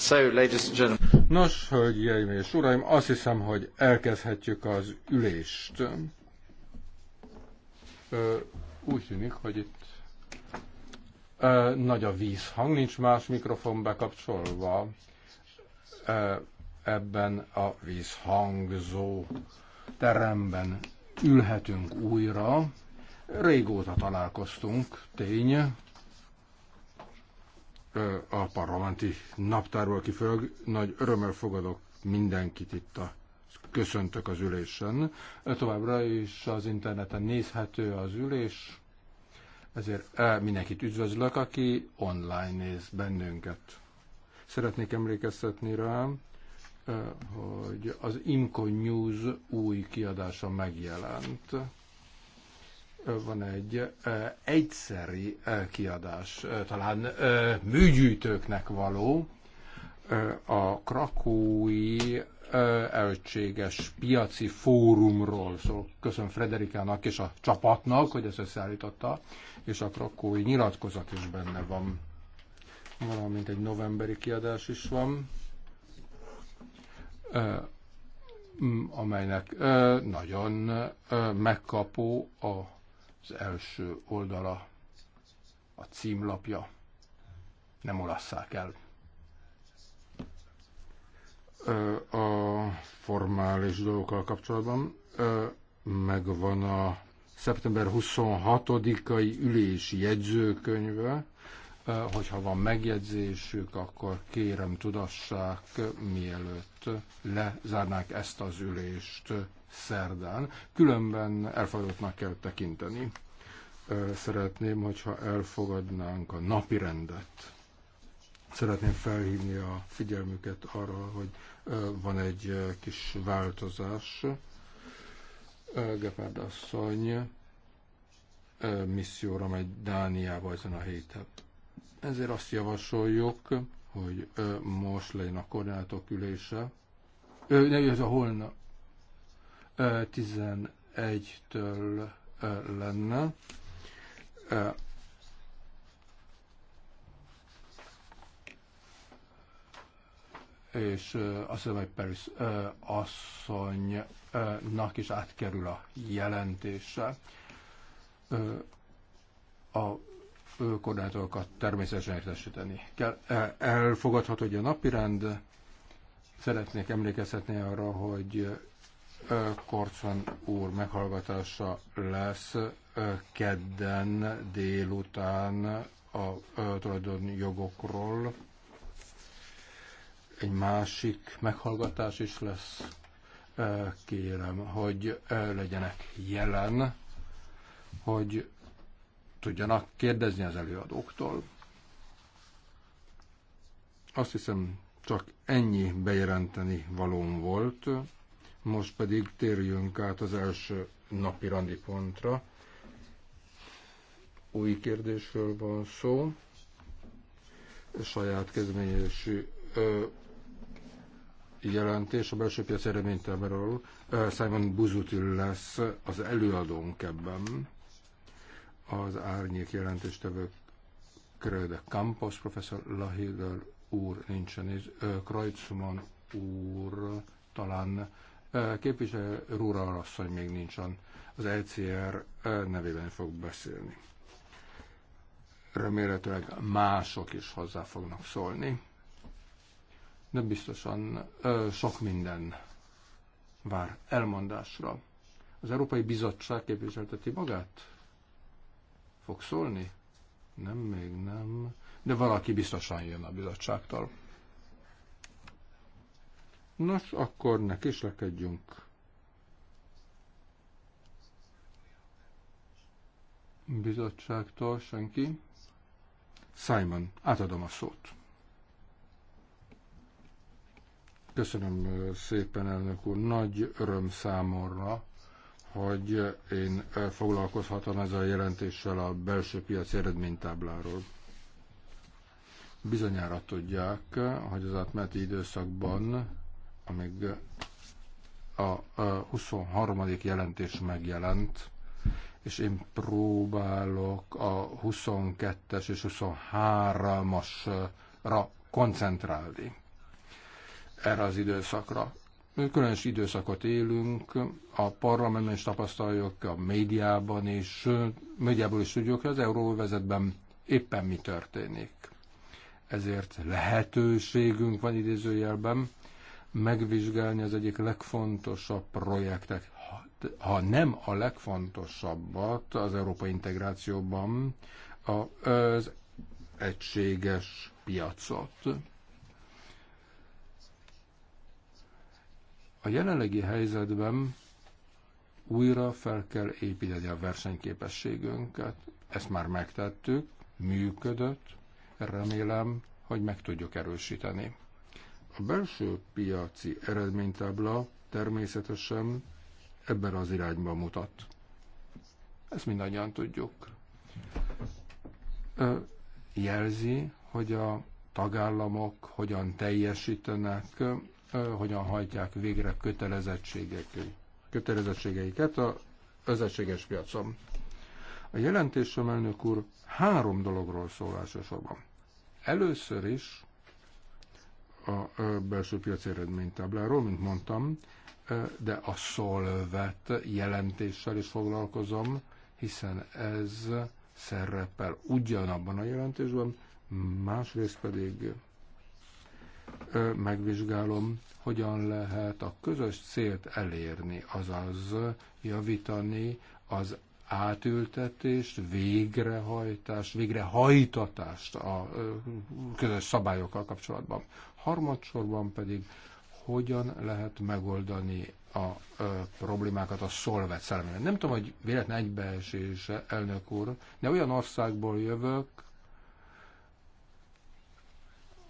So, ladies and gentlemen. Nos, hölgyeim és uraim, azt hiszem, hogy elkezdhetjük az ülést. Ö, úgy tűnik, hogy itt ö, nagy a vízhang, nincs más mikrofon bekapcsolva ö, ebben a vízhangzó teremben ülhetünk újra. Régóta találkoztunk, tény, a parlamenti naptárból kifölg. Nagy örömmel fogadok mindenkit itt a köszöntök az ülésen. Továbbra is az interneten nézhető az ülés, ezért mindenkit üdvözlök, aki online néz bennünket. Szeretnék emlékeztetni rá, hogy az Imco News új kiadása megjelent van egy egyszeri kiadás, talán műgyűjtőknek való, a krakói elcséges piaci fórumról Szóval Köszönöm Frederikának és a csapatnak, hogy ezt összeállította, és a krakói nyilatkozat is benne van. Valamint egy novemberi kiadás is van, amelynek nagyon megkapó a az első oldala, a címlapja nem olasszák el. A formális dolgokkal kapcsolatban megvan a szeptember 26-ai ülési jegyzőkönyve, hogyha van megjegyzésük, akkor kérem tudassák, mielőtt lezárnák ezt az ülést szerdán, különben elfogadottnak kell tekinteni. Szeretném, hogyha elfogadnánk a napi rendet. Szeretném felhívni a figyelmüket arra, hogy van egy kis változás. Gepard asszony misszióra megy Dániába ezen a héten. Ezért azt javasoljuk, hogy most legyen a koordinátok ülése. Ő, ne, ez a holnap, 11-től lenne. és azt hiszem, hogy Paris asszonynak is átkerül a jelentése. A koordinátorokat természetesen értesíteni kell. Elfogadható, hogy a napirend szeretnék emlékezhetni arra, hogy Korcon úr meghallgatása lesz kedden délután a tulajdonjogokról. Egy másik meghallgatás is lesz. Kérem, hogy legyenek jelen, hogy tudjanak kérdezni az előadóktól. Azt hiszem, csak ennyi bejelenteni valóm volt. Most pedig térjünk át az első napi randi pontra. Új kérdésről van szó. Saját kezdeményezésű jelentés a belső piac eredménytámáról. Simon Buzutil lesz az előadónk ebben. Az árnyék jelentéstevő Kröde Campos, professzor Lahidel úr nincsen, és Kreutzmann úr talán Eh, képviselő Rúra Arasszony még nincsen, az ECR eh, nevében fog beszélni. Remélhetőleg mások is hozzá fognak szólni, de biztosan eh, sok minden vár elmondásra. Az Európai Bizottság képviselteti magát? Fog szólni? Nem, még nem. De valaki biztosan jön a bizottságtól. Nos, akkor ne kislekedjünk. Bizottságtól senki. Simon, átadom a szót. Köszönöm szépen, elnök úr. Nagy öröm számomra, hogy én foglalkozhatom ezzel a jelentéssel a belső piac eredménytábláról. Bizonyára tudják, hogy az átmeneti időszakban amíg a 23. jelentés megjelent, és én próbálok a 22-es és 23-asra koncentrálni erre az időszakra. Különös időszakot élünk, a parlamentben is tapasztaljuk, a médiában is, médiából is tudjuk, hogy az euróvezetben éppen mi történik. Ezért lehetőségünk van idézőjelben, megvizsgálni az egyik legfontosabb projektet, ha nem a legfontosabbat az európai integrációban, az egységes piacot. A jelenlegi helyzetben újra fel kell építeni a versenyképességünket. Ezt már megtettük, működött, remélem, hogy meg tudjuk erősíteni. A belső piaci eredménytábla természetesen ebben az irányban mutat. Ezt mindannyian tudjuk. Jelzi, hogy a tagállamok hogyan teljesítenek, hogyan hajtják végre kötelezettségeiket a özetséges piacon. A jelentésem elnök úr három dologról szól elsősorban. Először is a belső piaci eredménytábláról, mint mondtam, de a szolvet jelentéssel is foglalkozom, hiszen ez szerepel ugyanabban a jelentésben, másrészt pedig megvizsgálom, hogyan lehet a közös célt elérni, azaz javítani az átültetést, végrehajtást, végrehajtatást a közös szabályokkal kapcsolatban. Harmadsorban pedig hogyan lehet megoldani a ö, problémákat a szolvet szellemében. Nem tudom, hogy véletlen egybeesés, elnök úr, de olyan országból jövök,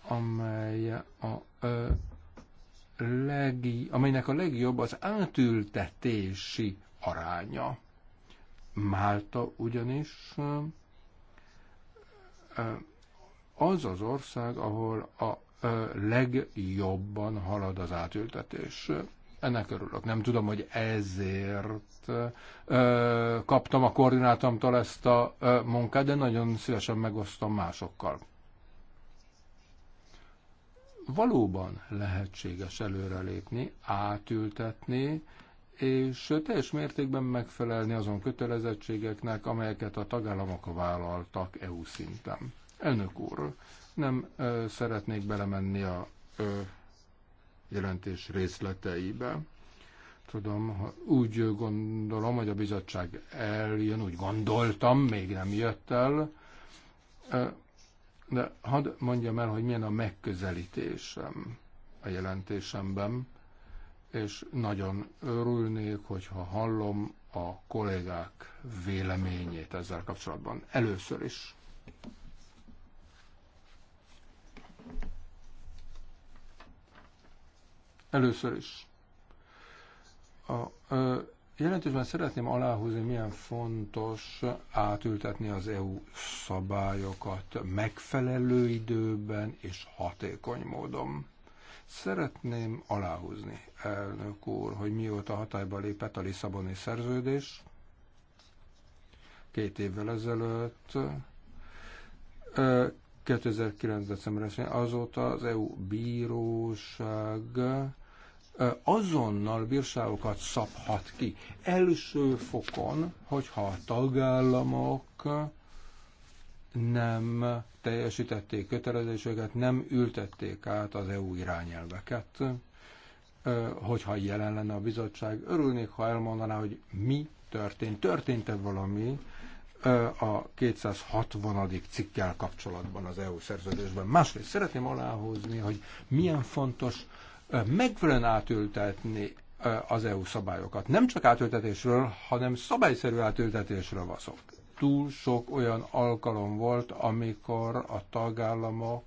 amely a, ö, legi, amelynek a legjobb az átültetési aránya. Málta ugyanis az az ország, ahol a legjobban halad az átültetés. Ennek örülök. Nem tudom, hogy ezért kaptam a koordinátamtól ezt a munkát, de nagyon szívesen megosztom másokkal. Valóban lehetséges előrelépni, átültetni és teljes mértékben megfelelni azon kötelezettségeknek, amelyeket a tagállamok vállaltak EU szinten. Elnök úr, nem ö, szeretnék belemenni a ö, jelentés részleteibe. Tudom, úgy gondolom, hogy a bizottság eljön, úgy gondoltam, még nem jött el. De hadd mondjam el, hogy milyen a megközelítésem a jelentésemben és nagyon örülnék, hogyha hallom a kollégák véleményét ezzel kapcsolatban. Először is. Először is. A jelentősben szeretném aláhúzni, milyen fontos átültetni az EU szabályokat megfelelő időben és hatékony módon. Szeretném aláhúzni, elnök úr, hogy mióta hatályba lépett a Lisszaboni szerződés, két évvel ezelőtt, 2009. december azóta az EU bíróság azonnal bírságokat szabhat ki. Első fokon, hogyha a tagállamok nem teljesítették kötelezéseket, nem ültették át az EU irányelveket. Hogyha jelen lenne a bizottság, örülnék, ha elmondaná, hogy mi történt. Történt-e valami a 260. cikkel kapcsolatban az EU szerződésben? Másrészt szeretném aláhozni, hogy milyen fontos megfelelően átültetni az EU szabályokat. Nem csak átültetésről, hanem szabályszerű átültetésről van szó túl sok olyan alkalom volt, amikor a tagállamok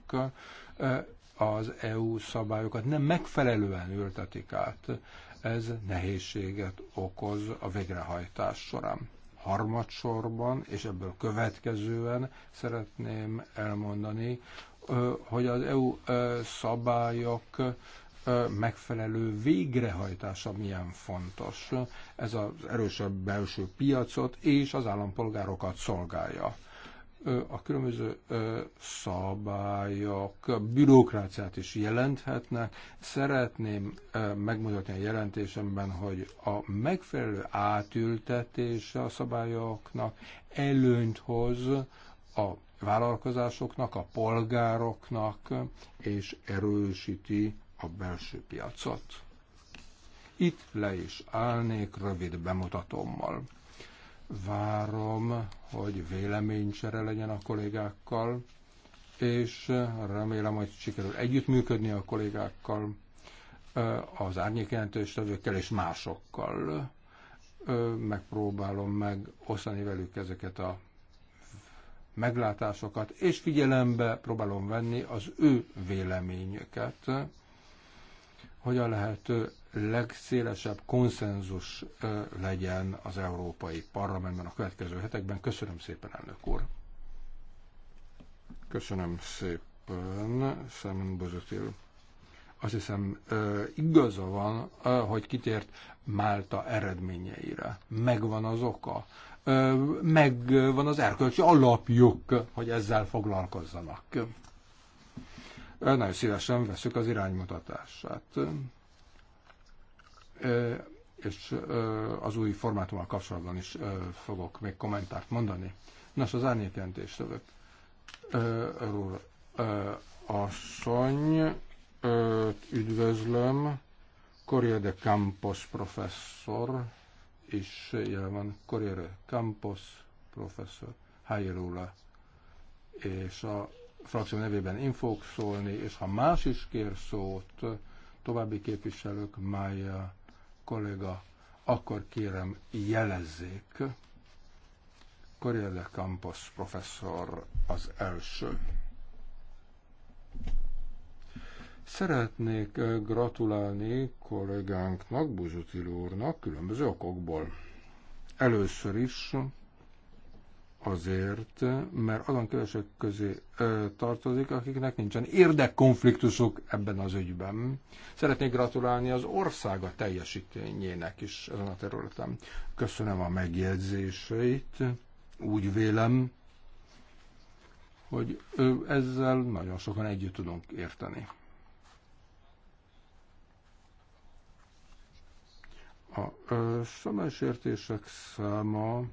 eh, az EU szabályokat nem megfelelően ültetik át. Ez nehézséget okoz a végrehajtás során. Harmadsorban, és ebből következően szeretném elmondani, eh, hogy az EU eh, szabályok megfelelő végrehajtása milyen fontos. Ez az erősebb belső piacot és az állampolgárokat szolgálja. A különböző szabályok bürokráciát is jelenthetnek. Szeretném megmutatni a jelentésemben, hogy a megfelelő átültetése a szabályoknak előnyt hoz a vállalkozásoknak, a polgároknak, és erősíti a belső piacot. Itt le is állnék rövid bemutatómmal. Várom, hogy véleménycsere legyen a kollégákkal, és remélem, hogy sikerül együttműködni a kollégákkal, az árnyékjelentőstevőkkel és másokkal. Megpróbálom meg megosztani velük ezeket a meglátásokat, és figyelembe próbálom venni az ő véleményüket hogy a lehető legszélesebb konszenzus legyen az Európai Parlamentben a következő hetekben. Köszönöm szépen, elnök úr! Köszönöm szépen, Simon Bozotil. Azt hiszem, igaza van, hogy kitért Málta eredményeire. Megvan az oka, megvan az erkölcsi alapjuk, hogy ezzel foglalkozzanak. Nagyon szívesen veszük az iránymutatását. És az új formátummal kapcsolatban is fogok még kommentárt mondani. Nos, az árnyékjelentés tövök. Asszony, üdvözlöm. Corriere de Campos professzor, és jelen van Corriere Campos professzor, Hayerula, és a frakció nevében én fogok szólni, és ha más is kér szót, további képviselők, Mája kollega, akkor kérem jelezzék. Corriere Campos professzor az első. Szeretnék gratulálni kollégánknak, Buzutil úrnak, különböző okokból. Először is Azért, mert azon kövesek közé ö, tartozik, akiknek nincsen érdekkonfliktusuk ebben az ügyben. Szeretnék gratulálni az országa teljesítményének is ezen a területen. Köszönöm a megjegyzéseit. Úgy vélem, hogy ö, ezzel nagyon sokan együtt tudunk érteni. A értések száma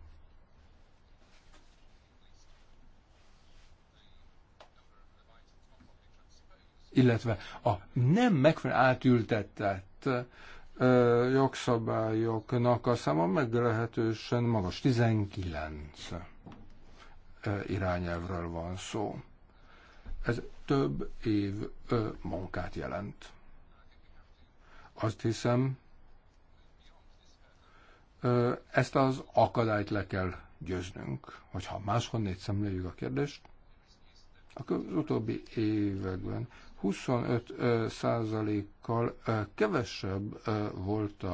illetve a nem megfelelően átültetett ö, jogszabályoknak a száma meglehetősen magas, 19 ö, irányelvről van szó. Ez több év ö, munkát jelent. Azt hiszem, ö, ezt az akadályt le kell győznünk, hogyha máshonnét szemléljük a kérdést, akkor az utóbbi években 25%-kal kevesebb volt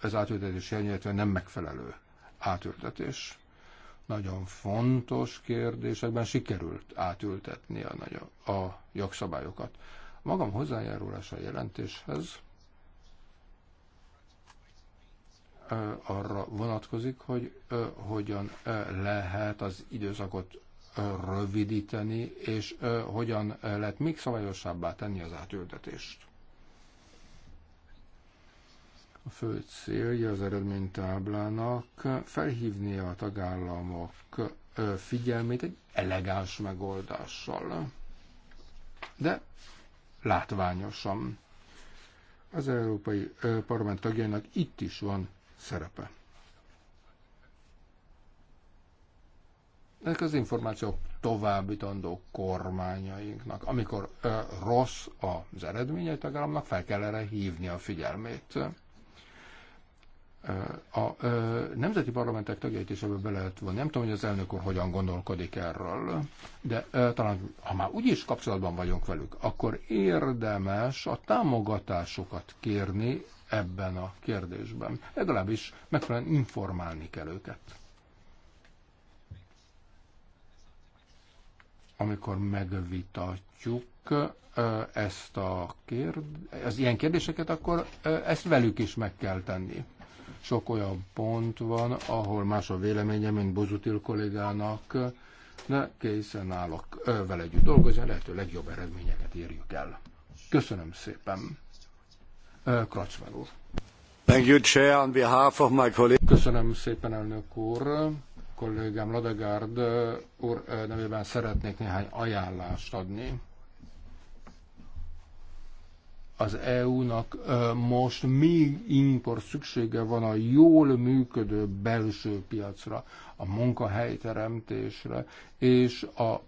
az átültetés jelnyelte, nem megfelelő átültetés. Nagyon fontos kérdésekben sikerült átültetni a, nagy, a jogszabályokat. Magam hozzájárulása a jelentéshez arra vonatkozik, hogy hogyan lehet az időszakot rövidíteni, és hogyan lehet még szabályosabbá tenni az átültetést. A fő célja az eredménytáblának felhívni a tagállamok figyelmét egy elegáns megoldással. De látványosan. Az Európai Parlament tagjainak itt is van szerepe. ezek az információk továbbítandó kormányainknak. Amikor ö, rossz az eredménye egy tagállamnak, fel kell erre hívni a figyelmét. A ö, nemzeti parlamentek tagjait is ebből be lehet vonni. Nem tudom, hogy az elnök úr hogyan gondolkodik erről, de ö, talán, ha már úgyis kapcsolatban vagyunk velük, akkor érdemes a támogatásokat kérni ebben a kérdésben. Legalábbis megfelelően informálni kell őket. amikor megvitatjuk ezt a kérd... az ilyen kérdéseket, akkor ezt velük is meg kell tenni. Sok olyan pont van, ahol más a véleménye, mint Bozutil kollégának, de készen állok vele együtt dolgozni, lehető legjobb eredményeket érjük el. Köszönöm szépen. Kracmer úr. Thank you, Chair, on behalf of my colleague. Köszönöm szépen, elnök úr kollégám Ladegárd úr nevében szeretnék néhány ajánlást adni. Az EU-nak most még inkor szüksége van a jól működő belső piacra, a munkahelyteremtésre és a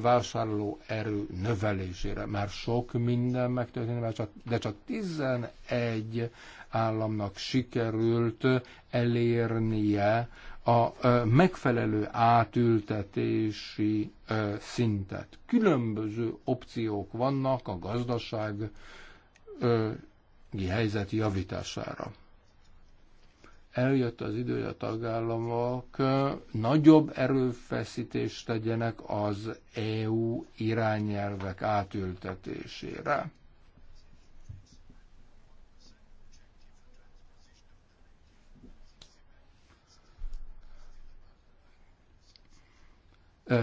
vásárló erő növelésére. Már sok minden megtörténik, de csak 11 államnak sikerült elérnie a megfelelő átültetési szintet. Különböző opciók vannak a gazdasági helyzet javítására. Eljött az idő, hogy a tagállamok nagyobb erőfeszítést tegyenek az EU irányelvek átültetésére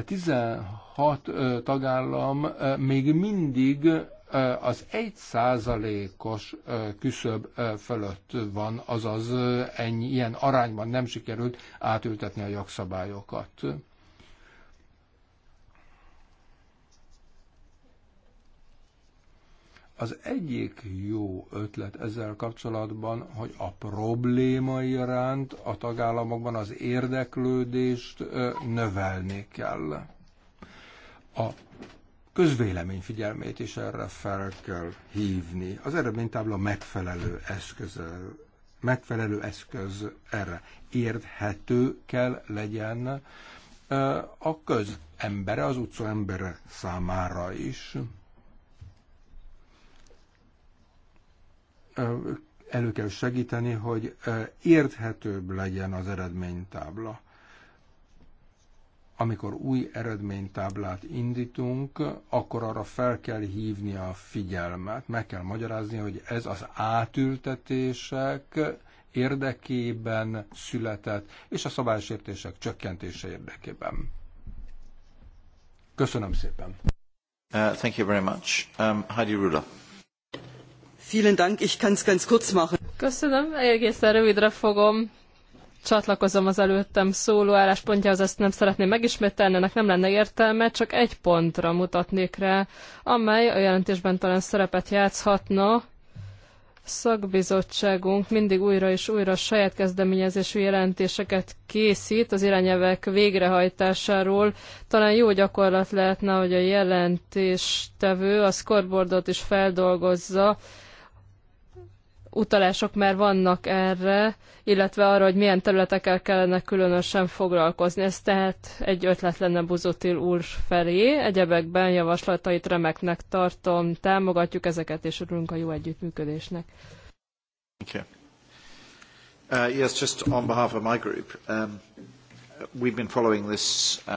16 tagállam még mindig az 1 százalékos küszöb fölött van, azaz ennyi, ilyen arányban nem sikerült átültetni a jogszabályokat. Az egyik jó ötlet ezzel kapcsolatban, hogy a probléma iránt a tagállamokban az érdeklődést növelni kell. A közvélemény figyelmét is erre fel kell hívni. Az eredménytábla megfelelő eszköz, megfelelő eszköz erre. Érthető kell legyen a közembere, az utca embere számára is. elő kell segíteni, hogy érthetőbb legyen az eredménytábla. Amikor új eredménytáblát indítunk, akkor arra fel kell hívni a figyelmet, meg kell magyarázni, hogy ez az átültetések érdekében született, és a szabálysértések csökkentése érdekében. Köszönöm szépen! Uh, thank you very much. Um, Heidi Rula. Vielen Dank, ich kann es ganz kurz machen. Köszönöm, egészen rövidre fogom. Csatlakozom az előttem szóló álláspontjához, ezt nem szeretném megismételni, ennek nem lenne értelme, csak egy pontra mutatnék rá, amely a jelentésben talán szerepet játszhatna, szakbizottságunk mindig újra és újra saját kezdeményezésű jelentéseket készít az irányelvek végrehajtásáról. Talán jó gyakorlat lehetne, hogy a jelentéstevő a scoreboardot is feldolgozza, utalások már vannak erre, illetve arra, hogy milyen területekkel kellene különösen foglalkozni. Ez tehát egy ötlet lenne Buzotil úr felé. Egyebekben javaslatait remeknek tartom, támogatjuk ezeket, és örülünk a jó együttműködésnek. Okay. Uh, yes, just on behalf of my group, um, we've been following this... Uh...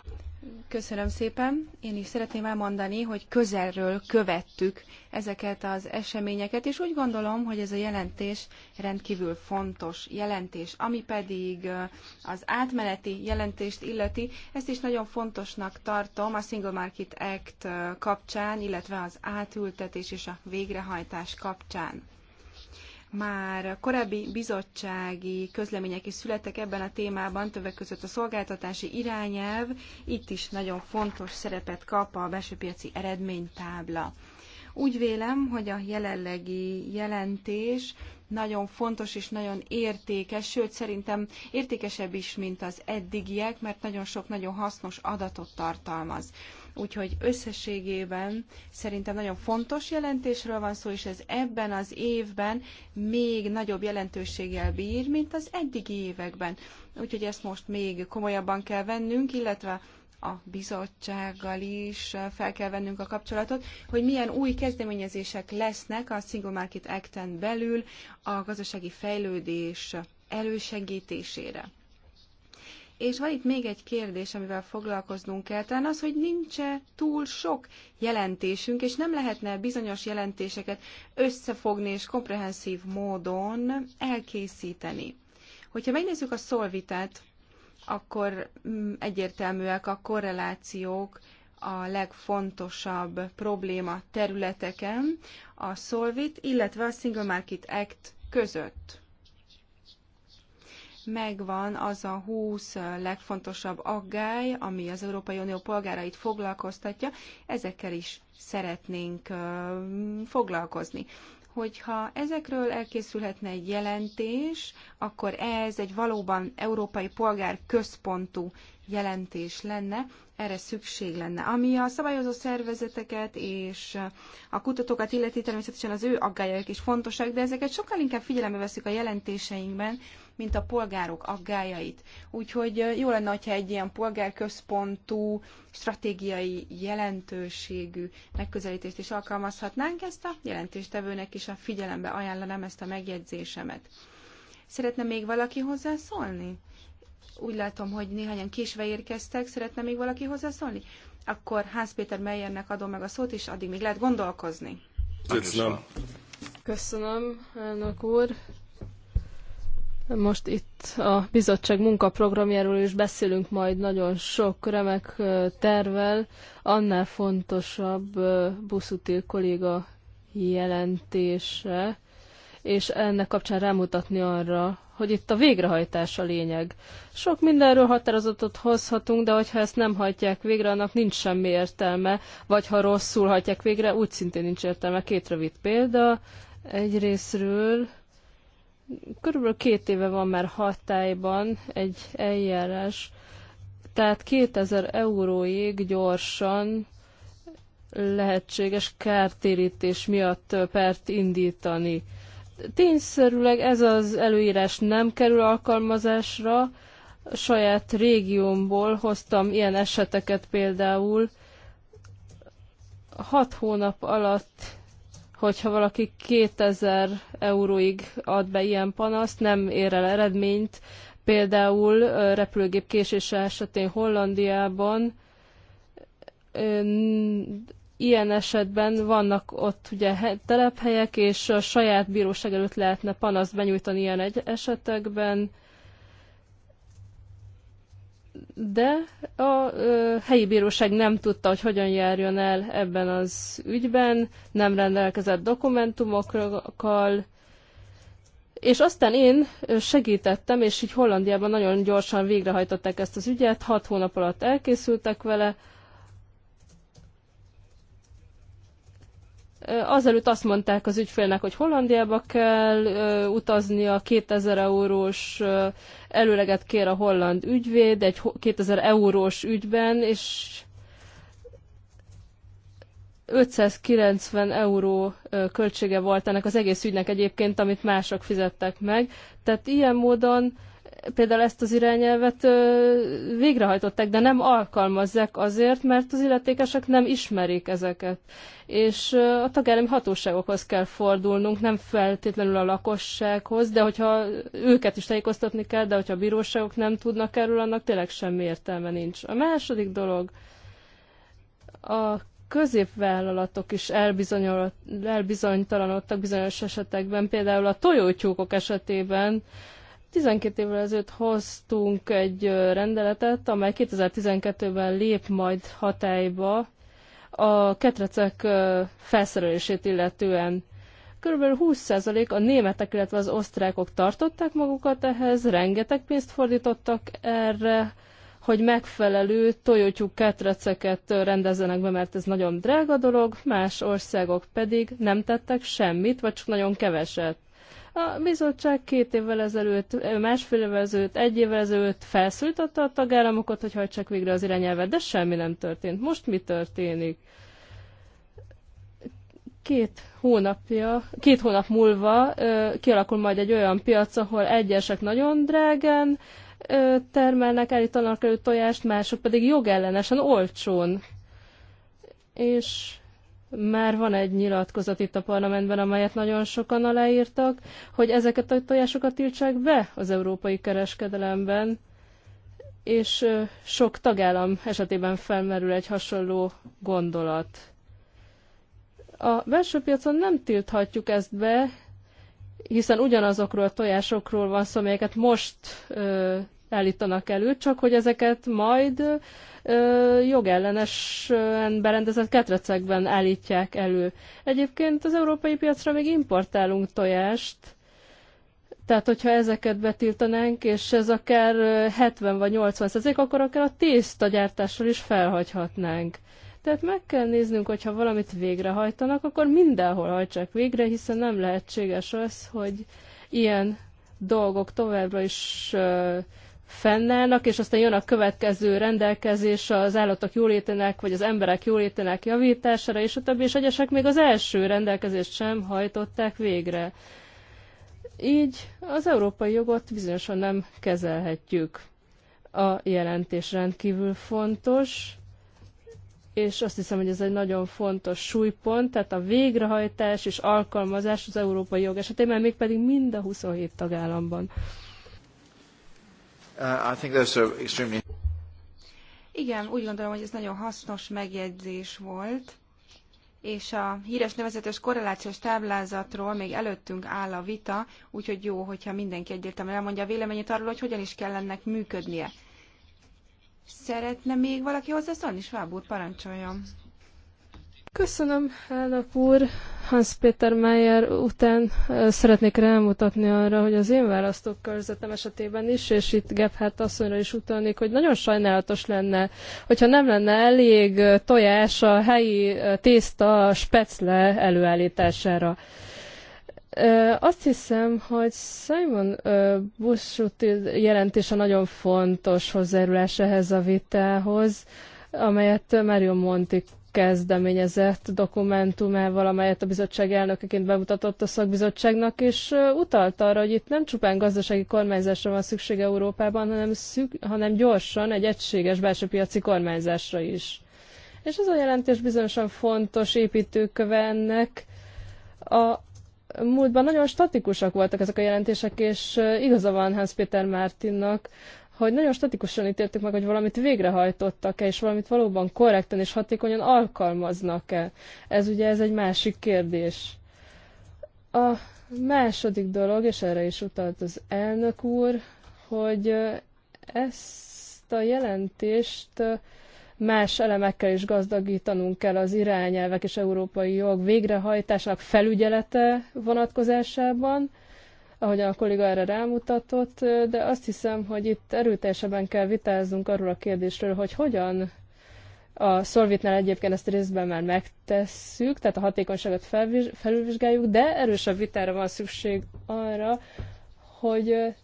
Köszönöm szépen. Én is szeretném elmondani, hogy közelről követtük ezeket az eseményeket, és úgy gondolom, hogy ez a jelentés rendkívül fontos jelentés, ami pedig az átmeneti jelentést illeti. Ezt is nagyon fontosnak tartom a Single Market Act kapcsán, illetve az átültetés és a végrehajtás kapcsán. Már korábbi bizottsági közlemények is születtek ebben a témában, többek között a szolgáltatási irányelv, itt is nagyon fontos szerepet kap a belső piaci eredménytábla. Úgy vélem, hogy a jelenlegi jelentés nagyon fontos és nagyon értékes, sőt szerintem értékesebb is, mint az eddigiek, mert nagyon sok nagyon hasznos adatot tartalmaz. Úgyhogy összességében szerintem nagyon fontos jelentésről van szó, és ez ebben az évben még nagyobb jelentőséggel bír, mint az eddigi években. Úgyhogy ezt most még komolyabban kell vennünk, illetve a bizottsággal is fel kell vennünk a kapcsolatot, hogy milyen új kezdeményezések lesznek a Single Market Act-en belül a gazdasági fejlődés elősegítésére. És van itt még egy kérdés, amivel foglalkoznunk kell, talán az, hogy nincs -e túl sok jelentésünk, és nem lehetne bizonyos jelentéseket összefogni és komprehenszív módon elkészíteni. Hogyha megnézzük a szolvitát, akkor mm, egyértelműek a korrelációk a legfontosabb probléma területeken, a Solvit, illetve a Single Market Act között megvan az a 20 legfontosabb aggály, ami az Európai Unió polgárait foglalkoztatja, ezekkel is szeretnénk foglalkozni hogyha ezekről elkészülhetne egy jelentés, akkor ez egy valóban európai polgár központú jelentés lenne, erre szükség lenne. Ami a szabályozó szervezeteket és a kutatókat illeti, természetesen az ő aggájaik is fontosak, de ezeket sokkal inkább figyelembe veszük a jelentéseinkben, mint a polgárok aggájait. Úgyhogy jó lenne, hogyha egy ilyen polgárközpontú, stratégiai jelentőségű megközelítést is alkalmazhatnánk. Ezt a jelentéstevőnek is a figyelembe ajánlanám ezt a megjegyzésemet. Szeretne még valaki hozzászólni? szólni? Úgy látom, hogy néhányan késve érkeztek. Szeretne még valaki hozzászólni? Akkor Hans Péter Meyernek adom meg a szót, és addig még lehet gondolkozni. Köszönöm. Köszönöm, elnök úr. Most itt a bizottság munkaprogramjáról is beszélünk majd nagyon sok remek tervel, annál fontosabb buszutil kolléga jelentése, és ennek kapcsán rámutatni arra, hogy itt a végrehajtás a lényeg. Sok mindenről határozatot hozhatunk, de hogyha ezt nem hajtják végre, annak nincs semmi értelme, vagy ha rosszul hajtják végre, úgy szintén nincs értelme. Két rövid példa. Egyrésztről körülbelül két éve van már hatályban egy eljárás, tehát 2000 euróig gyorsan lehetséges kártérítés miatt pert indítani. Tényszerűleg ez az előírás nem kerül alkalmazásra. A saját régiómból hoztam ilyen eseteket például. Hat hónap alatt, hogyha valaki 2000 euróig ad be ilyen panaszt, nem ér el eredményt. Például repülőgép késése esetén Hollandiában ilyen esetben vannak ott ugye telephelyek, és a saját bíróság előtt lehetne panaszt benyújtani ilyen egy esetekben, de a ö, helyi bíróság nem tudta, hogy hogyan járjon el ebben az ügyben, nem rendelkezett dokumentumokkal, és aztán én segítettem, és így Hollandiában nagyon gyorsan végrehajtották ezt az ügyet, hat hónap alatt elkészültek vele, azelőtt azt mondták az ügyfélnek, hogy Hollandiába kell utaznia, 2000 eurós előleget kér a holland ügyvéd egy 2000 eurós ügyben, és 590 euró költsége volt ennek az egész ügynek egyébként, amit mások fizettek meg. Tehát ilyen módon például ezt az irányelvet végrehajtották, de nem alkalmazzák azért, mert az illetékesek nem ismerik ezeket. És a tagállami hatóságokhoz kell fordulnunk, nem feltétlenül a lakossághoz, de hogyha őket is tájékoztatni kell, de hogyha a bíróságok nem tudnak erről, annak tényleg semmi értelme nincs. A második dolog, a középvállalatok is elbizonytalanodtak bizonyos esetekben, például a tojótyúkok esetében, 12 évvel ezelőtt hoztunk egy rendeletet, amely 2012-ben lép majd hatályba a ketrecek felszerelését illetően. Körülbelül 20% a németek, illetve az osztrákok tartották magukat ehhez, rengeteg pénzt fordítottak erre, hogy megfelelő tojótyú ketreceket rendezzenek be, mert ez nagyon drága dolog, más országok pedig nem tettek semmit, vagy csak nagyon keveset. A bizottság két évvel ezelőtt, másfél évvel ezelőtt, egy évvel ezelőtt felszólította a tagállamokat, hogy hajtsák végre az irányelvet, de semmi nem történt. Most mi történik? Két, hónapja, két hónap múlva ö, kialakul majd egy olyan piac, ahol egyesek nagyon drágen ö, termelnek, állítanak elő tojást, mások pedig jogellenesen olcsón. És már van egy nyilatkozat itt a parlamentben, amelyet nagyon sokan aláírtak, hogy ezeket a tojásokat tiltsák be az európai kereskedelemben, és sok tagállam esetében felmerül egy hasonló gondolat. A belső piacon nem tilthatjuk ezt be, hiszen ugyanazokról a tojásokról van szó, amelyeket most ö, állítanak elő, csak hogy ezeket majd jogellenesen berendezett ketrecekben állítják elő. Egyébként az európai piacra még importálunk tojást, tehát, hogyha ezeket betiltanánk, és ez akár 70 vagy 80 százalék, akkor akár a tészta gyártással is felhagyhatnánk. Tehát meg kell néznünk, hogyha valamit végrehajtanak, akkor mindenhol hajtsák végre, hiszen nem lehetséges az, hogy ilyen dolgok továbbra is fennállnak, és aztán jön a következő rendelkezés az állatok jólétének, vagy az emberek jólétének javítására, és a többi, és egyesek még az első rendelkezést sem hajtották végre. Így az európai jogot bizonyosan nem kezelhetjük. A jelentés rendkívül fontos, és azt hiszem, hogy ez egy nagyon fontos súlypont, tehát a végrehajtás és alkalmazás az európai jog esetében, mégpedig mind a 27 tagállamban. Uh, I think those are extremely... Igen, úgy gondolom, hogy ez nagyon hasznos megjegyzés volt, és a híres nevezetes korrelációs táblázatról még előttünk áll a vita, úgyhogy jó, hogyha mindenki egyértelműen elmondja a véleményét arról, hogy hogyan is kell ennek működnie. Szeretne még valaki hozzászólni? Svábúr, parancsoljon! Köszönöm, elnök úr. Hans Peter Mayer után szeretnék rámutatni arra, hogy az én választókörzetem esetében is, és itt Gebhardt asszonyra is utalnék, hogy nagyon sajnálatos lenne, hogyha nem lenne elég tojás a helyi tészta specle előállítására. Azt hiszem, hogy Simon Bushut jelentése nagyon fontos hozzájárulás ehhez a vitához amelyet Mario Monti kezdeményezett dokumentumával, amelyet a bizottság elnökeként bemutatott a szakbizottságnak, és utalt arra, hogy itt nem csupán gazdasági kormányzásra van szükség Európában, hanem, szük, hanem gyorsan egy egységes belső piaci kormányzásra is. És ez a jelentés bizonyosan fontos építőköve ennek. A múltban nagyon statikusak voltak ezek a jelentések, és igaza van Hans Péter Mártinnak, hogy nagyon statikusan ítéltük meg, hogy valamit végrehajtottak-e, és valamit valóban korrekten és hatékonyan alkalmaznak-e. Ez ugye ez egy másik kérdés. A második dolog, és erre is utalt az elnök úr, hogy ezt a jelentést más elemekkel is gazdagítanunk kell az irányelvek és európai jog végrehajtásának felügyelete vonatkozásában, ahogy a kolléga erre rámutatott, de azt hiszem, hogy itt erőteljesebben kell vitáznunk arról a kérdésről, hogy hogyan a Szolvitnál egyébként ezt részben már megtesszük, tehát a hatékonyságot felülvizsgáljuk, de erősebb vitára van szükség arra, hogy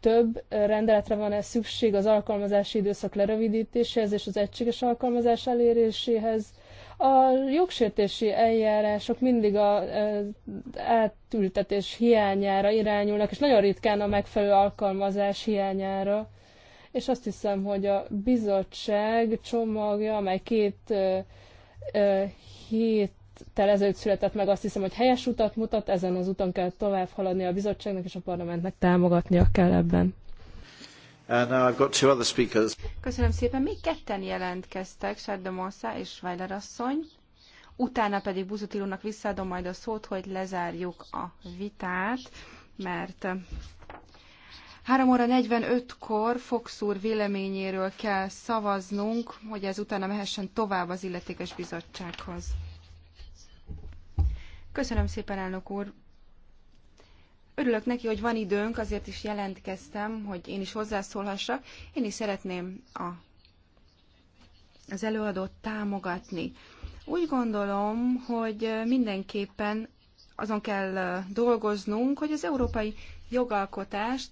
több rendeletre van-e szükség az alkalmazási időszak lerövidítéséhez és az egységes alkalmazás eléréséhez, a jogsértési eljárások mindig az e, átültetés hiányára irányulnak, és nagyon ritkán a megfelelő alkalmazás hiányára. És azt hiszem, hogy a bizottság csomagja, amely két e, e, hét telezőt született meg, azt hiszem, hogy helyes utat mutat, ezen az úton kell tovább haladni a bizottságnak, és a parlamentnek támogatnia kell ebben. And uh, I've got two other speakers. Köszönöm szépen. Még ketten jelentkeztek, Sárda Mossa és Weiler asszony. Utána pedig Buzutilónak visszaadom majd a szót, hogy lezárjuk a vitát, mert 3 uh, óra 45-kor Fox úr véleményéről kell szavaznunk, hogy ez utána mehessen tovább az illetékes bizottsághoz. Köszönöm szépen, elnök úr! Örülök neki, hogy van időnk, azért is jelentkeztem, hogy én is hozzászólhassak. Én is szeretném a, az előadót támogatni. Úgy gondolom, hogy mindenképpen azon kell dolgoznunk, hogy az európai jogalkotást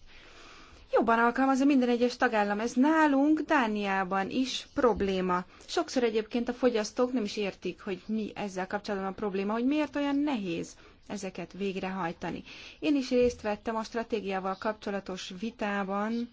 jobban alkalmazza minden egyes tagállam. Ez nálunk, Dániában is probléma. Sokszor egyébként a fogyasztók nem is értik, hogy mi ezzel kapcsolatban a probléma, hogy miért olyan nehéz ezeket végrehajtani. Én is részt vettem a stratégiával kapcsolatos vitában,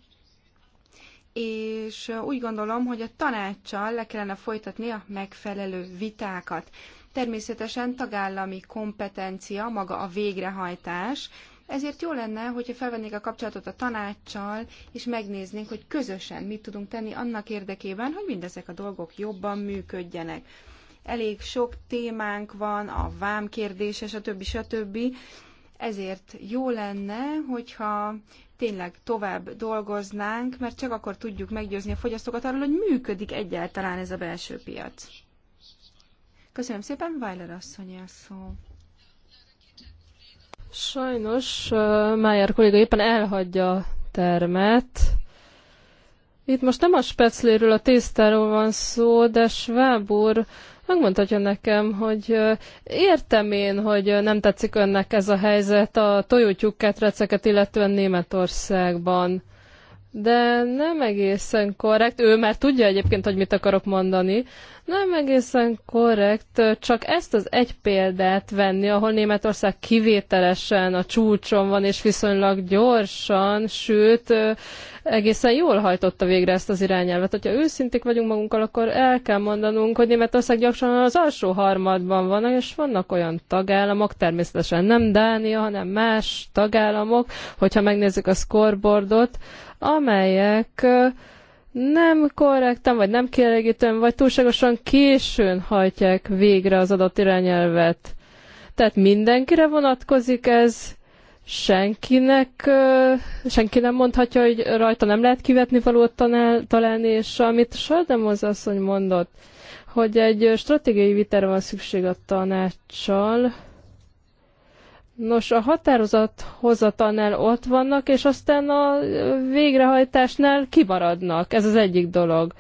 és úgy gondolom, hogy a tanácssal le kellene folytatni a megfelelő vitákat. Természetesen tagállami kompetencia maga a végrehajtás, ezért jó lenne, hogyha felvennék a kapcsolatot a tanácssal, és megnéznénk, hogy közösen mit tudunk tenni annak érdekében, hogy mindezek a dolgok jobban működjenek elég sok témánk van, a vám kérdése és a stb. Ezért jó lenne, hogyha tényleg tovább dolgoznánk, mert csak akkor tudjuk meggyőzni a fogyasztókat arról, hogy működik egyáltalán ez a belső piac. Köszönöm szépen, Weiler asszony a szó. Sajnos Májer kolléga éppen elhagyja a termet. Itt most nem a specléről, a tésztáról van szó, de Schwab úr megmondhatja nekem, hogy értem én, hogy nem tetszik önnek ez a helyzet a tojótyúk ketreceket, illetően Németországban de nem egészen korrekt, ő már tudja egyébként, hogy mit akarok mondani, nem egészen korrekt csak ezt az egy példát venni, ahol Németország kivételesen a csúcson van, és viszonylag gyorsan, sőt, egészen jól hajtotta végre ezt az irányelvet. Ha őszinték vagyunk magunkkal, akkor el kell mondanunk, hogy Németország gyorsan az alsó harmadban van, és vannak olyan tagállamok, természetesen nem Dánia, hanem más tagállamok, hogyha megnézzük a scoreboardot, amelyek nem korrektan, vagy nem kielégítően, vagy túlságosan későn hajtják végre az adott irányelvet. Tehát mindenkire vonatkozik ez, senkinek, senki nem mondhatja, hogy rajta nem lehet kivetni valót találni, és amit Sardemoz asszony mondott, hogy egy stratégiai vitára van szükség a tanácssal, Nos, a határozat hozatanál ott vannak, és aztán a végrehajtásnál kibaradnak. Ez az egyik dolog.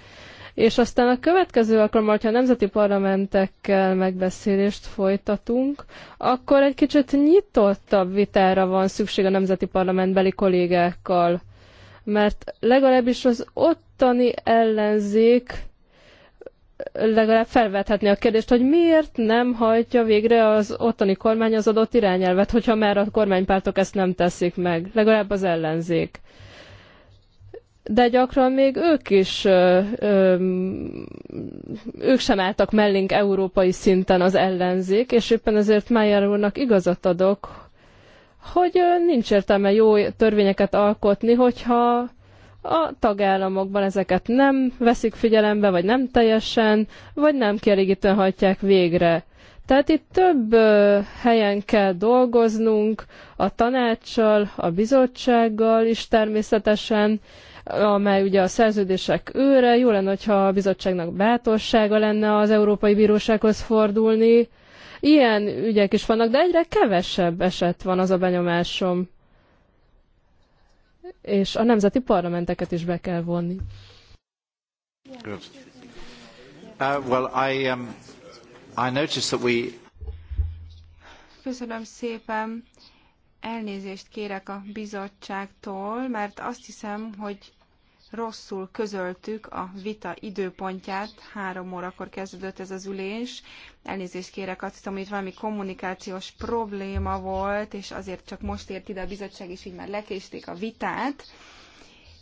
És aztán a következő alkalommal, hogyha a nemzeti parlamentekkel megbeszélést folytatunk, akkor egy kicsit nyitottabb vitára van szükség a nemzeti parlamentbeli kollégákkal. Mert legalábbis az ottani ellenzék legalább felvethetné a kérdést, hogy miért nem hajtja végre az ottani kormány az adott irányelvet, hogyha már a kormánypártok ezt nem teszik meg, legalább az ellenzék. De gyakran még ők is, ö, ö, ők sem álltak mellénk európai szinten az ellenzék, és éppen ezért Mayer úrnak igazat adok, hogy nincs értelme jó törvényeket alkotni, hogyha a tagállamokban ezeket nem veszik figyelembe, vagy nem teljesen, vagy nem kielégítően hajtják végre. Tehát itt több helyen kell dolgoznunk, a tanácssal, a bizottsággal is természetesen, amely ugye a szerződések őre. Jó lenne, hogyha a bizottságnak bátorsága lenne az Európai Bírósághoz fordulni. Ilyen ügyek is vannak, de egyre kevesebb eset van az a benyomásom és a nemzeti parlamenteket is be kell vonni. Uh, um, Köszönöm szépen. Elnézést kérek a bizottságtól, mert azt hiszem, hogy rosszul közöltük a vita időpontját, három órakor kezdődött ez az ülés. Elnézést kérek, azt hiszem, hogy itt valami kommunikációs probléma volt, és azért csak most ért ide a bizottság, és így már lekésték a vitát.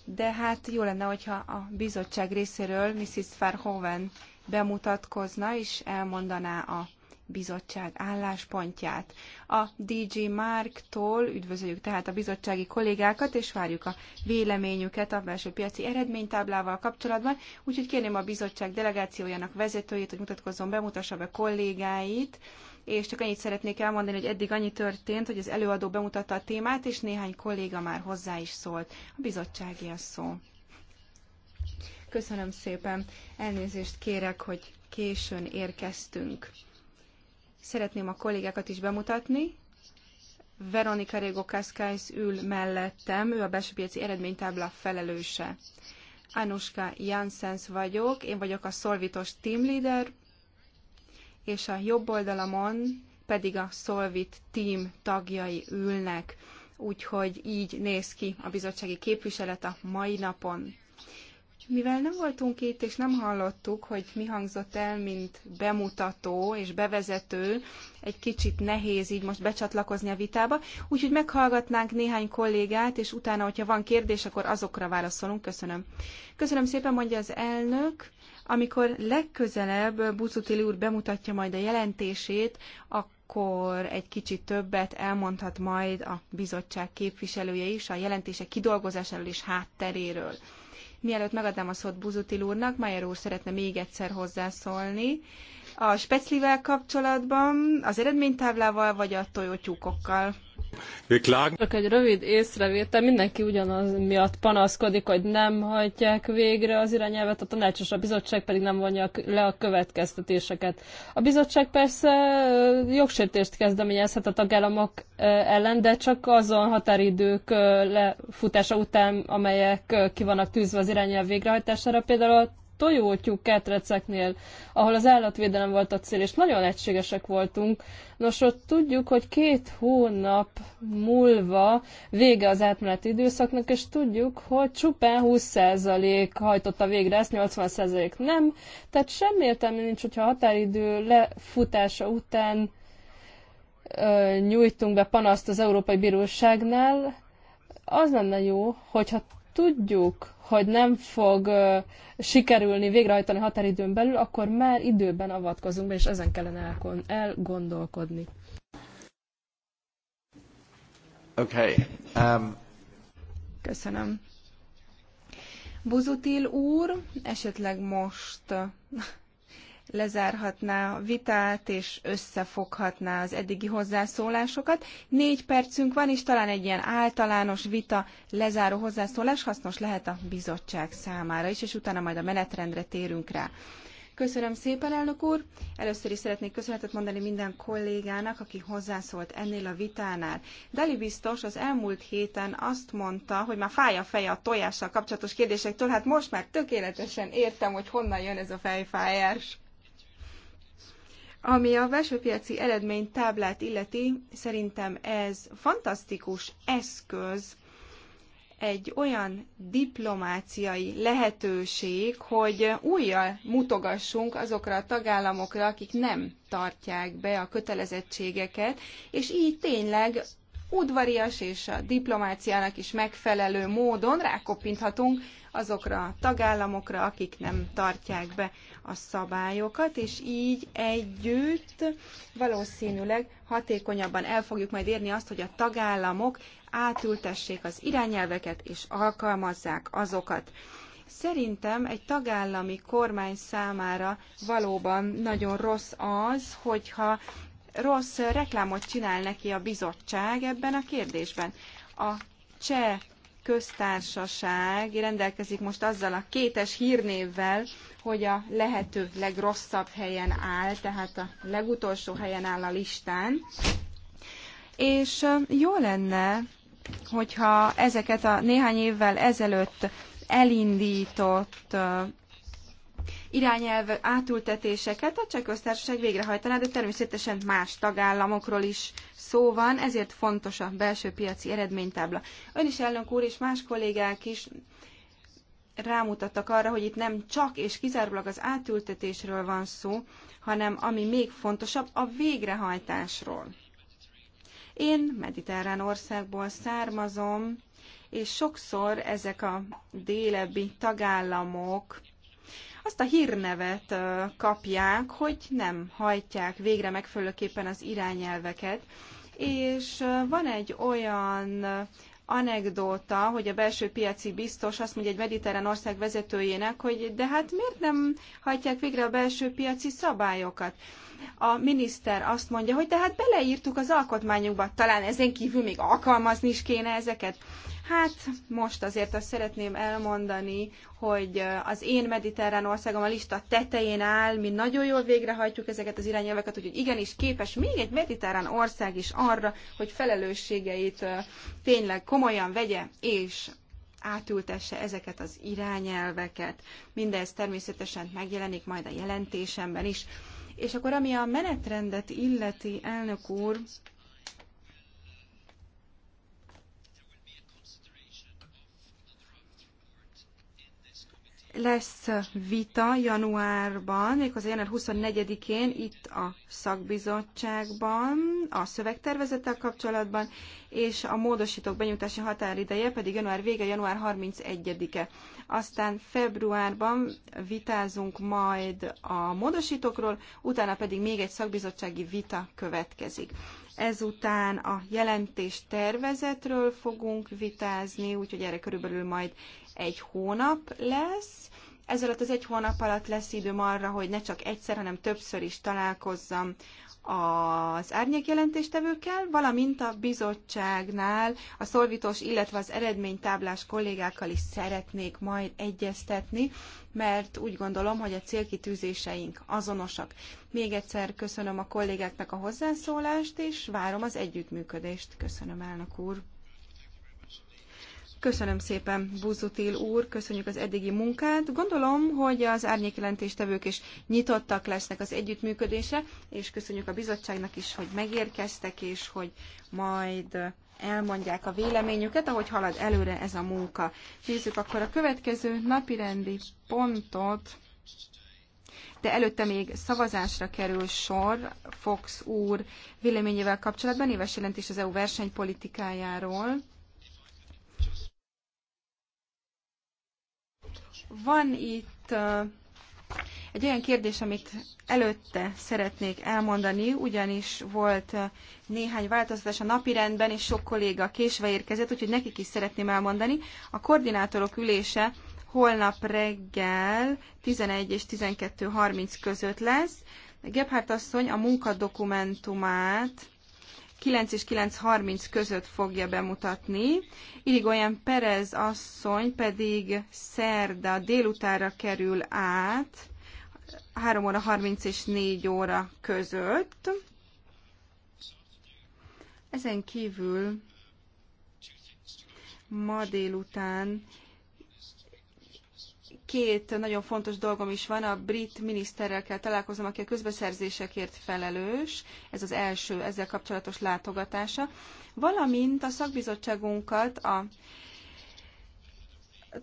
De hát jó lenne, hogyha a bizottság részéről Mrs. Verhoeven bemutatkozna, és elmondaná a bizottság álláspontját. A DG Marktól üdvözöljük tehát a bizottsági kollégákat, és várjuk a véleményüket a belső piaci eredménytáblával kapcsolatban, úgyhogy kérném a bizottság delegációjának vezetőjét, hogy mutatkozzon, bemutassa be kollégáit, és csak annyit szeretnék elmondani, hogy eddig annyi történt, hogy az előadó bemutatta a témát, és néhány kolléga már hozzá is szólt. A bizottsági a szó. Köszönöm szépen. Elnézést kérek, hogy későn érkeztünk. Szeretném a kollégákat is bemutatni. Veronika Régo Kaskais ül mellettem, ő a belső piaci eredménytábla felelőse. Anuska Janssens vagyok, én vagyok a Solvitos team leader, és a jobb oldalamon pedig a Solvit team tagjai ülnek. Úgyhogy így néz ki a bizottsági képviselet a mai napon. Mivel nem voltunk itt, és nem hallottuk, hogy mi hangzott el, mint bemutató és bevezető, egy kicsit nehéz így most becsatlakozni a vitába, úgyhogy meghallgatnánk néhány kollégát, és utána, hogyha van kérdés, akkor azokra válaszolunk. Köszönöm. Köszönöm szépen, mondja az elnök. Amikor legközelebb Bucutili úr bemutatja majd a jelentését, akkor egy kicsit többet elmondhat majd a bizottság képviselője is a jelentése kidolgozásáról és hátteréről. Mielőtt megadnám a szót Buzutil úrnak, Mayer úr szeretne még egyszer hozzászólni, a speclivel kapcsolatban, az eredménytáblával, vagy a tojótyúkokkal? Csak egy rövid észrevétel, mindenki ugyanaz miatt panaszkodik, hogy nem hajtják végre az irányelvet, a tanácsos a bizottság pedig nem vonja le a következtetéseket. A bizottság persze jogsértést kezdeményezhet a tagállamok ellen, de csak azon határidők lefutása után, amelyek ki vannak tűzve az irányelv végrehajtására, például a tojótyú ketreceknél, ahol az állatvédelem volt a cél, és nagyon egységesek voltunk. Nos, ott tudjuk, hogy két hónap múlva vége az átmeneti időszaknak, és tudjuk, hogy csupán 20% hajtotta végre ezt, 80% nem. Tehát semmi értelme nincs, hogyha a határidő lefutása után ö, nyújtunk be panaszt az Európai Bíróságnál, az lenne jó, hogyha tudjuk, hogy nem fog sikerülni végrehajtani határidőn belül, akkor már időben avatkozunk be, és ezen kellene elgondolkodni. Okay. Um... Köszönöm. Buzutil úr, esetleg most lezárhatná a vitát, és összefoghatná az eddigi hozzászólásokat. Négy percünk van, és talán egy ilyen általános vita lezáró hozzászólás hasznos lehet a bizottság számára is, és utána majd a menetrendre térünk rá. Köszönöm szépen, elnök úr! Először is szeretnék köszönetet mondani minden kollégának, aki hozzászólt ennél a vitánál. Dali biztos az elmúlt héten azt mondta, hogy már fáj a feje a tojással kapcsolatos kérdésektől, hát most már tökéletesen értem, hogy honnan jön ez a fejfájás. Ami a belső eredmény táblát illeti, szerintem ez fantasztikus eszköz, egy olyan diplomáciai lehetőség, hogy újjal mutogassunk azokra a tagállamokra, akik nem tartják be a kötelezettségeket, és így tényleg udvarias és a diplomáciának is megfelelő módon rákoppinthatunk azokra a tagállamokra, akik nem tartják be a szabályokat, és így együtt valószínűleg hatékonyabban el fogjuk majd érni azt, hogy a tagállamok átültessék az irányelveket és alkalmazzák azokat. Szerintem egy tagállami kormány számára valóban nagyon rossz az, hogyha rossz reklámot csinál neki a bizottság ebben a kérdésben. A cseh köztársaság rendelkezik most azzal a kétes hírnévvel, hogy a lehető legrosszabb helyen áll, tehát a legutolsó helyen áll a listán. És jó lenne, hogyha ezeket a néhány évvel ezelőtt elindított irányelv átültetéseket a Csehköztársaság végrehajtaná, de természetesen más tagállamokról is szó van, ezért fontos a belső piaci eredménytábla. Ön is, elnök úr, és más kollégák is rámutattak arra, hogy itt nem csak és kizárólag az átültetésről van szó, hanem ami még fontosabb, a végrehajtásról. Én mediterrán országból származom, és sokszor ezek a délebbi tagállamok azt a hírnevet kapják, hogy nem hajtják végre megfelelőképpen az irányelveket. És van egy olyan anekdóta, hogy a belső piaci biztos azt mondja egy mediterrán ország vezetőjének, hogy de hát miért nem hajtják végre a belső piaci szabályokat? a miniszter azt mondja, hogy de hát beleírtuk az alkotmányunkba, talán ezen kívül még alkalmazni is kéne ezeket. Hát most azért azt szeretném elmondani, hogy az én mediterrán országom a lista tetején áll, mi nagyon jól végrehajtjuk ezeket az irányelveket, úgyhogy igenis képes még egy mediterrán ország is arra, hogy felelősségeit tényleg komolyan vegye, és átültesse ezeket az irányelveket. Mindez természetesen megjelenik majd a jelentésemben is. És akkor ami a menetrendet illeti, elnök úr, lesz vita januárban, méghozzá január 24-én itt a szakbizottságban a szövegtervezettel kapcsolatban, és a módosítók benyújtási határideje pedig január vége, január 31-e aztán februárban vitázunk majd a módosítókról, utána pedig még egy szakbizottsági vita következik. Ezután a jelentés tervezetről fogunk vitázni, úgyhogy erre körülbelül majd egy hónap lesz. Ezzel az egy hónap alatt lesz időm arra, hogy ne csak egyszer, hanem többször is találkozzam az árnyékjelentéstevőkkel, valamint a bizottságnál a szolvitós, illetve az eredménytáblás kollégákkal is szeretnék majd egyeztetni, mert úgy gondolom, hogy a célkitűzéseink azonosak. Még egyszer köszönöm a kollégáknak a hozzászólást, és várom az együttműködést. Köszönöm, elnök úr! Köszönöm szépen, Buzutil úr, köszönjük az eddigi munkát. Gondolom, hogy az árnyékjelentéstevők is nyitottak lesznek az együttműködésre, és köszönjük a bizottságnak is, hogy megérkeztek, és hogy majd elmondják a véleményüket, ahogy halad előre ez a munka. Nézzük akkor a következő napirendi pontot, de előtte még szavazásra kerül sor Fox úr véleményével kapcsolatban, éves jelentés az EU versenypolitikájáról Van itt egy olyan kérdés, amit előtte szeretnék elmondani, ugyanis volt néhány változtatás a napirendben, és sok kolléga késve érkezett, úgyhogy nekik is szeretném elmondani. A koordinátorok ülése holnap reggel 11 és 12.30 között lesz. Gebhardt asszony a munkadokumentumát 9 és 9.30 között fogja bemutatni. Irigoyen Perez asszony pedig szerda délutára kerül át 3 óra 30 és 4 óra között. Ezen kívül ma délután két nagyon fontos dolgom is van. A brit miniszterrel kell találkoznom, aki a közbeszerzésekért felelős. Ez az első ezzel kapcsolatos látogatása. Valamint a szakbizottságunkat a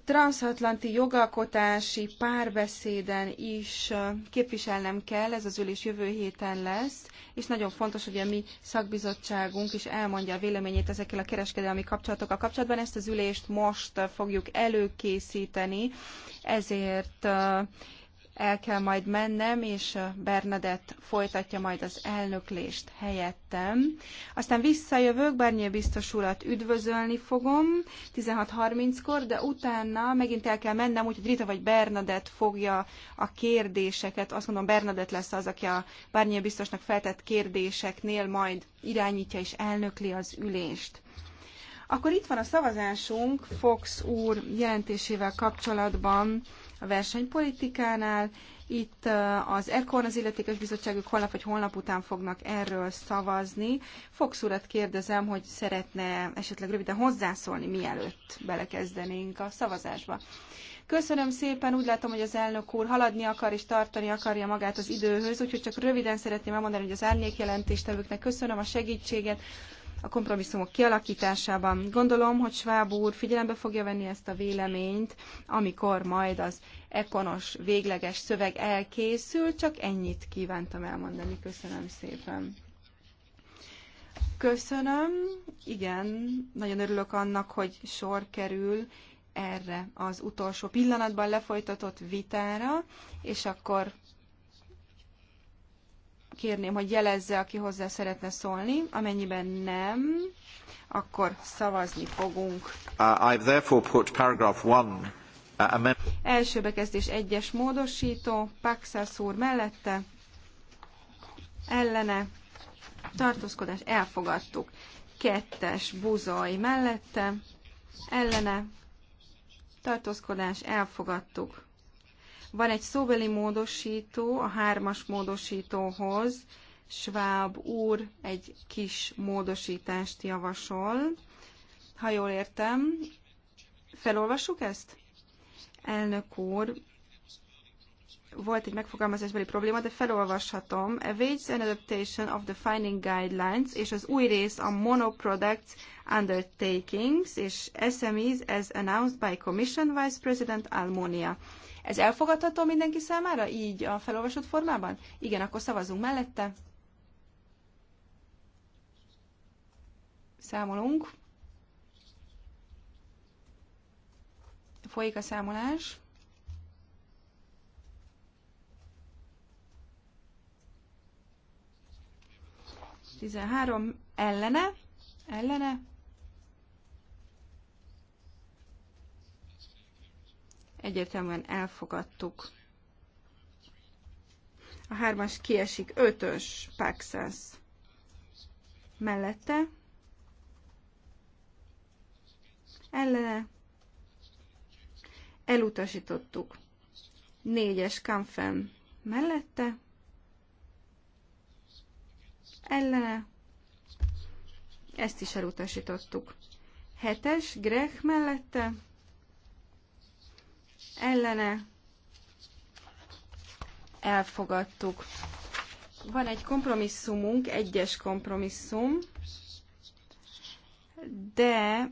transatlanti jogalkotási párbeszéden is képviselnem kell, ez az ülés jövő héten lesz, és nagyon fontos, hogy a mi szakbizottságunk is elmondja a véleményét ezekkel a kereskedelmi kapcsolatokkal kapcsolatban. Ezt az ülést most fogjuk előkészíteni, ezért el kell majd mennem, és Bernadett folytatja majd az elnöklést helyettem. Aztán visszajövök, Barnier biztos urat üdvözölni fogom 16.30-kor, de utána megint el kell mennem, úgyhogy Rita vagy Bernadett fogja a kérdéseket. Azt mondom, Bernadett lesz az, aki a barnyé biztosnak feltett kérdéseknél majd irányítja és elnökli az ülést. Akkor itt van a szavazásunk Fox úr jelentésével kapcsolatban a versenypolitikánál. Itt az ECON, az illetékes bizottságok holnap vagy holnap után fognak erről szavazni. Fox urat kérdezem, hogy szeretne esetleg röviden hozzászólni, mielőtt belekezdenénk a szavazásba. Köszönöm szépen, úgy látom, hogy az elnök úr haladni akar és tartani akarja magát az időhöz, úgyhogy csak röviden szeretném elmondani, hogy az árnyék jelentéstevőknek köszönöm a segítséget, a kompromisszumok kialakításában. Gondolom, hogy Schwab úr figyelembe fogja venni ezt a véleményt, amikor majd az ekonos végleges szöveg elkészül, csak ennyit kívántam elmondani. Köszönöm szépen. Köszönöm. Igen, nagyon örülök annak, hogy sor kerül erre az utolsó pillanatban lefolytatott vitára, és akkor kérném, hogy jelezze, aki hozzá szeretne szólni. Amennyiben nem, akkor szavazni fogunk. Uh, put one, uh, Első bekezdés egyes módosító, Paxas úr mellette, ellene, tartózkodás, elfogadtuk. Kettes Buzai mellette, ellene, tartózkodás, elfogadtuk. Van egy szóbeli módosító a hármas módosítóhoz. Schwab úr egy kis módosítást javasol. Ha jól értem, felolvassuk ezt? Elnök úr, volt egy megfogalmazásbeli probléma, de felolvashatom. wage and adaptation of the finding guidelines, és az új rész a monoproducts undertakings, és SMEs as announced by Commission Vice President Almonia. Ez elfogadható mindenki számára, így a felolvasott formában? Igen, akkor szavazunk mellette. Számolunk. Folyik a számolás. Tizenhárom ellene, ellene, egyértelműen elfogadtuk. A hármas kiesik, ötös Paxas mellette, ellene, elutasítottuk. Négyes Kamfen mellette, ellene, ezt is elutasítottuk. Hetes Greg mellette, ellene elfogadtuk. Van egy kompromisszumunk, egyes kompromisszum, de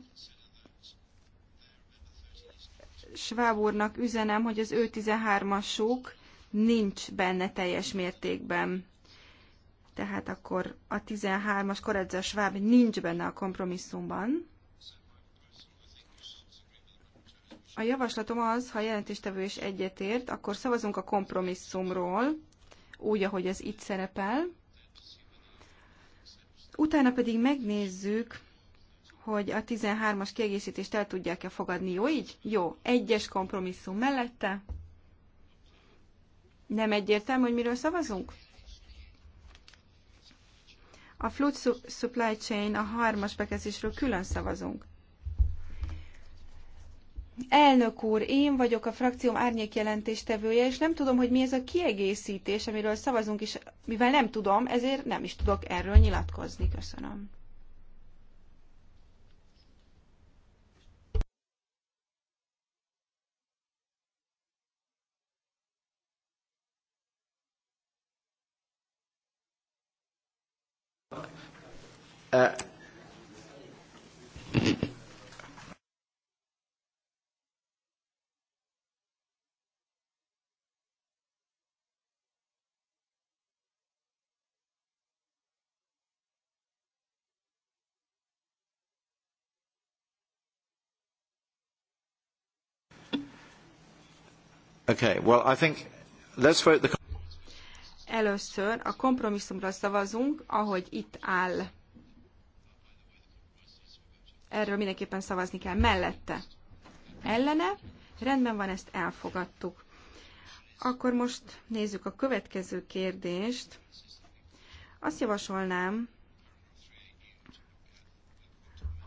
Schwab úrnak üzenem, hogy az ő 13-asuk nincs benne teljes mértékben. Tehát akkor a 13-as Koredza Schwab nincs benne a kompromisszumban. A javaslatom az, ha a jelentéstevő is egyetért, akkor szavazunk a kompromisszumról, úgy, ahogy ez itt szerepel. Utána pedig megnézzük, hogy a 13-as kiegészítést el tudják-e fogadni. Jó így? Jó. Egyes kompromisszum mellette. Nem egyértelmű, hogy miről szavazunk? A Flood Supply Chain a hármas bekezdésről külön szavazunk. Elnök úr, én vagyok a frakcióm árnyékjelentéstevője, és nem tudom, hogy mi ez a kiegészítés, amiről szavazunk, és mivel nem tudom, ezért nem is tudok erről nyilatkozni. Köszönöm. Uh, Okay, well, I think let's vote the... Először a kompromisszumra szavazunk, ahogy itt áll. Erről mindenképpen szavazni kell. Mellette. Ellene. Rendben van, ezt elfogadtuk. Akkor most nézzük a következő kérdést. Azt javasolnám,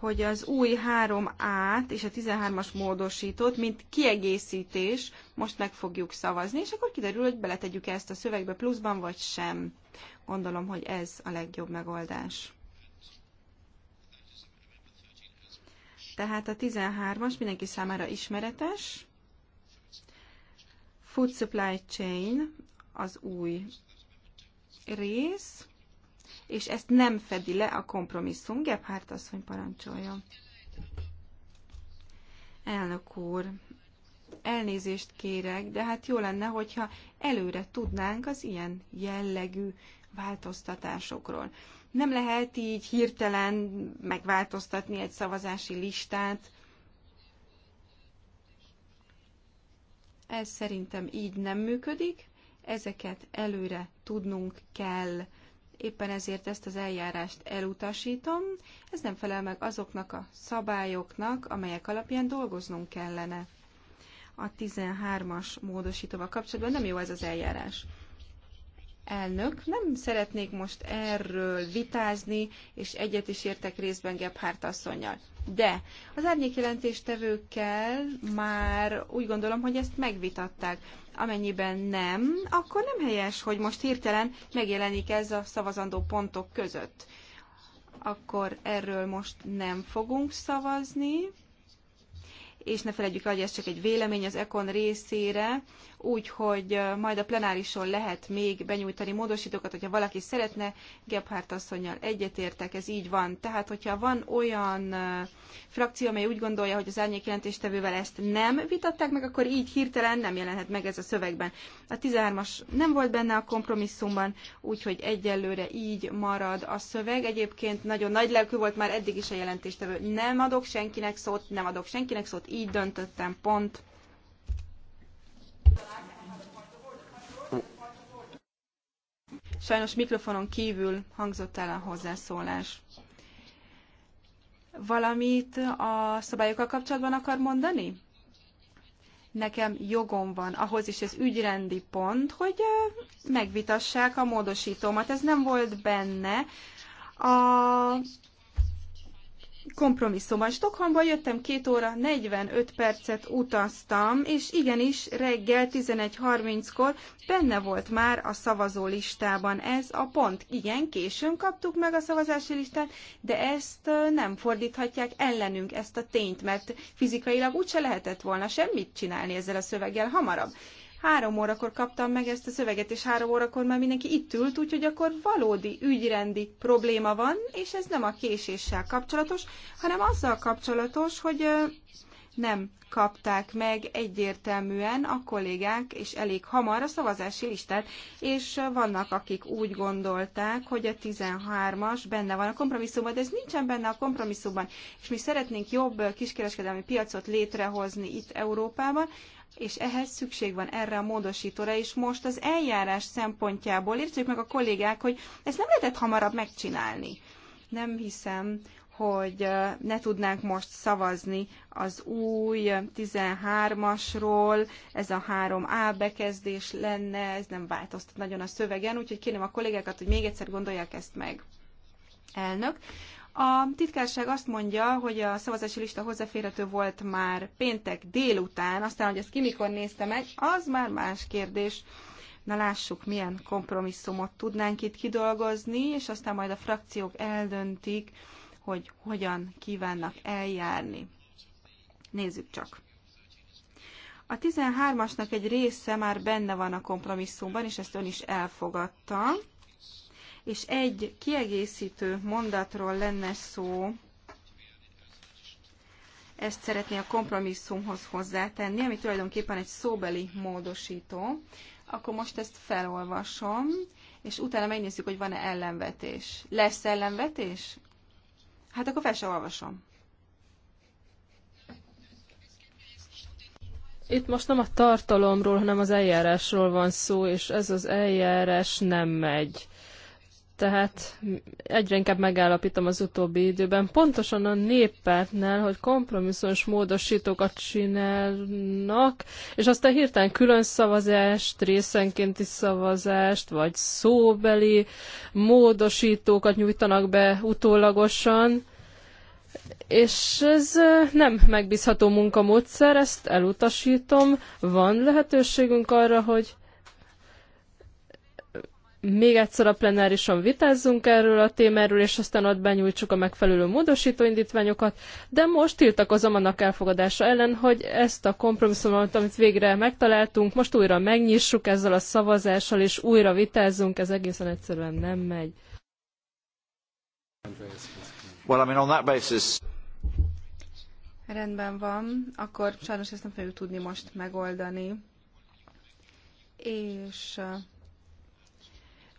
hogy az új 3-át és a 13-as módosítót, mint kiegészítés, most meg fogjuk szavazni, és akkor kiderül, hogy beletegyük ezt a szövegbe pluszban, vagy sem. Gondolom, hogy ez a legjobb megoldás. Tehát a 13-as mindenki számára ismeretes. Food Supply Chain az új rész és ezt nem fedi le a kompromisszum. Gebhardt asszony parancsolja. Elnök úr, elnézést kérek, de hát jó lenne, hogyha előre tudnánk az ilyen jellegű változtatásokról. Nem lehet így hirtelen megváltoztatni egy szavazási listát. Ez szerintem így nem működik, ezeket előre tudnunk kell éppen ezért ezt az eljárást elutasítom. Ez nem felel meg azoknak a szabályoknak, amelyek alapján dolgoznunk kellene. A 13-as módosítóval kapcsolatban nem jó ez az eljárás. Elnök, nem szeretnék most erről vitázni, és egyet is értek részben Gebhardt asszonynal. De az árnyékjelentéstevőkkel már úgy gondolom, hogy ezt megvitatták Amennyiben nem, akkor nem helyes, hogy most hirtelen megjelenik ez a szavazandó pontok között. Akkor erről most nem fogunk szavazni és ne felejtjük el, hogy ez csak egy vélemény az ECON részére, úgyhogy majd a plenárison lehet még benyújtani módosítókat, hogyha valaki szeretne, Gebhardt asszonynal egyetértek, ez így van. Tehát, hogyha van olyan frakció, amely úgy gondolja, hogy az árnyék jelentéstevővel ezt nem vitatták meg, akkor így hirtelen nem jelenhet meg ez a szövegben. A 13-as nem volt benne a kompromisszumban, úgyhogy egyelőre így marad a szöveg. Egyébként nagyon nagy lelkű volt már eddig is a jelentéstevő. Nem adok senkinek szót, nem adok senkinek szót, így döntöttem, pont. Sajnos mikrofonon kívül hangzott el a hozzászólás. Valamit a szabályokkal kapcsolatban akar mondani? nekem jogom van ahhoz is ez ügyrendi pont, hogy megvitassák a módosítómat. Ez nem volt benne. A kompromisszumban. Stockholmban jöttem, 2 óra 45 percet utaztam, és igenis reggel 11.30-kor benne volt már a szavazó listában ez a pont. Igen, későn kaptuk meg a szavazási listát, de ezt nem fordíthatják ellenünk ezt a tényt, mert fizikailag úgyse lehetett volna semmit csinálni ezzel a szöveggel hamarabb. Három órakor kaptam meg ezt a szöveget, és három órakor már mindenki itt ült, úgyhogy akkor valódi ügyrendi probléma van, és ez nem a késéssel kapcsolatos, hanem azzal kapcsolatos, hogy nem kapták meg egyértelműen a kollégák, és elég hamar a szavazási listát, és vannak, akik úgy gondolták, hogy a 13-as benne van a kompromisszumban, de ez nincsen benne a kompromisszumban, és mi szeretnénk jobb kiskereskedelmi piacot létrehozni itt Európában, és ehhez szükség van erre a módosítóra, és most az eljárás szempontjából értsük meg a kollégák, hogy ezt nem lehetett hamarabb megcsinálni. Nem hiszem, hogy ne tudnánk most szavazni az új 13-asról, ez a 3A bekezdés lenne, ez nem változtat nagyon a szövegen, úgyhogy kérem a kollégákat, hogy még egyszer gondolják ezt meg. Elnök, a titkárság azt mondja, hogy a szavazási lista hozzáférhető volt már péntek délután, aztán, hogy ezt ki mikor nézte meg, az már más kérdés. Na lássuk, milyen kompromisszumot tudnánk itt kidolgozni, és aztán majd a frakciók eldöntik, hogy hogyan kívánnak eljárni. Nézzük csak. A 13-asnak egy része már benne van a kompromisszumban, és ezt ön is elfogadta és egy kiegészítő mondatról lenne szó, ezt szeretné a kompromisszumhoz hozzátenni, ami tulajdonképpen egy szóbeli módosító. Akkor most ezt felolvasom, és utána megnézzük, hogy van-e ellenvetés. Lesz ellenvetés? Hát akkor fel olvasom. Itt most nem a tartalomról, hanem az eljárásról van szó, és ez az eljárás nem megy. Tehát egyre inkább megállapítom az utóbbi időben, pontosan a néppártnál, hogy kompromisszons módosítókat csinálnak, és aztán hirtelen külön szavazást, részenkénti szavazást, vagy szóbeli módosítókat nyújtanak be utólagosan, és ez nem megbízható munkamódszer, ezt elutasítom. Van lehetőségünk arra, hogy még egyszer a plenárison vitázzunk erről a témáról, és aztán ott benyújtsuk a megfelelő módosítóindítványokat, indítványokat, de most tiltakozom annak elfogadása ellen, hogy ezt a kompromisszumot, amit végre megtaláltunk, most újra megnyissuk ezzel a szavazással, és újra vitázzunk, ez egészen egyszerűen nem megy. Well, I mean, on that basis... Rendben van, akkor sajnos ezt nem fogjuk tudni most megoldani. És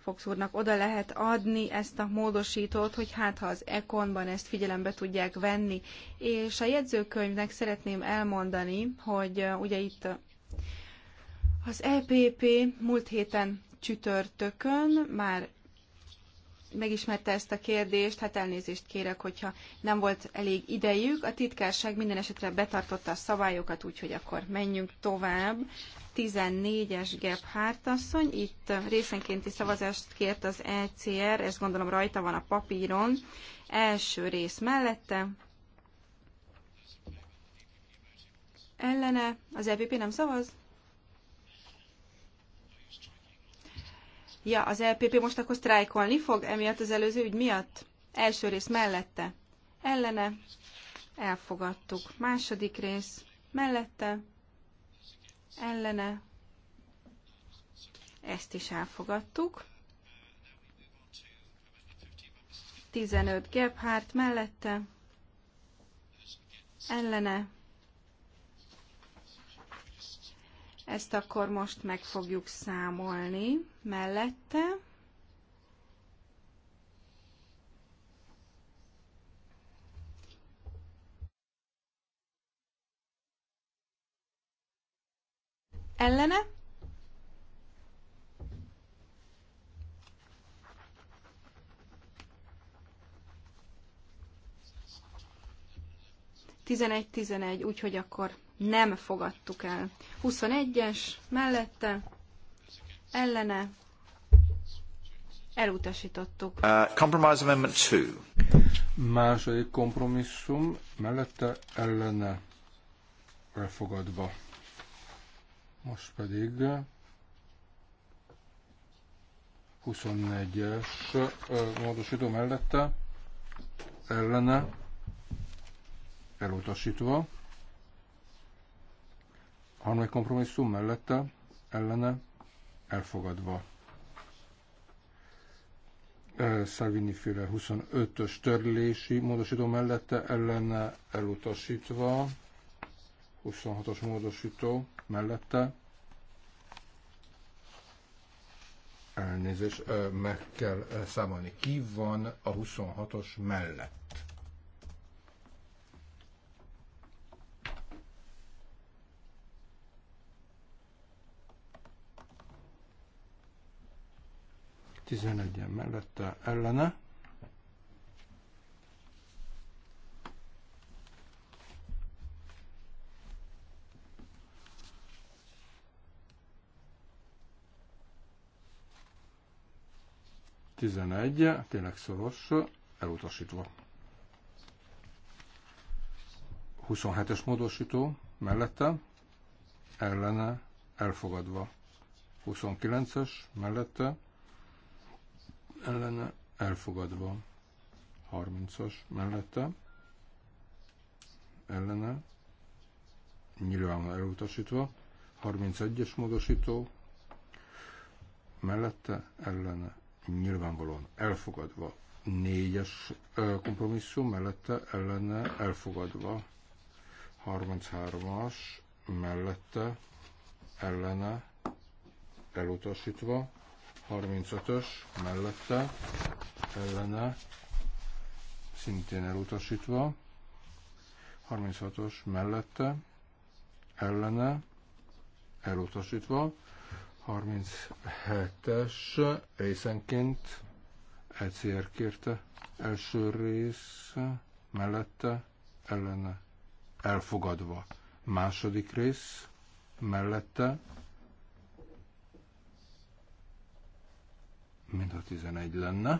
Fox úrnak oda lehet adni ezt a módosítót, hogy hát ha az ekonban ezt figyelembe tudják venni. És a jegyzőkönyvnek szeretném elmondani, hogy ugye itt az EPP múlt héten csütörtökön már megismerte ezt a kérdést, hát elnézést kérek, hogyha nem volt elég idejük. A titkárság minden esetre betartotta a szabályokat, úgyhogy akkor menjünk tovább. 14-es Gebhardt asszony, itt részenkénti szavazást kért az ECR, ez gondolom rajta van a papíron. Első rész mellette. Ellene, az EPP nem szavaz? Ja, az LPP e most akkor sztrájkolni fog emiatt az előző ügy miatt? Első rész mellette. Ellene. Elfogadtuk. Második rész. Mellette. Ellene. Ezt is elfogadtuk. 15 Gebhardt mellette. Ellene. Ezt akkor most meg fogjuk számolni mellette. Ellene? Tizenegy, tizenegy, úgyhogy akkor nem fogadtuk el. 21-es mellette, ellene, elutasítottuk. Uh, compromise amendment 2. Második kompromisszum mellette ellene elfogadva. Most pedig 24-es módosító mellette ellene elutasítva harmadik kompromisszum mellette ellene elfogadva. Salvini féle 25-ös törlési módosító mellette ellene elutasítva, 26-os módosító mellette elnézést, meg kell számolni. Ki van a 26-os mellett? 11-en mellette ellene. Tizenegy, tényleg szoros, elutasítva. 27-es módosító mellette, ellene, elfogadva. 29-es mellette, ellene elfogadva. 30-as mellette ellene nyilván elutasítva. 31-es módosító mellette ellene nyilvánvalóan elfogadva. 4-es kompromisszum mellette ellene elfogadva. 33-as mellette ellene elutasítva. 35-ös mellette ellene szintén elutasítva. 36-os mellette ellene elutasítva. 37-es részenként ECR kérte első rész mellette ellene elfogadva. Második rész mellette mintha 11 lenne.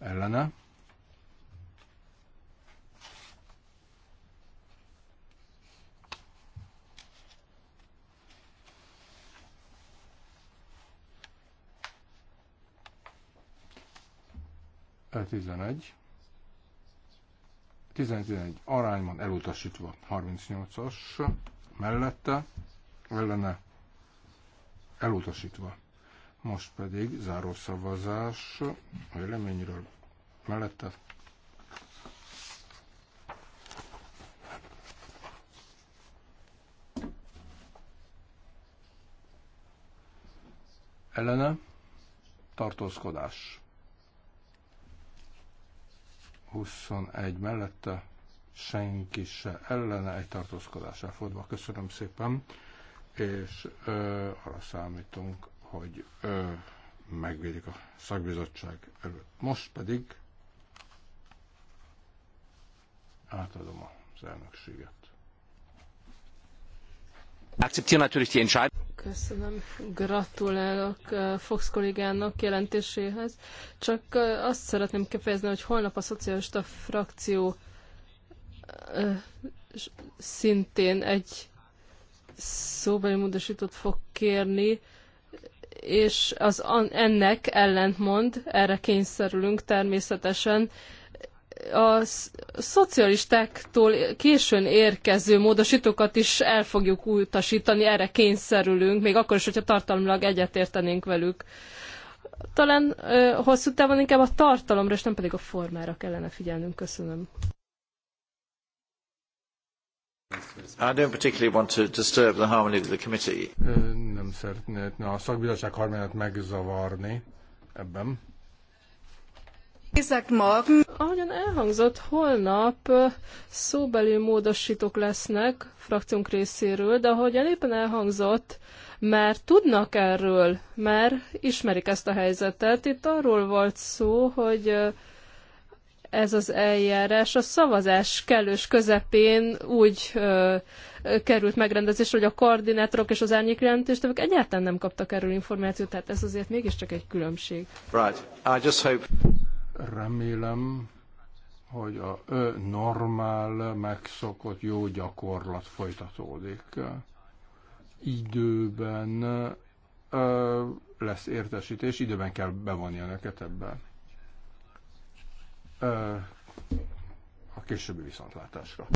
Ellene. A 11. 11 arányban elutasítva 38-as mellette, ellene elutasítva. Most pedig záró szavazás véleményről mellette. Ellene tartózkodás. 21 mellette senki se ellene egy tartózkodás elfordva. Köszönöm szépen, és ö, arra számítunk, hogy ö, megvédik a szakbizottság előtt. Most pedig átadom az elnökséget akzeptieren natürlich die Entscheidung. Köszönöm, gratulálok eh, Fox kollégának jelentéséhez. Csak eh, azt szeretném kifejezni, hogy holnap a szocialista frakció eh, szintén egy szóbeli módosítót fog kérni, és az ennek ellentmond, erre kényszerülünk természetesen, a szocialistáktól későn érkező módosítókat is el fogjuk utasítani, erre kényszerülünk, még akkor is, hogyha tartalmilag egyetértenénk velük. Talán ö, hosszú távon inkább a tartalomra, és nem pedig a formára kellene figyelnünk. Köszönöm. I don't particularly want to disturb the harmony of the committee. Nem szeretném a szakbizottság harmányát megzavarni ebben. Ahogyan elhangzott, holnap szóbeli módosítók lesznek frakciónk részéről, de ahogyan éppen elhangzott, már tudnak erről, mert ismerik ezt a helyzetet. Itt arról volt szó, hogy ez az eljárás a szavazás kellős közepén úgy ö, került megrendezésre, hogy a koordinátorok és az jelentéstevők egyáltalán nem kaptak erről információt, tehát ez azért mégiscsak egy különbség. Right. I just hope... Remélem, hogy a normál, megszokott jó gyakorlat folytatódik. Időben lesz értesítés, időben kell bevonni önöket ebbe. a későbbi viszontlátásra.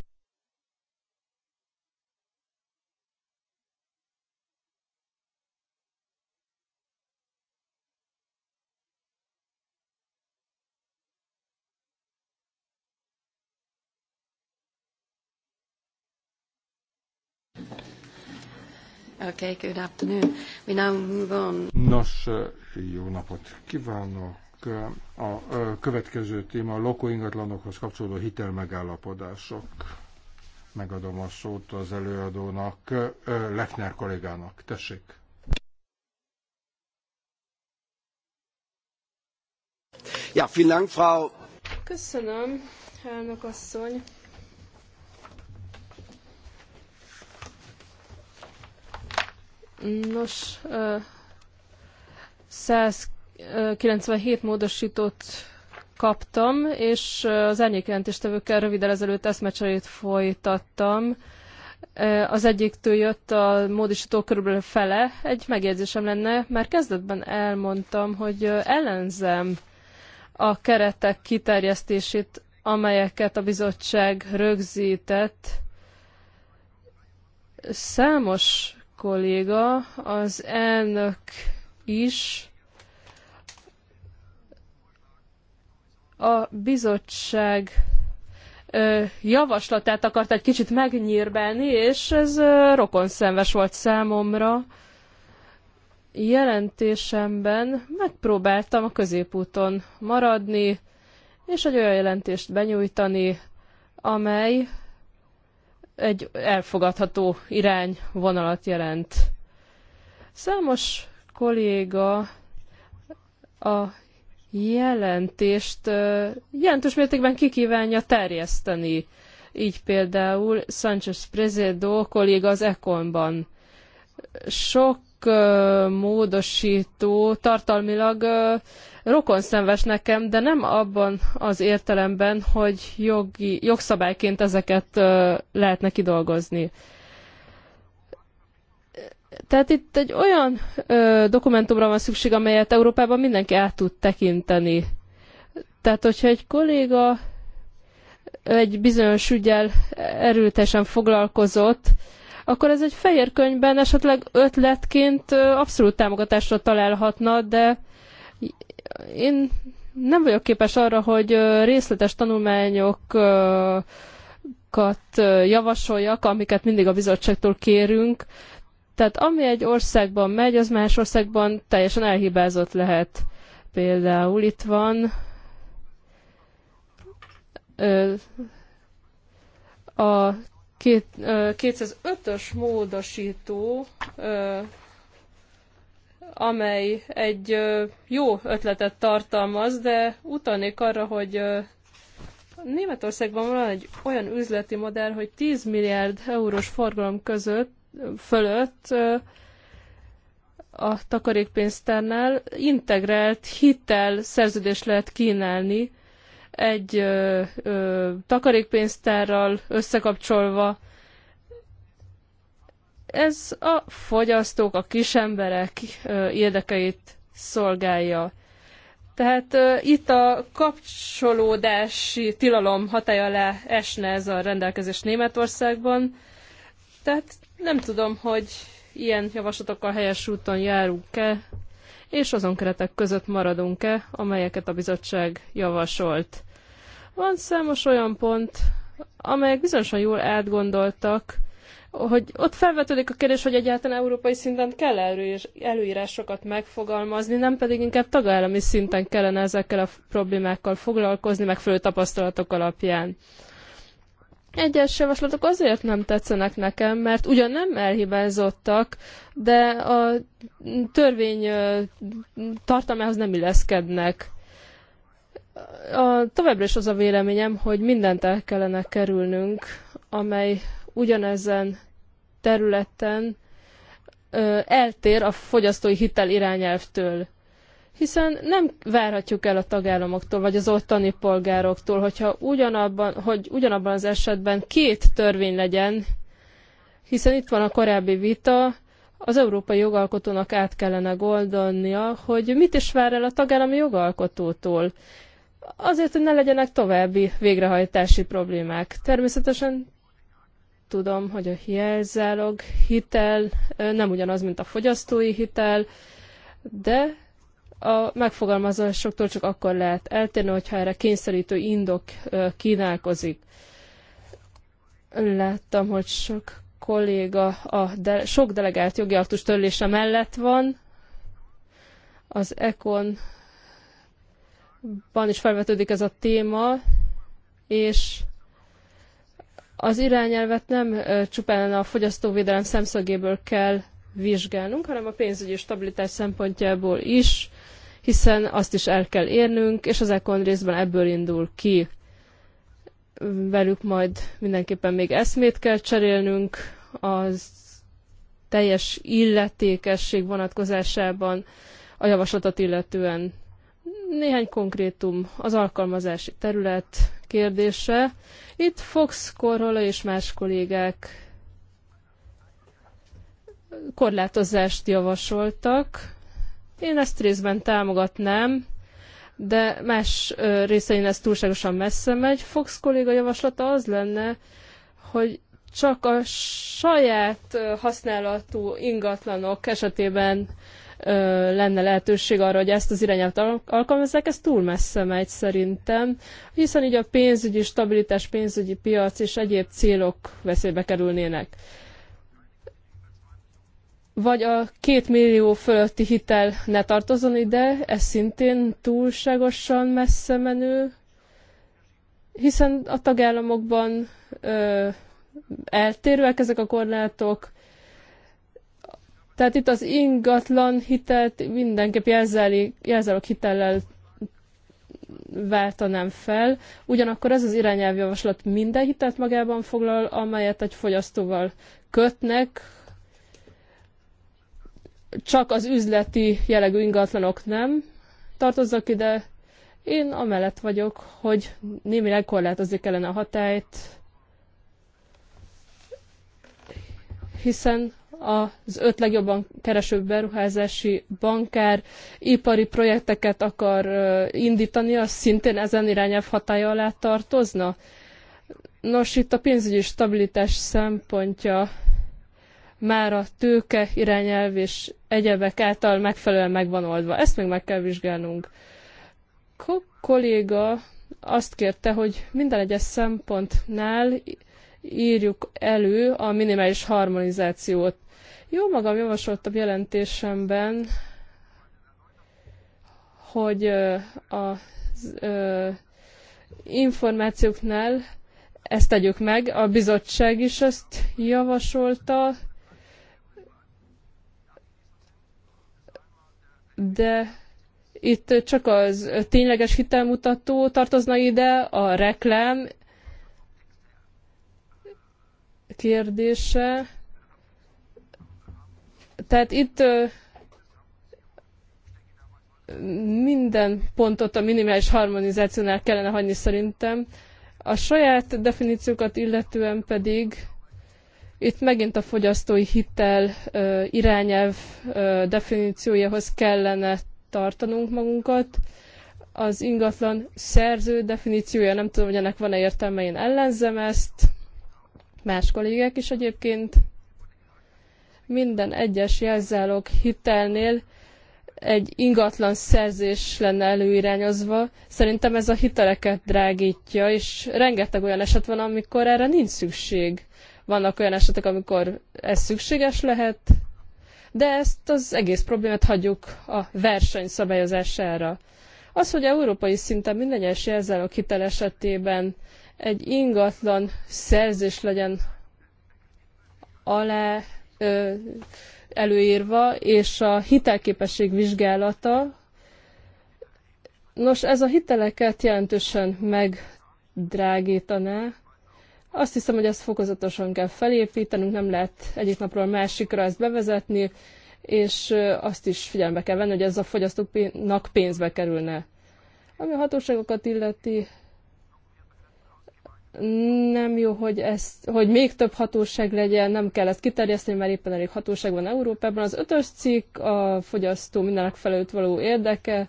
Okay, good afternoon. We now move on. Nos, jó napot kívánok! A következő téma a lakóingatlanokhoz kapcsolódó hitelmegállapodások. Megadom a szót az előadónak, Lechner kollégának. Tessék! Ja, vielen Dank, Frau. Köszönöm, elnök asszony. Nos, 197 módosítót kaptam, és az árnyékjelentéstevőkkel röviddel ezelőtt eszmecserét folytattam. Az egyiktől jött a módosító körülbelül fele. Egy megjegyzésem lenne, már kezdetben elmondtam, hogy ellenzem a keretek kiterjesztését, amelyeket a bizottság rögzített. Számos kolléga, az elnök is a bizottság javaslatát akart egy kicsit megnyírbelni, és ez rokonszenves volt számomra. Jelentésemben megpróbáltam a középúton maradni, és egy olyan jelentést benyújtani, amely egy elfogadható irányvonalat jelent. Számos kolléga a jelentést jelentős mértékben kikívánja terjeszteni. Így például Sanchez Prezedo kolléga az Econban sok módosító tartalmilag rokon szenves nekem, de nem abban az értelemben, hogy jogi, jogszabályként ezeket lehetne kidolgozni. Tehát itt egy olyan ö, dokumentumra van szükség, amelyet Európában mindenki át tud tekinteni. Tehát, hogyha egy kolléga egy bizonyos ügyel erőteljesen foglalkozott, ö, akkor ez egy fehér könyvben esetleg ötletként abszolút támogatásra találhatna, de én nem vagyok képes arra, hogy részletes tanulmányokat javasoljak, amiket mindig a bizottságtól kérünk. Tehát ami egy országban megy, az más országban teljesen elhibázott lehet. Például itt van a Két, 205-ös módosító, amely egy jó ötletet tartalmaz, de utalnék arra, hogy Németországban van egy olyan üzleti modell, hogy 10 milliárd eurós forgalom között, fölött a takarékpénztárnál integrált hitel szerződést lehet kínálni egy ö, ö, takarékpénztárral összekapcsolva. Ez a fogyasztók, a kisemberek érdekeit szolgálja. Tehát ö, itt a kapcsolódási tilalom hatája alá esne ez a rendelkezés Németországban. Tehát nem tudom, hogy ilyen javaslatokkal helyes úton járunk-e, és azon keretek között maradunk-e, amelyeket a bizottság javasolt. Van számos olyan pont, amelyek bizonyosan jól átgondoltak, hogy ott felvetődik a kérdés, hogy egyáltalán európai szinten kell előírásokat megfogalmazni, nem pedig inkább tagállami szinten kellene ezekkel a problémákkal foglalkozni, megfelelő tapasztalatok alapján. Egyes javaslatok azért nem tetszenek nekem, mert ugyan nem elhibázottak, de a törvény tartalmához nem illeszkednek a, továbbra is az a véleményem, hogy mindent el kellene kerülnünk, amely ugyanezen területen ö, eltér a fogyasztói hitel irányelvtől. Hiszen nem várhatjuk el a tagállamoktól, vagy az ottani polgároktól, hogyha ugyanabban, hogy ugyanabban az esetben két törvény legyen, hiszen itt van a korábbi vita, az európai jogalkotónak át kellene gondolnia, hogy mit is vár el a tagállami jogalkotótól azért, hogy ne legyenek további végrehajtási problémák. Természetesen tudom, hogy a jelzálog hitel nem ugyanaz, mint a fogyasztói hitel, de a megfogalmazásoktól csak akkor lehet eltérni, hogyha erre kényszerítő indok kínálkozik. Láttam, hogy sok kolléga a de, sok delegált jogi aktus törlése mellett van. Az ECON ban is felvetődik ez a téma, és az irányelvet nem csupán a fogyasztóvédelem szemszögéből kell vizsgálnunk, hanem a pénzügyi stabilitás szempontjából is, hiszen azt is el kell érnünk, és az Econ részben ebből indul ki. Velük majd mindenképpen még eszmét kell cserélnünk az teljes illetékesség vonatkozásában a javaslatot illetően néhány konkrétum az alkalmazási terület kérdése. Itt Fox Korhola és más kollégák korlátozást javasoltak. Én ezt részben támogatnám, de más részein ez túlságosan messze megy. Fox kolléga javaslata az lenne, hogy csak a saját használatú ingatlanok esetében lenne lehetőség arra, hogy ezt az irányát alkalmazzák, ez túl messze megy szerintem, hiszen így a pénzügyi stabilitás, pénzügyi piac és egyéb célok veszélybe kerülnének. Vagy a két millió fölötti hitel ne tartozon ide, ez szintén túlságosan messze menő, hiszen a tagállamokban ö, eltérőek ezek a korlátok, tehát itt az ingatlan hitelt mindenképp jelzálók hitellel váltanám fel. Ugyanakkor ez az irányelvjavaslat minden hitelt magában foglal, amelyet egy fogyasztóval kötnek, csak az üzleti jellegű ingatlanok nem tartoznak ide. Én amellett vagyok, hogy némileg korlátozni kellene a hatályt, hiszen az öt legjobban kereső beruházási bankár ipari projekteket akar indítani, az szintén ezen irányelv hatája alá tartozna? Nos, itt a pénzügyi stabilitás szempontja már a tőke irányelv és egyebek által megfelelően megvan oldva. Ezt még meg kell vizsgálnunk. Ko kolléga azt kérte, hogy minden egyes szempontnál írjuk elő a minimális harmonizációt. Jó magam javasoltam jelentésemben, hogy az információknál ezt tegyük meg, a bizottság is ezt javasolta, de itt csak az tényleges hitelmutató tartozna ide, a reklám kérdése. Tehát itt minden pontot a minimális harmonizációnál kellene hagyni szerintem. A saját definíciókat illetően pedig itt megint a fogyasztói hitel irányelv definíciójához kellene tartanunk magunkat. Az ingatlan szerző definíciója, nem tudom, hogy ennek van-e értelme, én ellenzem ezt. Más kollégák is egyébként minden egyes jelzálog hitelnél egy ingatlan szerzés lenne előirányozva. Szerintem ez a hiteleket drágítja, és rengeteg olyan eset van, amikor erre nincs szükség. Vannak olyan esetek, amikor ez szükséges lehet, de ezt az egész problémát hagyjuk a verseny szabályozására. Az, hogy európai szinten minden egyes jelzálók hitel esetében egy ingatlan szerzés legyen alá előírva, és a hitelképesség vizsgálata. Nos, ez a hiteleket jelentősen megdrágítaná. Azt hiszem, hogy ezt fokozatosan kell felépítenünk, nem lehet egyik napról a másikra ezt bevezetni, és azt is figyelme kell venni, hogy ez a fogyasztóknak pénzbe kerülne. Ami a hatóságokat illeti, nem jó, hogy, ez, hogy még több hatóság legyen, nem kell ezt kiterjeszteni, mert éppen elég hatóság van Európában. Az ötös cikk a fogyasztó mindenek felőtt való érdeke,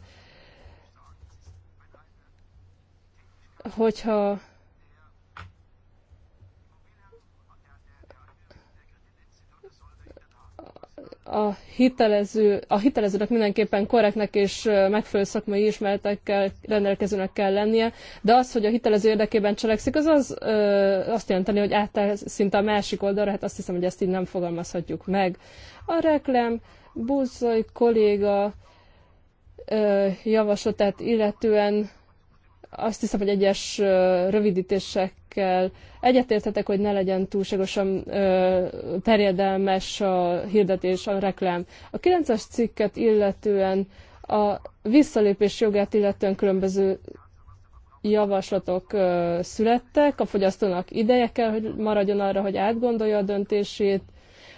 hogyha a, hitelező, a hitelezőnek mindenképpen korrektnek és megfelelő szakmai ismeretekkel rendelkezőnek kell lennie, de az, hogy a hitelező érdekében cselekszik, az, az ö, azt jelenteni, hogy átáll szinte a másik oldalra, hát azt hiszem, hogy ezt így nem fogalmazhatjuk meg. A reklám Buzzai kolléga ö, javaslatát illetően azt hiszem, hogy egyes rövidítésekkel egyetérthetek, hogy ne legyen túlságosan terjedelmes a hirdetés, a reklám. A 9-es cikket illetően a visszalépés jogát illetően különböző javaslatok születtek, a fogyasztónak ideje kell, hogy maradjon arra, hogy átgondolja a döntését,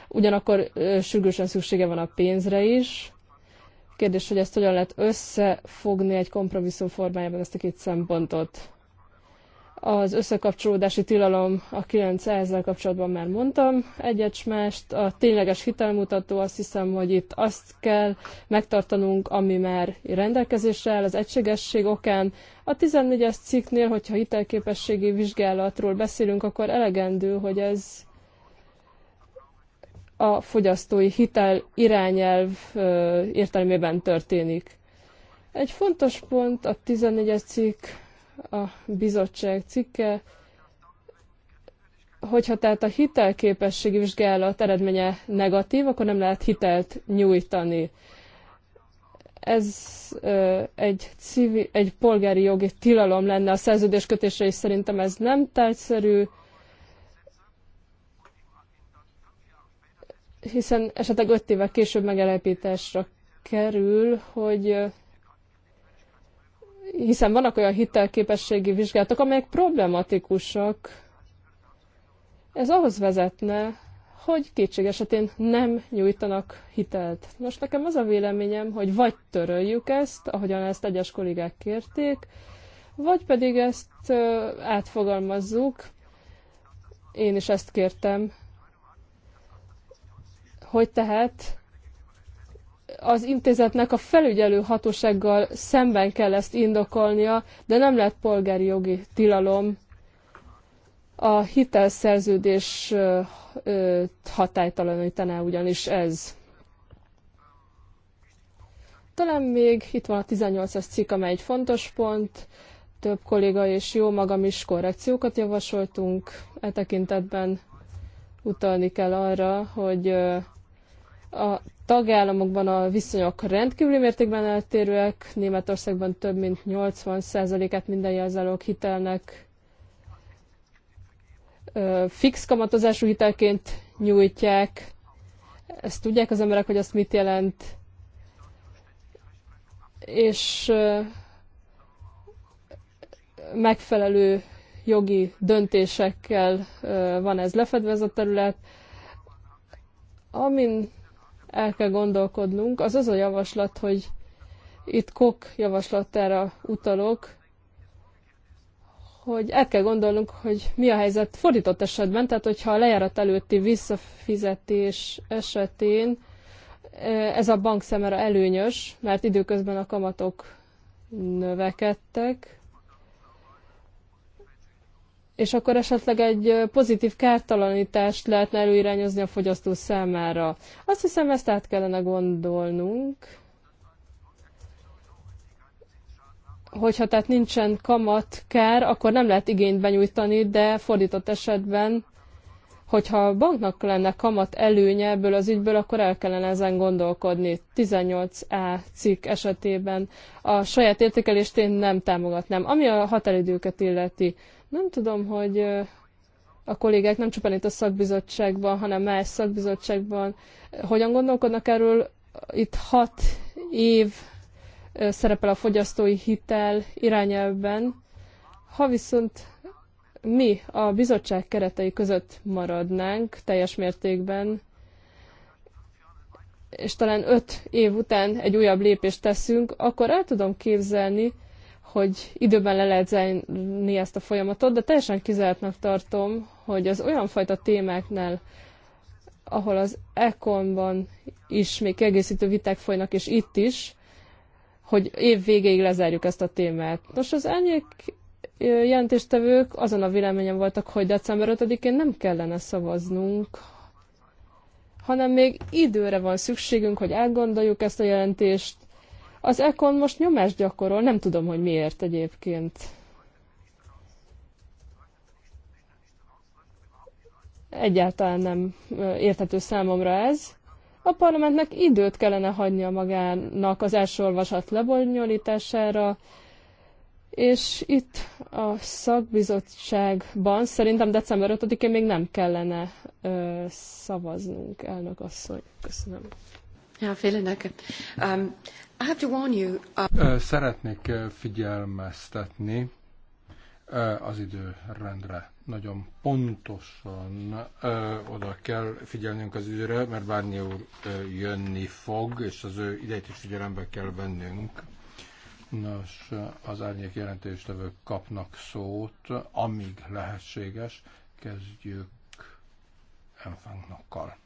ugyanakkor sürgősen szüksége van a pénzre is, Kérdés, hogy ezt hogyan lehet összefogni egy kompromisszum formájában ezt a két szempontot. Az összekapcsolódási tilalom a 9 ezzel kapcsolatban már mondtam egyet A tényleges hitelmutató azt hiszem, hogy itt azt kell megtartanunk, ami már rendelkezésre áll az egységesség okán. A 14-es cikknél, hogyha hitelképességi vizsgálatról beszélünk, akkor elegendő, hogy ez a fogyasztói hitel irányelv értelmében történik. Egy fontos pont a 14 cikk, a bizottság cikke, hogyha tehát a hitelképességi vizsgálat eredménye negatív, akkor nem lehet hitelt nyújtani. Ez ö, egy, civil, egy polgári jogi tilalom lenne a szerződéskötésre, és szerintem ez nem tárgyszerű. hiszen esetleg öt évvel később megelepítésre kerül, hogy hiszen vannak olyan hitelképességi vizsgálatok, amelyek problematikusak. Ez ahhoz vezetne, hogy kétség esetén nem nyújtanak hitelt. Most nekem az a véleményem, hogy vagy töröljük ezt, ahogyan ezt egyes kollégák kérték, vagy pedig ezt átfogalmazzuk. Én is ezt kértem hogy tehát az intézetnek a felügyelő hatósággal szemben kell ezt indokolnia, de nem lehet polgári jogi tilalom a hitelszerződés hatálytalanítaná ugyanis ez. Talán még itt van a 18-as cikk, amely egy fontos pont. Több kolléga és jó magam is korrekciókat javasoltunk. E tekintetben utalni kell arra, hogy a tagállamokban a viszonyok rendkívüli mértékben eltérőek, Németországban több mint 80%-át minden jelzálók hitelnek fix kamatozású hitelként nyújtják. Ezt tudják az emberek, hogy azt mit jelent. És megfelelő jogi döntésekkel van ez lefedve ez a terület. Amin el kell gondolkodnunk, az az a javaslat, hogy itt Kok javaslatára utalok, hogy el kell gondolnunk, hogy mi a helyzet fordított esetben, tehát hogyha a lejárat előtti visszafizetés esetén e, ez a bank szemére előnyös, mert időközben a kamatok növekedtek, és akkor esetleg egy pozitív kártalanítást lehetne előirányozni a fogyasztó számára. Azt hiszem, ezt át kellene gondolnunk. Hogyha tehát nincsen kamat kár, akkor nem lehet igényt benyújtani, de fordított esetben, hogyha a banknak lenne kamat előnye ebből az ügyből, akkor el kellene ezen gondolkodni. 18A cikk esetében a saját értékelést én nem támogatnám. Ami a határidőket illeti, nem tudom, hogy a kollégák nem csupán itt a szakbizottságban, hanem más szakbizottságban hogyan gondolkodnak erről. Itt hat év szerepel a fogyasztói hitel irányelvben. Ha viszont mi a bizottság keretei között maradnánk teljes mértékben, és talán öt év után egy újabb lépést teszünk, akkor el tudom képzelni, hogy időben le lehet zárni ezt a folyamatot, de teljesen kizártnak tartom, hogy az olyan fajta témáknál, ahol az ekonban is még kiegészítő viták folynak, és itt is, hogy év végéig lezárjuk ezt a témát. Nos, az elnyék jelentéstevők azon a véleményen voltak, hogy december 5-én nem kellene szavaznunk, hanem még időre van szükségünk, hogy átgondoljuk ezt a jelentést, az Econ most nyomást gyakorol, nem tudom, hogy miért egyébként. Egyáltalán nem érthető számomra ez. A parlamentnek időt kellene hagynia magának az első olvasat lebonyolítására, és itt a szakbizottságban szerintem december 5-én még nem kellene ö, szavaznunk, elnök asszony. Köszönöm. Ja, vielen Dank. Um, Uh, szeretnék figyelmeztetni az időrendre. Nagyon pontosan oda kell figyelnünk az időre, mert Bárnyi úr jönni fog, és az ő idejét is figyelembe kell vennünk. Nos, az árnyék jelentéstevők kapnak szót, amíg lehetséges. Kezdjük Enfangnokkal.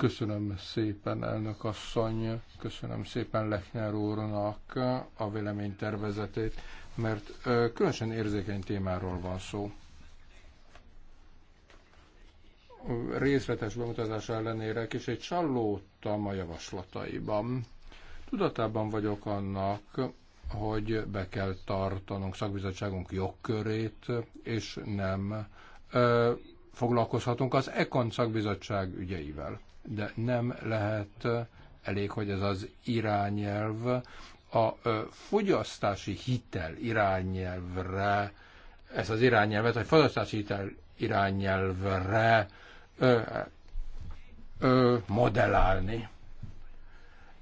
Köszönöm szépen, elnök asszony, köszönöm szépen Lechner úrnak a véleménytervezetét, mert különösen érzékeny témáról van szó. Részletes bemutatása ellenére egy csalódtam a javaslataiban. Tudatában vagyok annak, hogy be kell tartanunk szakbizottságunk jogkörét, és nem ö, foglalkozhatunk az ECON szakbizottság ügyeivel de nem lehet elég, hogy ez az irányelv a fogyasztási hitel irányelvre, ez az irányelvet, vagy fogyasztási hitel irányelvre ö, ö, modellálni.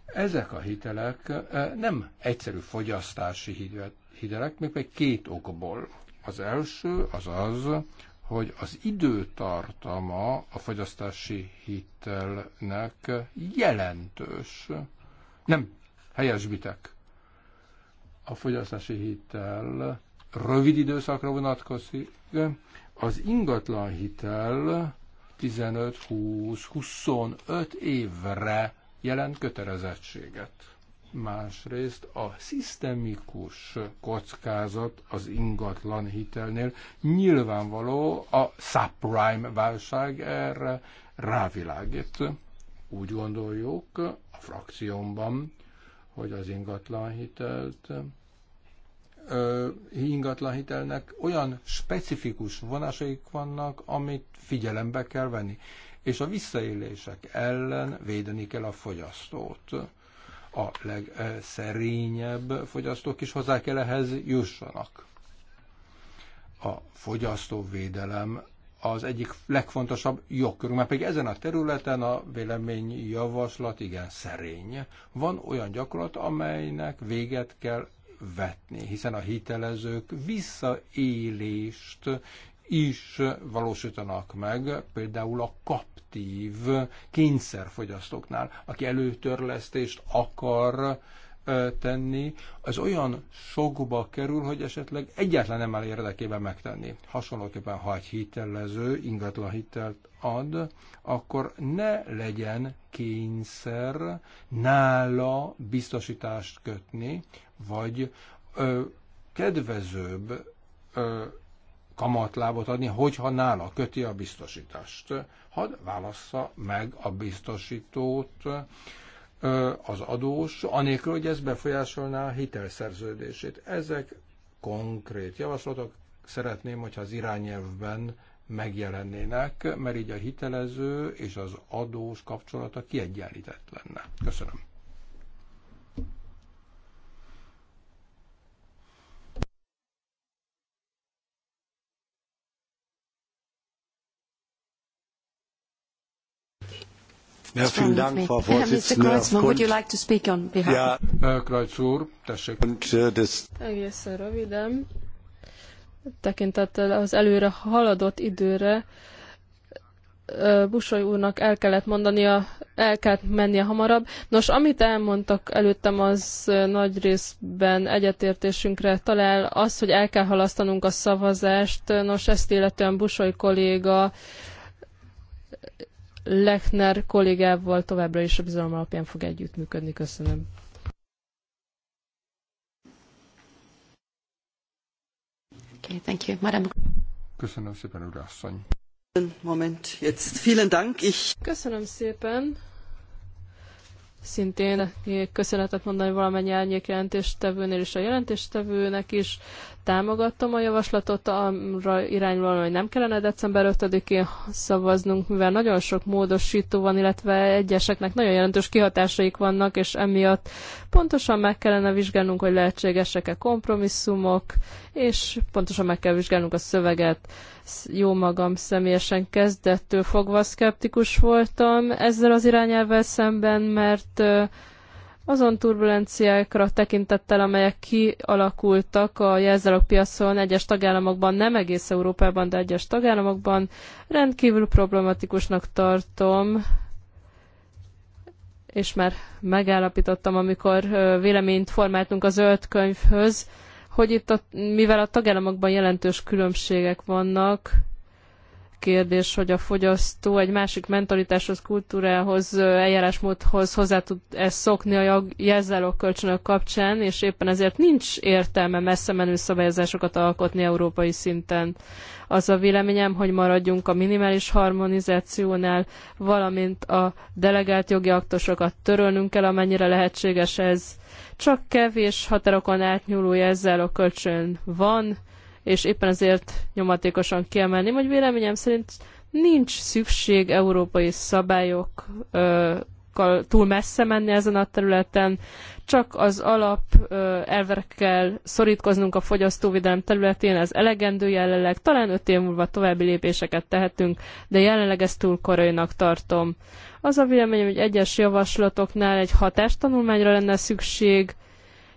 Ezek a hitelek nem egyszerű fogyasztási hitelek, még pedig két okból. Az első az az, hogy az időtartama a fogyasztási hitelnek jelentős. Nem, helyesbitek. A fogyasztási hitel rövid időszakra vonatkozik, az ingatlan hitel 15-20-25 évre jelent kötelezettséget. Másrészt a szisztemikus kockázat az ingatlan hitelnél nyilvánvaló a subprime válság erre rávilágít. Úgy gondoljuk a frakciómban, hogy az ingatlan hitelt ingatlanhitelnek olyan specifikus vonásaik vannak, amit figyelembe kell venni. És a visszaélések ellen védeni kell a fogyasztót a legszerényebb fogyasztók is hozzá kell ehhez jussanak. A fogyasztóvédelem az egyik legfontosabb jogkörünk, mert pedig ezen a területen a javaslat igen szerény. Van olyan gyakorlat, amelynek véget kell vetni, hiszen a hitelezők visszaélést is valósítanak meg, például a kaptív kényszerfogyasztóknál, aki előtörlesztést akar tenni, az olyan sokba kerül, hogy esetleg egyetlen nem áll érdekében megtenni. Hasonlóképpen, ha egy hitelező ingatlan hitelt ad, akkor ne legyen kényszer nála biztosítást kötni, vagy ö, kedvezőbb ö, kamatlábot adni, hogyha nála köti a biztosítást. Hadd válassza meg a biztosítót az adós, anélkül, hogy ez befolyásolná a hitelszerződését. Ezek konkrét javaslatok, szeretném, hogyha az irányelvben megjelennének, mert így a hitelező és az adós kapcsolata kiegyenlített lenne. Köszönöm. What's wrong with me? Mr. Kreutzmann, would you like to speak on behalf? Yeah. Kreutz úr, tessék. Äh, Egészen röviden, tekintettel az előre haladott időre, Busoly úrnak el kellett mondania, el kellett mennie hamarabb. Nos, amit elmondtak előttem, az nagy részben egyetértésünkre talál. Az, hogy el kell halasztanunk a szavazást, nos, ezt illetően Busoly kolléga Lechner kollégával továbbra is a bizalom alapján fog együttműködni. Köszönöm. Okay, thank you. Madam. Köszönöm szépen, urasszony. Moment, jetzt vielen Dank. Ich... Köszönöm szépen. Szintén köszönetet mondani valamennyi árnyék jelentéstevőnél és a jelentéstevőnek is. Támogattam a javaslatot, arra irányulóan, hogy nem kellene december 5-én szavaznunk, mivel nagyon sok módosító van, illetve egyeseknek nagyon jelentős kihatásaik vannak, és emiatt pontosan meg kellene vizsgálnunk, hogy lehetségesek-e kompromisszumok, és pontosan meg kell vizsgálnunk a szöveget jó magam személyesen kezdettől fogva szkeptikus voltam ezzel az irányelvvel szemben, mert azon turbulenciákra tekintettel, amelyek kialakultak a piacon, egyes tagállamokban, nem egész Európában, de egyes tagállamokban, rendkívül problematikusnak tartom, és már megállapítottam, amikor véleményt formáltunk a zöld könyvhöz, hogy itt, a, mivel a tagállamokban jelentős különbségek vannak, kérdés, hogy a fogyasztó egy másik mentalitáshoz, kultúrához, eljárásmódhoz hozzá tud ezt szokni a jelzálók kölcsönök kapcsán, és éppen ezért nincs értelme messze menő szabályozásokat alkotni európai szinten. Az a véleményem, hogy maradjunk a minimális harmonizációnál, valamint a delegált jogi aktusokat törölnünk kell, amennyire lehetséges ez. Csak kevés határokon átnyúló jelzálók kölcsön van, és éppen ezért nyomatékosan kiemelném, hogy véleményem szerint nincs szükség európai szabályokkal túl messze menni ezen a területen, csak az alap elvekkel szorítkoznunk a fogyasztóvédelem területén, ez elegendő jelenleg, talán öt év múlva további lépéseket tehetünk, de jelenleg ezt túl korainak tartom. Az a véleményem, hogy egyes javaslatoknál egy hatástanulmányra lenne szükség,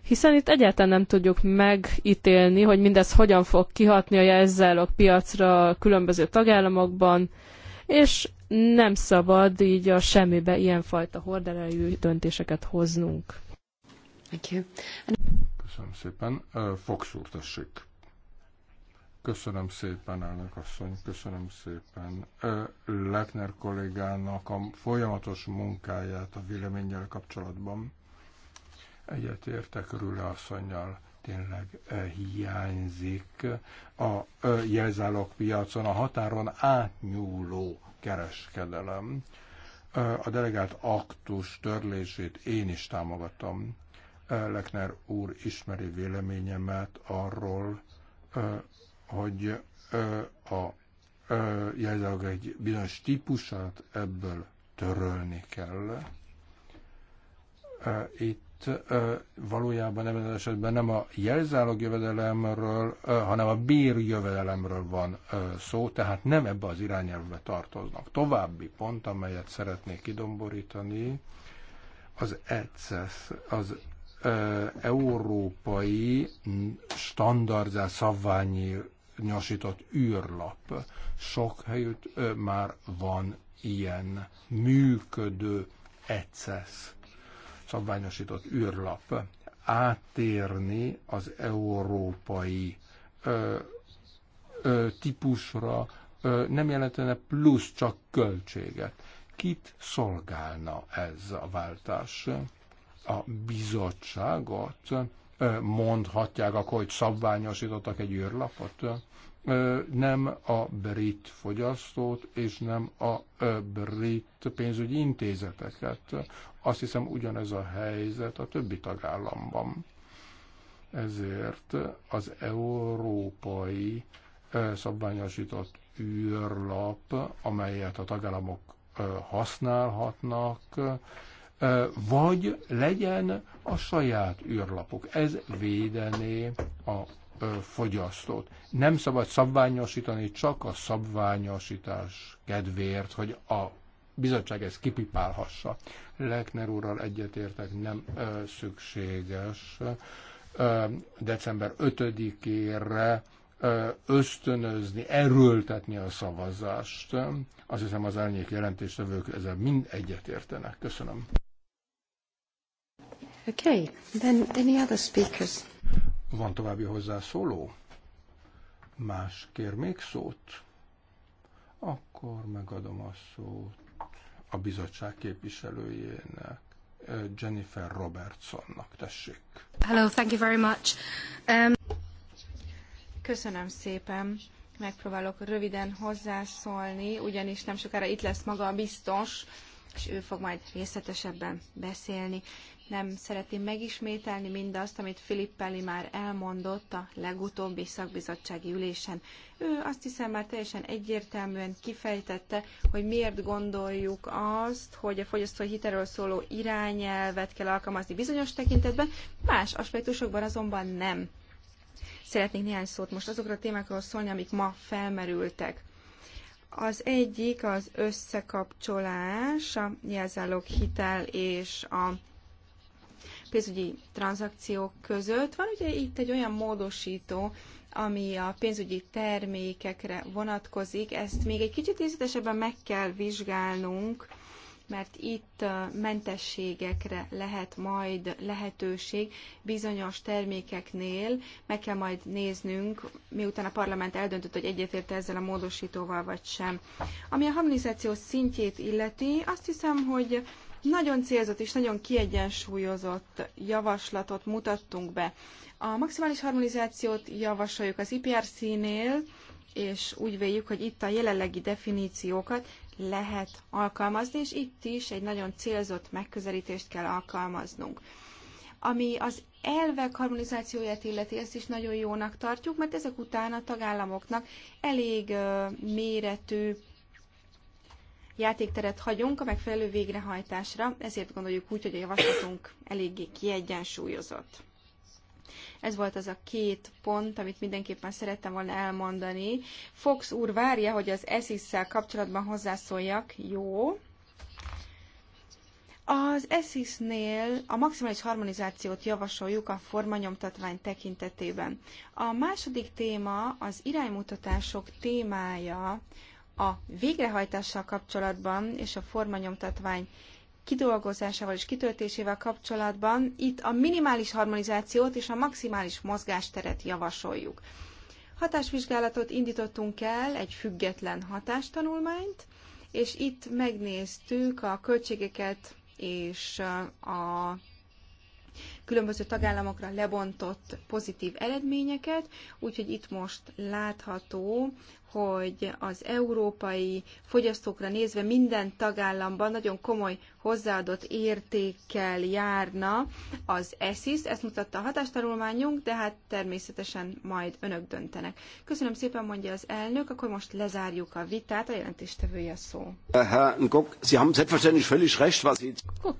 hiszen itt egyáltalán nem tudjuk megítélni, hogy mindez hogyan fog kihatni a jelzálog piacra a különböző tagállamokban, és nem szabad így a semmibe ilyenfajta horderejű döntéseket hoznunk. Köszönöm szépen. Fox úr, tessék. Köszönöm szépen, elnök asszony, köszönöm szépen Lechner kollégának a folyamatos munkáját a véleménnyel kapcsolatban Egyetértek Rüle asszonynal, tényleg eh, hiányzik a eh, jelzálok piacon a határon átnyúló kereskedelem. Eh, a delegált aktus törlését én is támogatom. Lekner úr ismeri véleményemet arról, hogy a jelzálog egy bizonyos típusát ebből törölni kell. Itt valójában ebben az esetben nem a jelzálog jövedelemről, hanem a jövedelemről van szó, tehát nem ebbe az irányelvbe tartoznak. További pont, amelyet szeretnék kidomborítani, az ECSZ, az európai Standardzá szabványi nyasított űrlap. Sok helyütt már van ilyen működő ECSZ szabványosított űrlap átérni az európai ö, ö, típusra ö, nem jelentene plusz csak költséget. Kit szolgálna ez a váltás? A bizottságot? Mondhatják akkor, hogy szabványosítottak egy űrlapot? nem a brit fogyasztót és nem a brit pénzügyi intézeteket. Azt hiszem ugyanez a helyzet a többi tagállamban. Ezért az európai szabványosított űrlap, amelyet a tagállamok használhatnak, vagy legyen a saját űrlapok. Ez védené a fogyasztót. Nem szabad szabványosítani, csak a szabványosítás kedvéért, hogy a bizottság ezt kipipálhassa. Lekner úrral egyetértek, nem ö, szükséges ö, december 5-ére ösztönözni, erőltetni a szavazást. Azt hiszem az elnyék jelentéstevők ezzel mind egyetértenek. Köszönöm. Okay, then any other speakers? Van további hozzászóló? Más kér még szót? Akkor megadom a szót a bizottság képviselőjének. Jennifer Robertsonnak. Tessék. Hello, thank you very much. Um... Köszönöm szépen. Megpróbálok röviden hozzászólni, ugyanis nem sokára itt lesz maga a biztos, és ő fog majd részletesebben beszélni. Nem szeretném megismételni mindazt, amit Filippelli már elmondott a legutóbbi szakbizottsági ülésen. Ő azt hiszem már teljesen egyértelműen kifejtette, hogy miért gondoljuk azt, hogy a fogyasztói hitelről szóló irányelvet kell alkalmazni bizonyos tekintetben, más aspektusokban azonban nem. Szeretnék néhány szót most azokra a témákról szólni, amik ma felmerültek. Az egyik az összekapcsolás, a jelzálók hitel és a pénzügyi tranzakciók között. Van ugye itt egy olyan módosító, ami a pénzügyi termékekre vonatkozik. Ezt még egy kicsit részletesebben meg kell vizsgálnunk, mert itt mentességekre lehet majd lehetőség bizonyos termékeknél. Meg kell majd néznünk, miután a parlament eldöntött, hogy egyetért ezzel a módosítóval vagy sem. Ami a harmonizáció szintjét illeti, azt hiszem, hogy nagyon célzott és nagyon kiegyensúlyozott javaslatot mutattunk be. A maximális harmonizációt javasoljuk az IPRC-nél, és úgy véljük, hogy itt a jelenlegi definíciókat lehet alkalmazni, és itt is egy nagyon célzott megközelítést kell alkalmaznunk. Ami az elvek harmonizációját illeti, ezt is nagyon jónak tartjuk, mert ezek után a tagállamoknak elég méretű játékteret hagyunk a megfelelő végrehajtásra, ezért gondoljuk úgy, hogy a javaslatunk eléggé kiegyensúlyozott. Ez volt az a két pont, amit mindenképpen szerettem volna elmondani. Fox úr várja, hogy az ESIS-szel kapcsolatban hozzászóljak. Jó. Az ESIS-nél a maximális harmonizációt javasoljuk a formanyomtatvány tekintetében. A második téma az iránymutatások témája a végrehajtással kapcsolatban és a formanyomtatvány kidolgozásával és kitöltésével kapcsolatban itt a minimális harmonizációt és a maximális mozgásteret javasoljuk. Hatásvizsgálatot indítottunk el, egy független hatástanulmányt, és itt megnéztük a költségeket és a különböző tagállamokra lebontott pozitív eredményeket, úgyhogy itt most látható, hogy az európai fogyasztókra nézve minden tagállamban nagyon komoly hozzáadott értékkel járna az ESIS, ezt mutatta a hatástanulmányunk, de hát természetesen majd önök döntenek. Köszönöm szépen, mondja az elnök, akkor most lezárjuk a vitát, a jelentéstevője szó. Herr Sie haben selbstverständlich völlig recht, was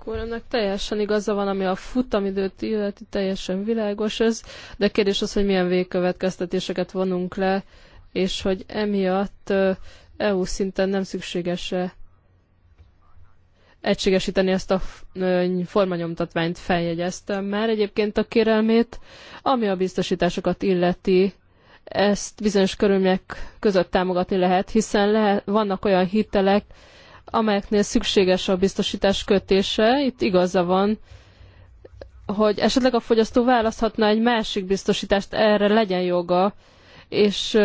úrnak teljesen igaza van, ami a futamidőt illeti, teljesen világos ez, de kérdés az, hogy milyen végkövetkeztetéseket vonunk le, és hogy emiatt EU szinten nem szükséges -e egységesíteni ezt a formanyomtatványt feljegyeztem már egyébként a kérelmét, ami a biztosításokat illeti, ezt bizonyos körülmények között támogatni lehet, hiszen lehet, vannak olyan hitelek, amelyeknél szükséges a biztosítás kötése, itt igaza van, hogy esetleg a fogyasztó választhatna egy másik biztosítást, erre legyen joga, és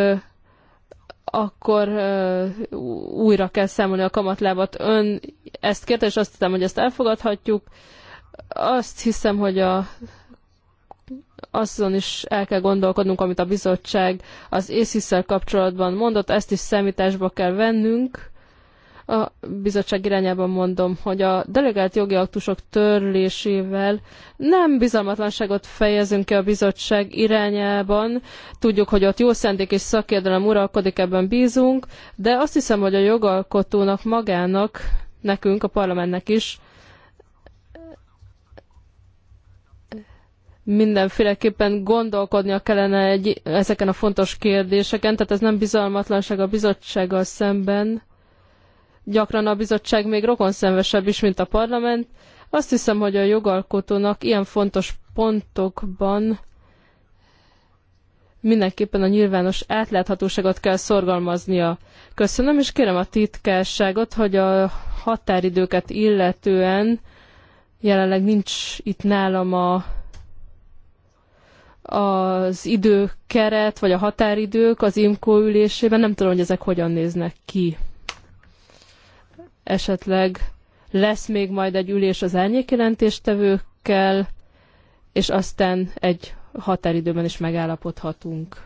akkor újra kell számolni a kamatlábat. Ön ezt kérte, és azt hiszem, hogy ezt elfogadhatjuk. Azt hiszem, hogy a azon is el kell gondolkodnunk, amit a bizottság az észisszel kapcsolatban mondott, ezt is számításba kell vennünk a bizottság irányában mondom, hogy a delegált jogi aktusok törlésével nem bizalmatlanságot fejezünk ki a bizottság irányában. Tudjuk, hogy ott jó szendék és szakérdelem uralkodik, ebben bízunk, de azt hiszem, hogy a jogalkotónak magának, nekünk, a parlamentnek is mindenféleképpen gondolkodnia kellene egy, ezeken a fontos kérdéseken, tehát ez nem bizalmatlanság a bizottsággal szemben, Gyakran a bizottság még rokonszenvesebb is, mint a parlament. Azt hiszem, hogy a jogalkotónak ilyen fontos pontokban mindenképpen a nyilvános átláthatóságot kell szorgalmaznia. Köszönöm, és kérem a titkárságot, hogy a határidőket illetően jelenleg nincs itt nálam a, az időkeret, vagy a határidők az IMKO ülésében. Nem tudom, hogy ezek hogyan néznek ki esetleg lesz még majd egy ülés az árnyékjelentéstevőkkel, és aztán egy határidőben is megállapodhatunk.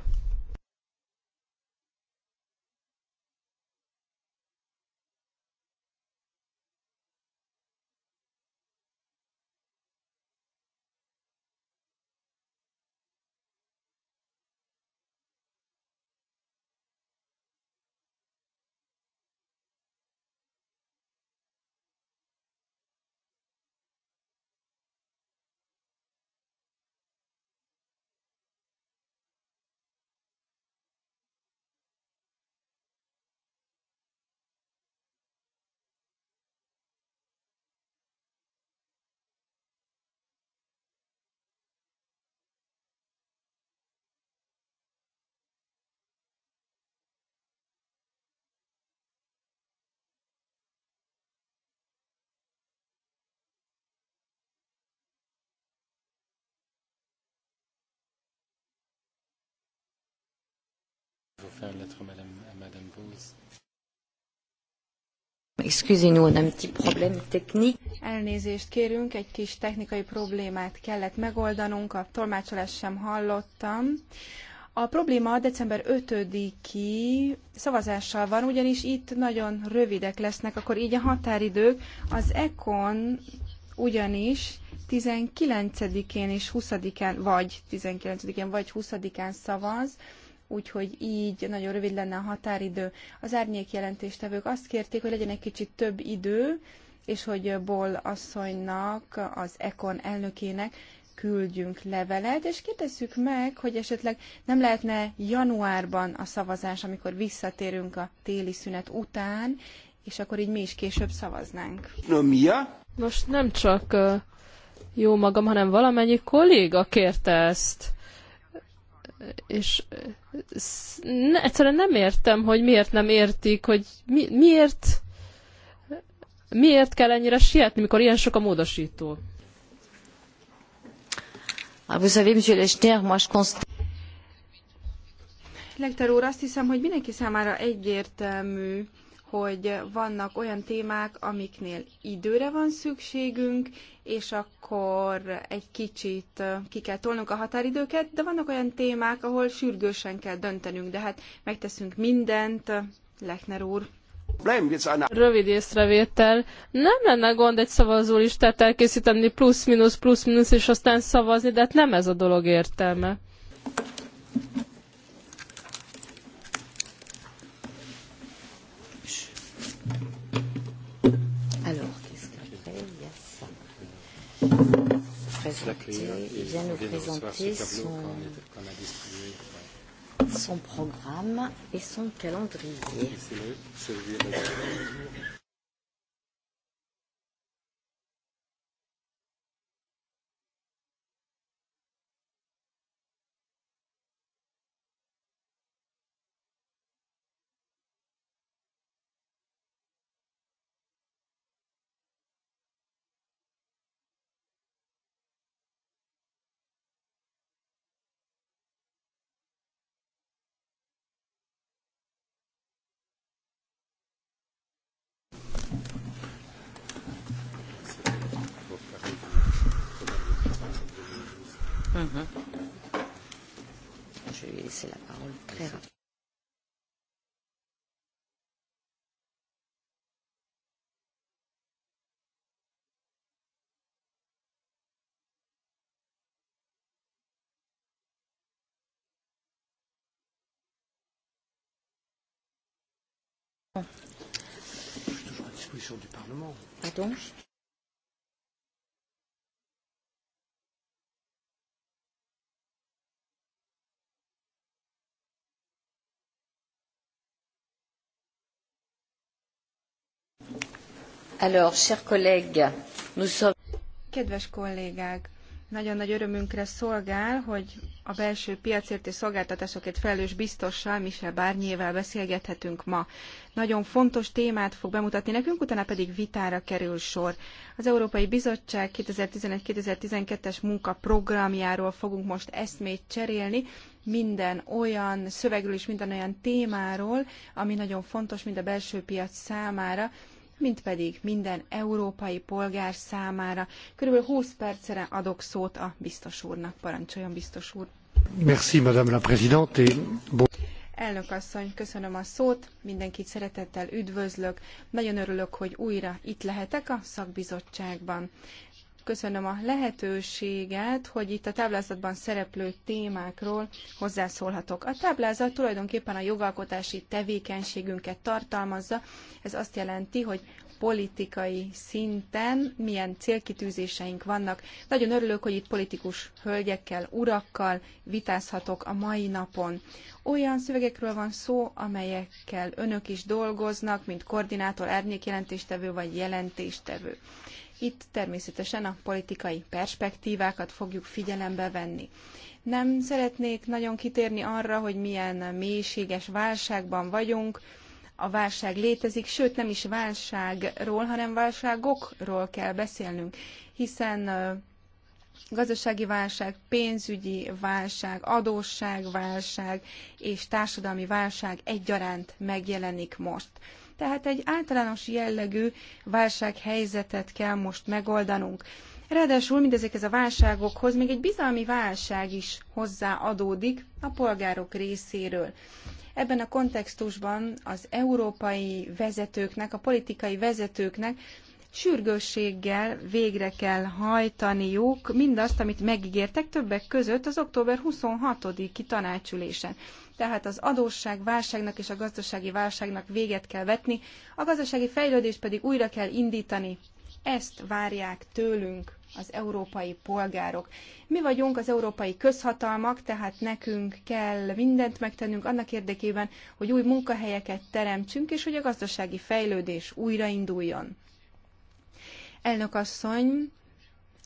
Elnézést kérünk, egy kis technikai problémát kellett megoldanunk, a tolmácsolást sem hallottam. A probléma december 5-i szavazással van, ugyanis itt nagyon rövidek lesznek, akkor így a határidők. Az ECON ugyanis 19-én és 20-án, vagy 19-én, vagy 20-án szavaz, úgyhogy így nagyon rövid lenne a határidő. Az árnyék jelentéstevők azt kérték, hogy legyen egy kicsit több idő, és hogy Ból asszonynak, az Ekon elnökének küldjünk levelet, és kérdezzük meg, hogy esetleg nem lehetne januárban a szavazás, amikor visszatérünk a téli szünet után, és akkor így mi is később szavaznánk. Na, a? Most nem csak jó magam, hanem valamennyi kolléga kérte ezt és ne, egyszerűen nem értem, hogy miért nem értik, hogy mi, miért, miért kell ennyire sietni, mikor ilyen sok a módosító. Ah, vous savez, monsieur Lechner, moi je constate... úr, azt hiszem, hogy mindenki számára egyértelmű, hogy vannak olyan témák, amiknél időre van szükségünk, és akkor egy kicsit ki kell tolnunk a határidőket, de vannak olyan témák, ahol sürgősen kell döntenünk, de hát megteszünk mindent, Lechner úr. Rövid észrevétel. Nem lenne gond egy listát elkészíteni plusz-minusz, plusz-minusz, és aztán szavazni, de hát nem ez a dolog értelme. présenter, il vient nous présenter son, son programme et son calendrier. Mm -hmm. Je vais laisser la parole très rapidement. Je suis toujours à disposition du Parlement. Pardon Alors, chers collègues, nous sommes... Kedves kollégák, nagyon nagy örömünkre szolgál, hogy a belső piacért és szolgáltatásokért felelős biztossal, Michel Bárnyével beszélgethetünk ma. Nagyon fontos témát fog bemutatni nekünk, utána pedig vitára kerül sor. Az Európai Bizottság 2011-2012-es munkaprogramjáról fogunk most eszmét cserélni, minden olyan szövegről és minden olyan témáról, ami nagyon fontos mind a belső piac számára, mint pedig minden európai polgár számára. Körülbelül 20 percre adok szót a biztos úrnak. Parancsoljon, biztos úr! Merci, madame la présidente. Elnök asszony, köszönöm a szót, mindenkit szeretettel üdvözlök. Nagyon örülök, hogy újra itt lehetek a szakbizottságban köszönöm a lehetőséget, hogy itt a táblázatban szereplő témákról hozzászólhatok. A táblázat tulajdonképpen a jogalkotási tevékenységünket tartalmazza. Ez azt jelenti, hogy politikai szinten milyen célkitűzéseink vannak. Nagyon örülök, hogy itt politikus hölgyekkel, urakkal vitázhatok a mai napon. Olyan szövegekről van szó, amelyekkel önök is dolgoznak, mint koordinátor, árnyékjelentéstevő vagy jelentéstevő. Itt természetesen a politikai perspektívákat fogjuk figyelembe venni. Nem szeretnék nagyon kitérni arra, hogy milyen mélységes válságban vagyunk, a válság létezik, sőt nem is válságról, hanem válságokról kell beszélnünk, hiszen gazdasági válság, pénzügyi válság, adósságválság és társadalmi válság egyaránt megjelenik most tehát egy általános jellegű válsághelyzetet kell most megoldanunk. Ráadásul mindezekhez a válságokhoz még egy bizalmi válság is hozzáadódik a polgárok részéről. Ebben a kontextusban az európai vezetőknek, a politikai vezetőknek sürgősséggel végre kell hajtaniuk mindazt, amit megígértek többek között az október 26-i tanácsülésen tehát az adósság válságnak és a gazdasági válságnak véget kell vetni, a gazdasági fejlődést pedig újra kell indítani. Ezt várják tőlünk az európai polgárok. Mi vagyunk az európai közhatalmak, tehát nekünk kell mindent megtennünk annak érdekében, hogy új munkahelyeket teremtsünk, és hogy a gazdasági fejlődés újrainduljon. Elnök asszony,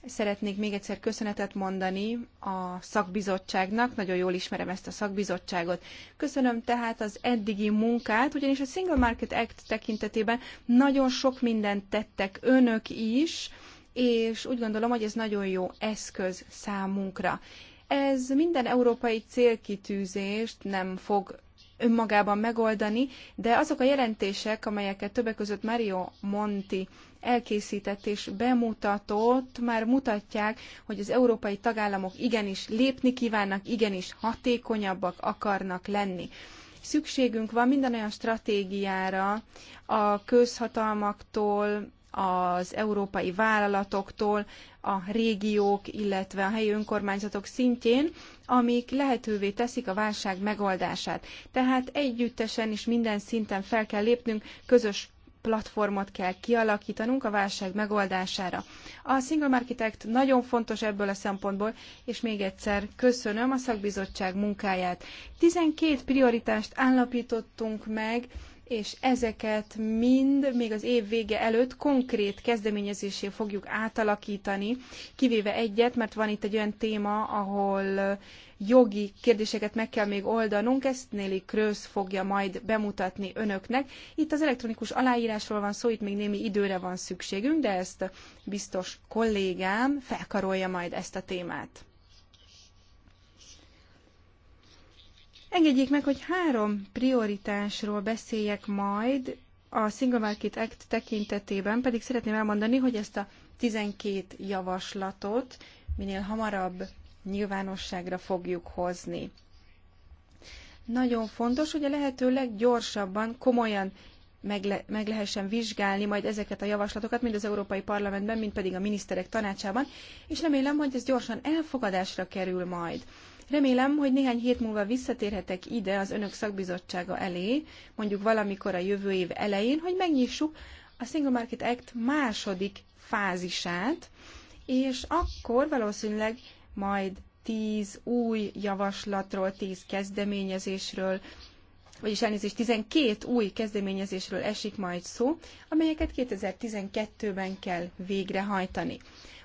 Szeretnék még egyszer köszönetet mondani a szakbizottságnak, nagyon jól ismerem ezt a szakbizottságot. Köszönöm tehát az eddigi munkát, ugyanis a Single Market Act tekintetében nagyon sok mindent tettek önök is, és úgy gondolom, hogy ez nagyon jó eszköz számunkra. Ez minden európai célkitűzést nem fog önmagában megoldani, de azok a jelentések, amelyeket többek között Mario Monti elkészített és bemutatott már mutatják, hogy az európai tagállamok igenis lépni kívánnak, igenis hatékonyabbak akarnak lenni szükségünk van minden olyan stratégiára a közhatalmaktól, az európai vállalatoktól, a régiók, illetve a helyi önkormányzatok szintjén, amik lehetővé teszik a válság megoldását. Tehát együttesen és minden szinten fel kell lépnünk, közös platformot kell kialakítanunk a válság megoldására. A Single Market Act nagyon fontos ebből a szempontból, és még egyszer köszönöm a szakbizottság munkáját. 12 prioritást állapítottunk meg, és ezeket mind még az év vége előtt konkrét kezdeményezésé fogjuk átalakítani, kivéve egyet, mert van itt egy olyan téma, ahol jogi kérdéseket meg kell még oldanunk, ezt Néli Krősz fogja majd bemutatni önöknek. Itt az elektronikus aláírásról van szó, itt még némi időre van szükségünk, de ezt biztos kollégám felkarolja majd ezt a témát. Engedjék meg, hogy három prioritásról beszéljek majd, a Single Market Act tekintetében pedig szeretném elmondani, hogy ezt a 12 javaslatot minél hamarabb nyilvánosságra fogjuk hozni. Nagyon fontos, hogy a lehető leggyorsabban, komolyan meg, meg lehessen vizsgálni majd ezeket a javaslatokat, mind az Európai Parlamentben, mind pedig a miniszterek tanácsában, és remélem, hogy ez gyorsan elfogadásra kerül majd. Remélem, hogy néhány hét múlva visszatérhetek ide az önök szakbizottsága elé, mondjuk valamikor a jövő év elején, hogy megnyissuk a Single Market Act második fázisát, és akkor valószínűleg majd tíz új javaslatról, tíz kezdeményezésről, vagyis elnézést, 12 új kezdeményezésről esik majd szó, amelyeket 2012-ben kell végrehajtani.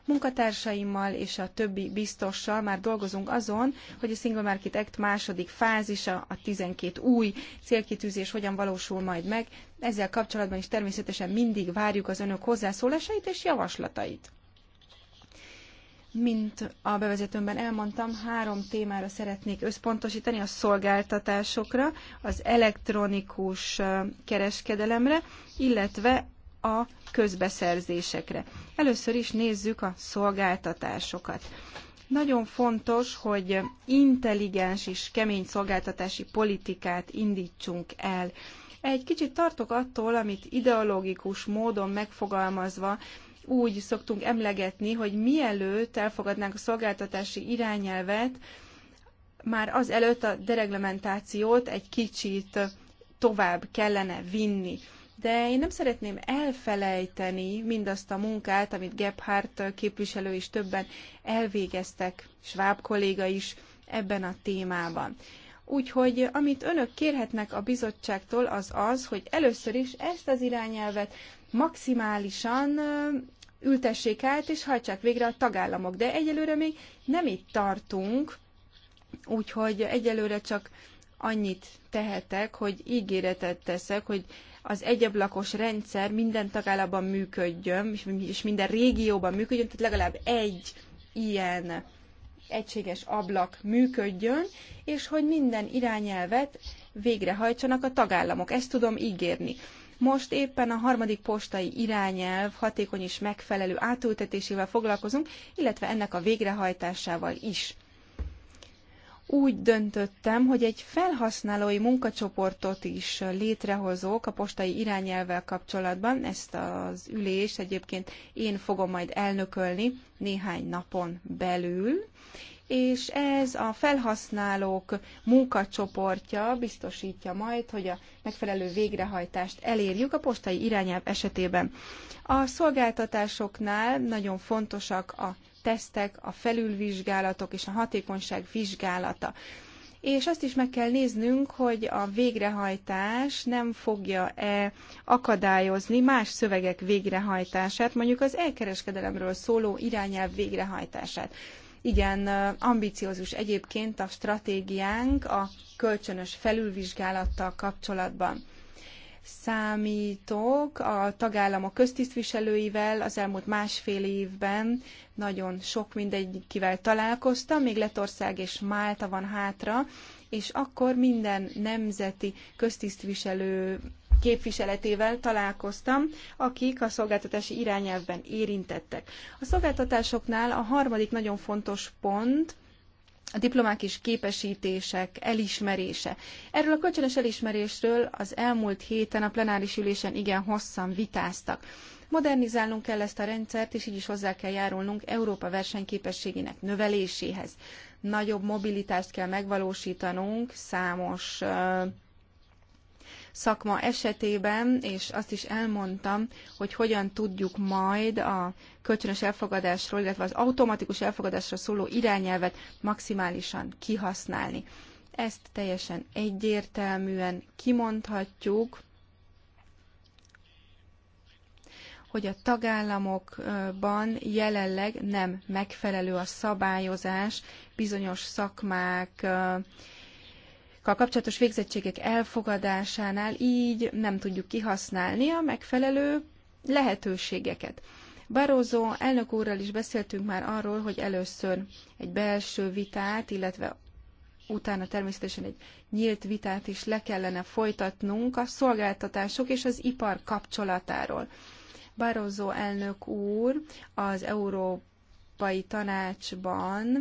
Munkatársaimmal és a többi biztossal már dolgozunk azon, hogy a Single Market Act második fázisa, a 12 új célkitűzés hogyan valósul majd meg. Ezzel kapcsolatban is természetesen mindig várjuk az önök hozzászólásait és javaslatait. Mint a bevezetőmben elmondtam, három témára szeretnék összpontosítani, a szolgáltatásokra, az elektronikus kereskedelemre, illetve a közbeszerzésekre. Először is nézzük a szolgáltatásokat. Nagyon fontos, hogy intelligens és kemény szolgáltatási politikát indítsunk el. Egy kicsit tartok attól, amit ideológikus módon megfogalmazva úgy szoktunk emlegetni, hogy mielőtt elfogadnánk a szolgáltatási irányelvet, már az előtt a dereglementációt egy kicsit tovább kellene vinni de én nem szeretném elfelejteni mindazt a munkát, amit Gebhardt képviselő és többen elvégeztek, Schwab kolléga is ebben a témában. Úgyhogy amit önök kérhetnek a bizottságtól az az, hogy először is ezt az irányelvet maximálisan ültessék át és hajtsák végre a tagállamok. De egyelőre még nem itt tartunk, úgyhogy egyelőre csak annyit tehetek, hogy ígéretet teszek, hogy az egyablakos rendszer minden tagállamban működjön, és minden régióban működjön, tehát legalább egy ilyen egységes ablak működjön, és hogy minden irányelvet végrehajtsanak a tagállamok. Ezt tudom ígérni. Most éppen a harmadik postai irányelv hatékony és megfelelő átültetésével foglalkozunk, illetve ennek a végrehajtásával is úgy döntöttem, hogy egy felhasználói munkacsoportot is létrehozok a postai irányelvvel kapcsolatban. Ezt az ülést egyébként én fogom majd elnökölni néhány napon belül és ez a felhasználók munkacsoportja biztosítja majd, hogy a megfelelő végrehajtást elérjük a postai irányelv esetében. A szolgáltatásoknál nagyon fontosak a tesztek, a felülvizsgálatok és a hatékonyság vizsgálata. És azt is meg kell néznünk, hogy a végrehajtás nem fogja-e akadályozni más szövegek végrehajtását, mondjuk az elkereskedelemről szóló irányelv végrehajtását igen ambiciózus egyébként a stratégiánk a kölcsönös felülvizsgálattal kapcsolatban számítok a tagállamok köztisztviselőivel az elmúlt másfél évben nagyon sok mindegyikivel találkoztam, még Letország és Málta van hátra, és akkor minden nemzeti köztisztviselő képviseletével találkoztam, akik a szolgáltatási irányelvben érintettek. A szolgáltatásoknál a harmadik nagyon fontos pont, a diplomák és képesítések elismerése. Erről a kölcsönös elismerésről az elmúlt héten a plenáris ülésen igen hosszan vitáztak. Modernizálnunk kell ezt a rendszert, és így is hozzá kell járulnunk Európa versenyképességének növeléséhez. Nagyobb mobilitást kell megvalósítanunk számos szakma esetében, és azt is elmondtam, hogy hogyan tudjuk majd a kölcsönös elfogadásról, illetve az automatikus elfogadásra szóló irányelvet maximálisan kihasználni. Ezt teljesen egyértelműen kimondhatjuk, hogy a tagállamokban jelenleg nem megfelelő a szabályozás bizonyos szakmák kapcsolatos végzettségek elfogadásánál így nem tudjuk kihasználni a megfelelő lehetőségeket. Barroso elnök úrral is beszéltünk már arról, hogy először egy belső vitát, illetve utána természetesen egy nyílt vitát is le kellene folytatnunk a szolgáltatások és az ipar kapcsolatáról. Barroso elnök úr az Európai Tanácsban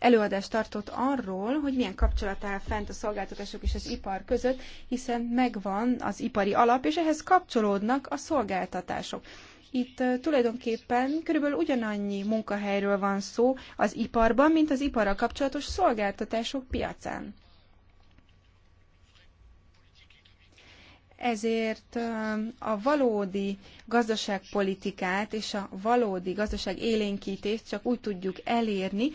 előadást tartott arról, hogy milyen kapcsolat áll fent a szolgáltatások és az ipar között, hiszen megvan az ipari alap, és ehhez kapcsolódnak a szolgáltatások. Itt tulajdonképpen körülbelül ugyanannyi munkahelyről van szó az iparban, mint az iparral kapcsolatos szolgáltatások piacán. ezért a valódi gazdaságpolitikát és a valódi gazdaság élénkítést csak úgy tudjuk elérni,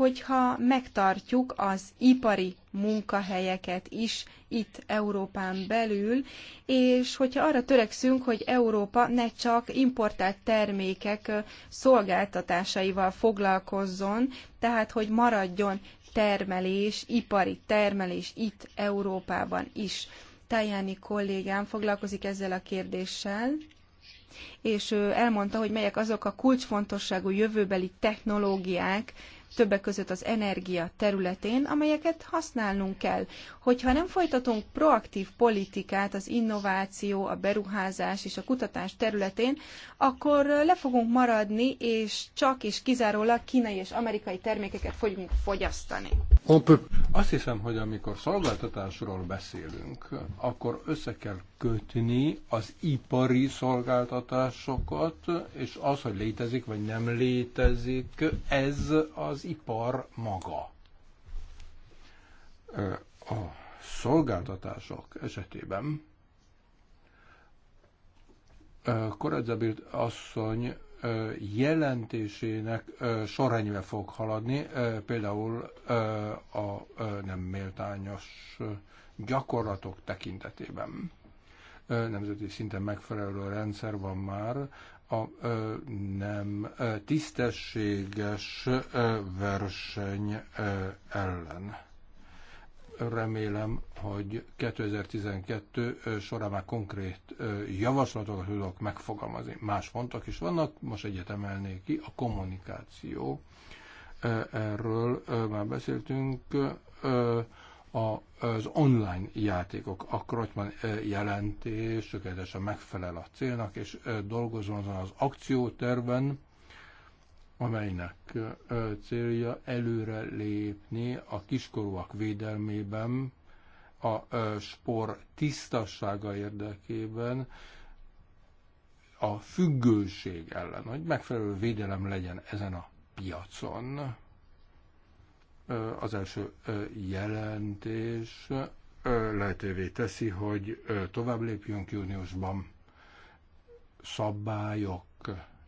hogyha megtartjuk az ipari munkahelyeket is itt Európán belül, és hogyha arra törekszünk, hogy Európa ne csak importált termékek szolgáltatásaival foglalkozzon, tehát hogy maradjon termelés, ipari termelés itt Európában is. Tajani kollégám foglalkozik ezzel a kérdéssel, és elmondta, hogy melyek azok a kulcsfontosságú jövőbeli technológiák, többek között az energia területén, amelyeket használnunk kell. Hogyha nem folytatunk proaktív politikát az innováció, a beruházás és a kutatás területén, akkor le fogunk maradni, és csak és kizárólag kínai és amerikai termékeket fogjuk fogyasztani on peut... Azt hiszem, hogy amikor szolgáltatásról beszélünk, akkor össze kell kötni az ipari szolgáltatásokat, és az, hogy létezik vagy nem létezik, ez az ipar maga. A szolgáltatások esetében Koradzabilt asszony jelentésének sorrendjével fog haladni, például a nem méltányos gyakorlatok tekintetében. Nemzeti szinten megfelelő rendszer van már, a nem tisztességes verseny ellen remélem, hogy 2012 során már konkrét javaslatokat tudok megfogalmazni. Más fontok is vannak, most egyet emelnék ki, a kommunikáció. Erről már beszéltünk, az online játékok, a Krotyman jelentés tökéletesen megfelel a célnak, és dolgozom azon az akcióterven, amelynek célja előre lépni a kiskorúak védelmében, a spor tisztassága érdekében, a függőség ellen, hogy megfelelő védelem legyen ezen a piacon. Az első jelentés lehetővé teszi, hogy tovább lépjünk júniusban, szabályok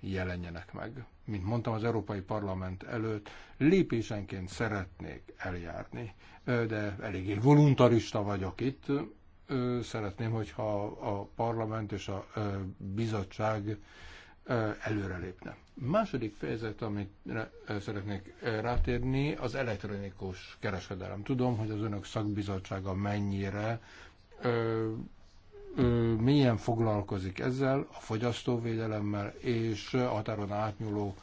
jelenjenek meg mint mondtam, az Európai Parlament előtt lépésenként szeretnék eljárni, de eléggé voluntarista vagyok itt. Szeretném, hogyha a parlament és a bizottság előrelépne. Második fejezet, amit szeretnék rátérni, az elektronikus kereskedelem. Tudom, hogy az önök szakbizottsága mennyire ö, milyen foglalkozik ezzel a fogyasztóvédelemmel és a határon átnyúló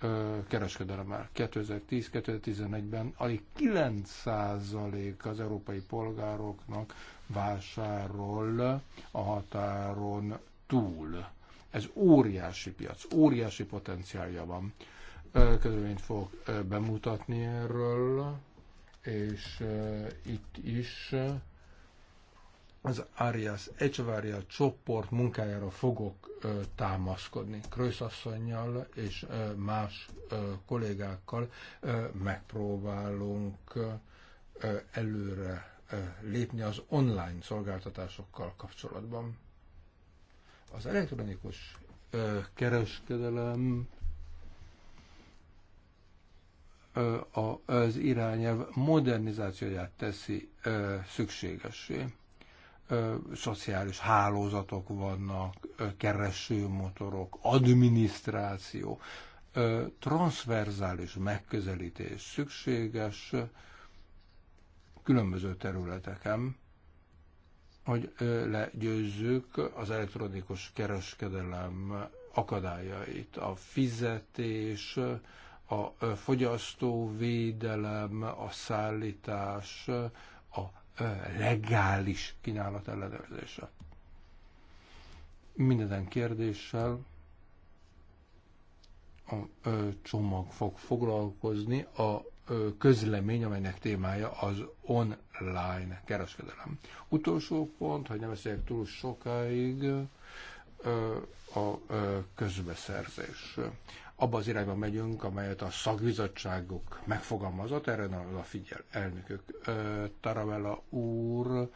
ö, kereskedelemmel. 2010-2011-ben alig 9% az európai polgároknak vásárol a határon túl. Ez óriási piac, óriási potenciálja van. Közleményt fogok bemutatni erről, és itt is az Arias Echevarria csoport munkájára fogok ö, támaszkodni. Krőszasszonynal és ö, más ö, kollégákkal ö, megpróbálunk ö, előre ö, lépni az online szolgáltatásokkal kapcsolatban. Az elektronikus ö, kereskedelem a, az irányelv modernizációját teszi szükségessé. szükségesé ö, szociális hálózatok vannak, ö, keresőmotorok, adminisztráció, ö, transzverzális megközelítés szükséges különböző területeken, hogy legyőzzük az elektronikus kereskedelem akadályait, a fizetés, a fogyasztóvédelem, a szállítás, a legális kínálat ellenőrzése. Minden kérdéssel a csomag fog foglalkozni a közlemény, amelynek témája az online kereskedelem. Utolsó pont, hogy nem beszéljek túl sokáig, a közbeszerzés. Abba az irányba megyünk, amelyet a szakbizottságok megfogalmazott, erre a figyel elnökök. Taravella úr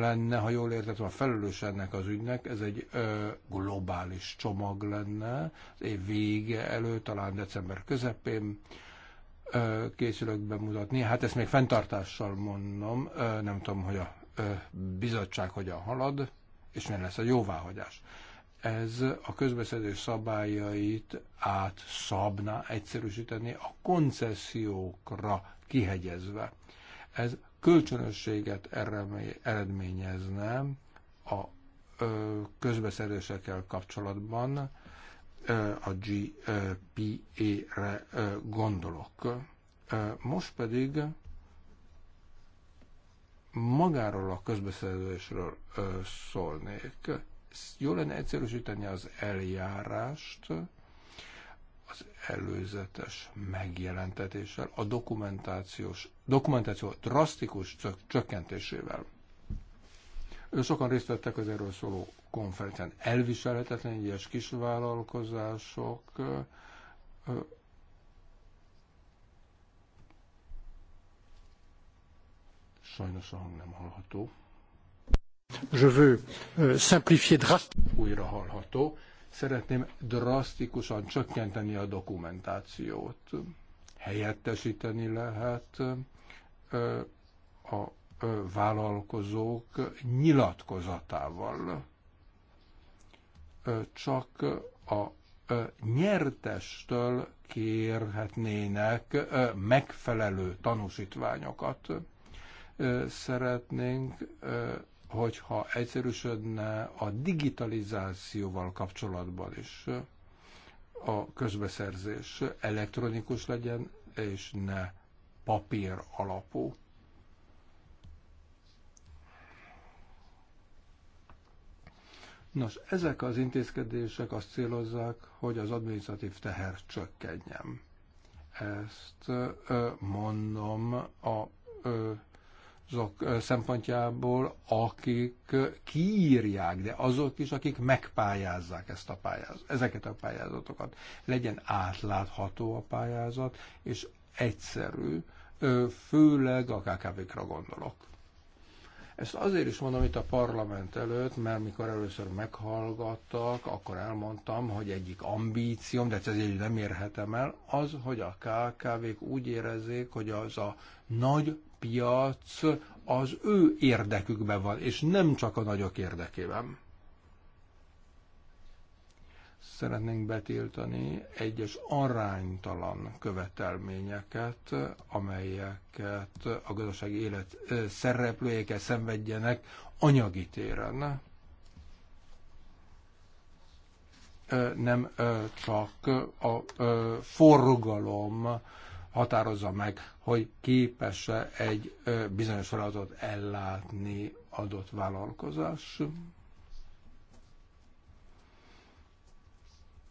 lenne, ha jól értettem, a felelős ennek az ügynek, ez egy globális csomag lenne, az év vége elő talán december közepén készülök bemutatni. Hát ezt még fenntartással mondom, nem tudom, hogy a bizottság hogyan halad, és milyen lesz a jóváhagyás. Ez a közbeszerzés szabályait átszabna, egyszerűsíteni a koncesziókra kihegyezve. Ez kölcsönösséget eredményezne a közbeszerzésekkel kapcsolatban, a GPA-re gondolok. Most pedig Magáról a közbeszerzésről szólnék. Jó lenne egyszerűsíteni az eljárást az előzetes megjelentetéssel, a dokumentációs, dokumentáció drasztikus csökkentésével. Sokan részt vettek az erről szóló konferencián. Elviselhetetlen egyes kisvállalkozások Sajnos a hang nem hallható. Je veux euh, simplifier drast... Újra hallható. Szeretném drasztikusan csökkenteni a dokumentációt. Helyettesíteni lehet a vállalkozók nyilatkozatával. Csak a nyertestől kérhetnének megfelelő tanúsítványokat szeretnénk, hogyha egyszerűsödne a digitalizációval kapcsolatban is a közbeszerzés elektronikus legyen, és ne papír alapú. Nos, ezek az intézkedések azt célozzák, hogy az adminisztratív teher csökkenjen. Ezt mondom a azok szempontjából, akik kiírják, de azok is, akik megpályázzák ezt a pályáz, ezeket a pályázatokat. Legyen átlátható a pályázat, és egyszerű, főleg a KKV-kra gondolok. Ezt azért is mondom itt a parlament előtt, mert mikor először meghallgattak, akkor elmondtam, hogy egyik ambícióm, de ezért nem érhetem el, az, hogy a KKV-k úgy érezzék, hogy az a nagy piac az ő érdekükben van, és nem csak a nagyok érdekében. Szeretnénk betiltani egyes aránytalan követelményeket, amelyeket a gazdasági élet szereplőjékkel szenvedjenek anyagi téren. nem csak a forgalom határozza meg, hogy képes-e egy bizonyos feladatot ellátni adott vállalkozás.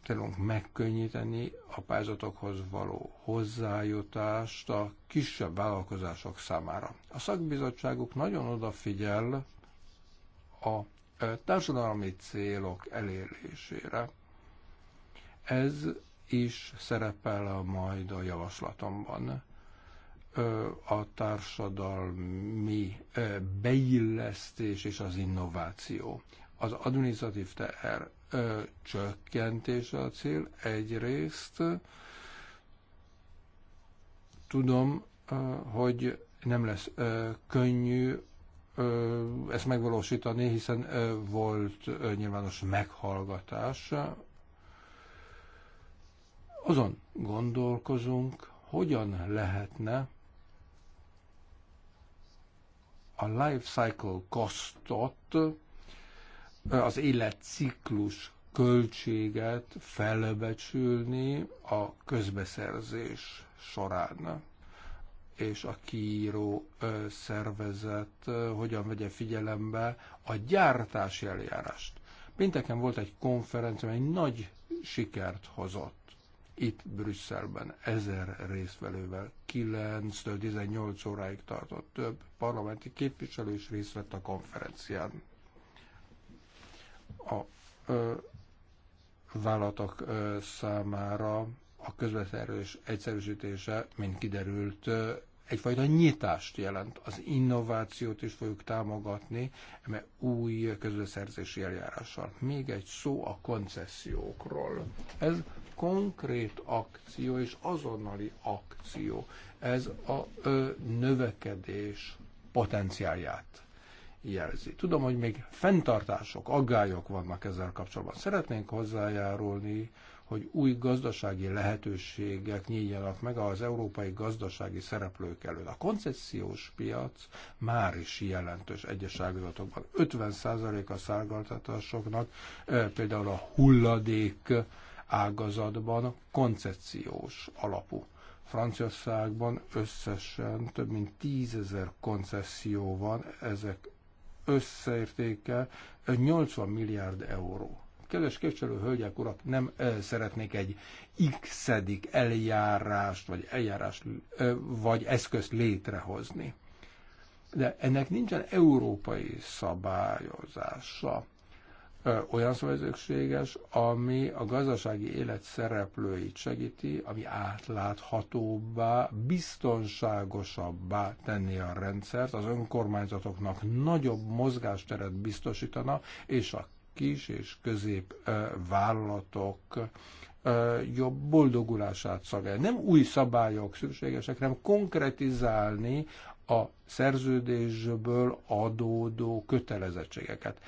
tudunk megkönnyíteni a pályázatokhoz való hozzájutást a kisebb vállalkozások számára. A szakbizottságuk nagyon odafigyel a társadalmi célok elérésére. Ez is szerepel majd a javaslatomban. A társadalmi beillesztés és az innováció. Az administratív teher csökkentése a cél egyrészt. Tudom, hogy nem lesz könnyű ezt megvalósítani, hiszen volt nyilvános meghallgatás azon gondolkozunk, hogyan lehetne a life cycle costot, az életciklus költséget felbecsülni a közbeszerzés során és a kiíró szervezet hogyan vegye figyelembe a gyártási eljárást. Pénteken volt egy konferencia, amely nagy sikert hozott itt Brüsszelben ezer részvelővel 9-től 18 óráig tartott több parlamenti képviselő is részt vett a konferencián. A ö, vállalatok ö, számára a közvetlenül egyszerűsítése, mint kiderült, ö, egyfajta nyitást jelent. Az innovációt is fogjuk támogatni, mert új közbeszerzési eljárással. Még egy szó a koncesziókról. Ez konkrét akció és azonnali akció. Ez a ö, növekedés potenciálját jelzi. Tudom, hogy még fenntartások, aggályok vannak ezzel kapcsolatban. Szeretnénk hozzájárulni, hogy új gazdasági lehetőségek nyíljanak meg az európai gazdasági szereplők előtt. A koncessziós piac már is jelentős egyes ágazatokban. 50% a szárgaltatásoknak, például a hulladék ágazatban koncepciós alapú. Franciaországban összesen több mint tízezer koncesszió van, ezek összeértéke 80 milliárd euró. Kedves képviselő hölgyek, urak, nem szeretnék egy x eljárást, vagy eljárást, vagy eszközt létrehozni. De ennek nincsen európai szabályozása olyan szövetséges, ami a gazdasági élet szereplőit segíti, ami átláthatóbbá, biztonságosabbá tenni a rendszert, az önkormányzatoknak nagyobb mozgásteret biztosítana, és a kis és közép vállalatok jobb boldogulását szolgálja. Nem új szabályok szükségesek, hanem konkretizálni a szerződésből adódó kötelezettségeket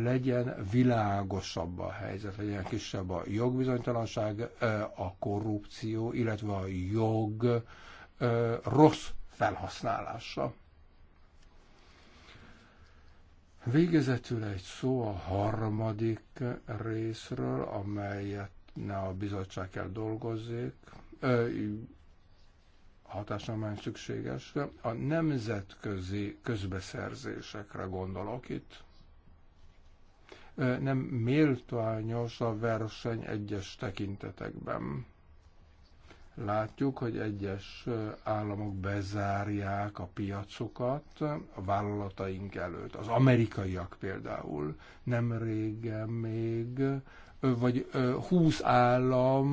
legyen világosabb a helyzet, legyen kisebb a jogbizonytalanság, a korrupció, illetve a jog rossz felhasználása. Végezetül egy szó a harmadik részről, amelyet ne a bizottság kell dolgozzék, hatásomány szükséges, a nemzetközi közbeszerzésekre gondolok itt nem méltányos a verseny egyes tekintetekben. Látjuk, hogy egyes államok bezárják a piacokat a vállalataink előtt. Az amerikaiak például nem régen még, vagy 20 állam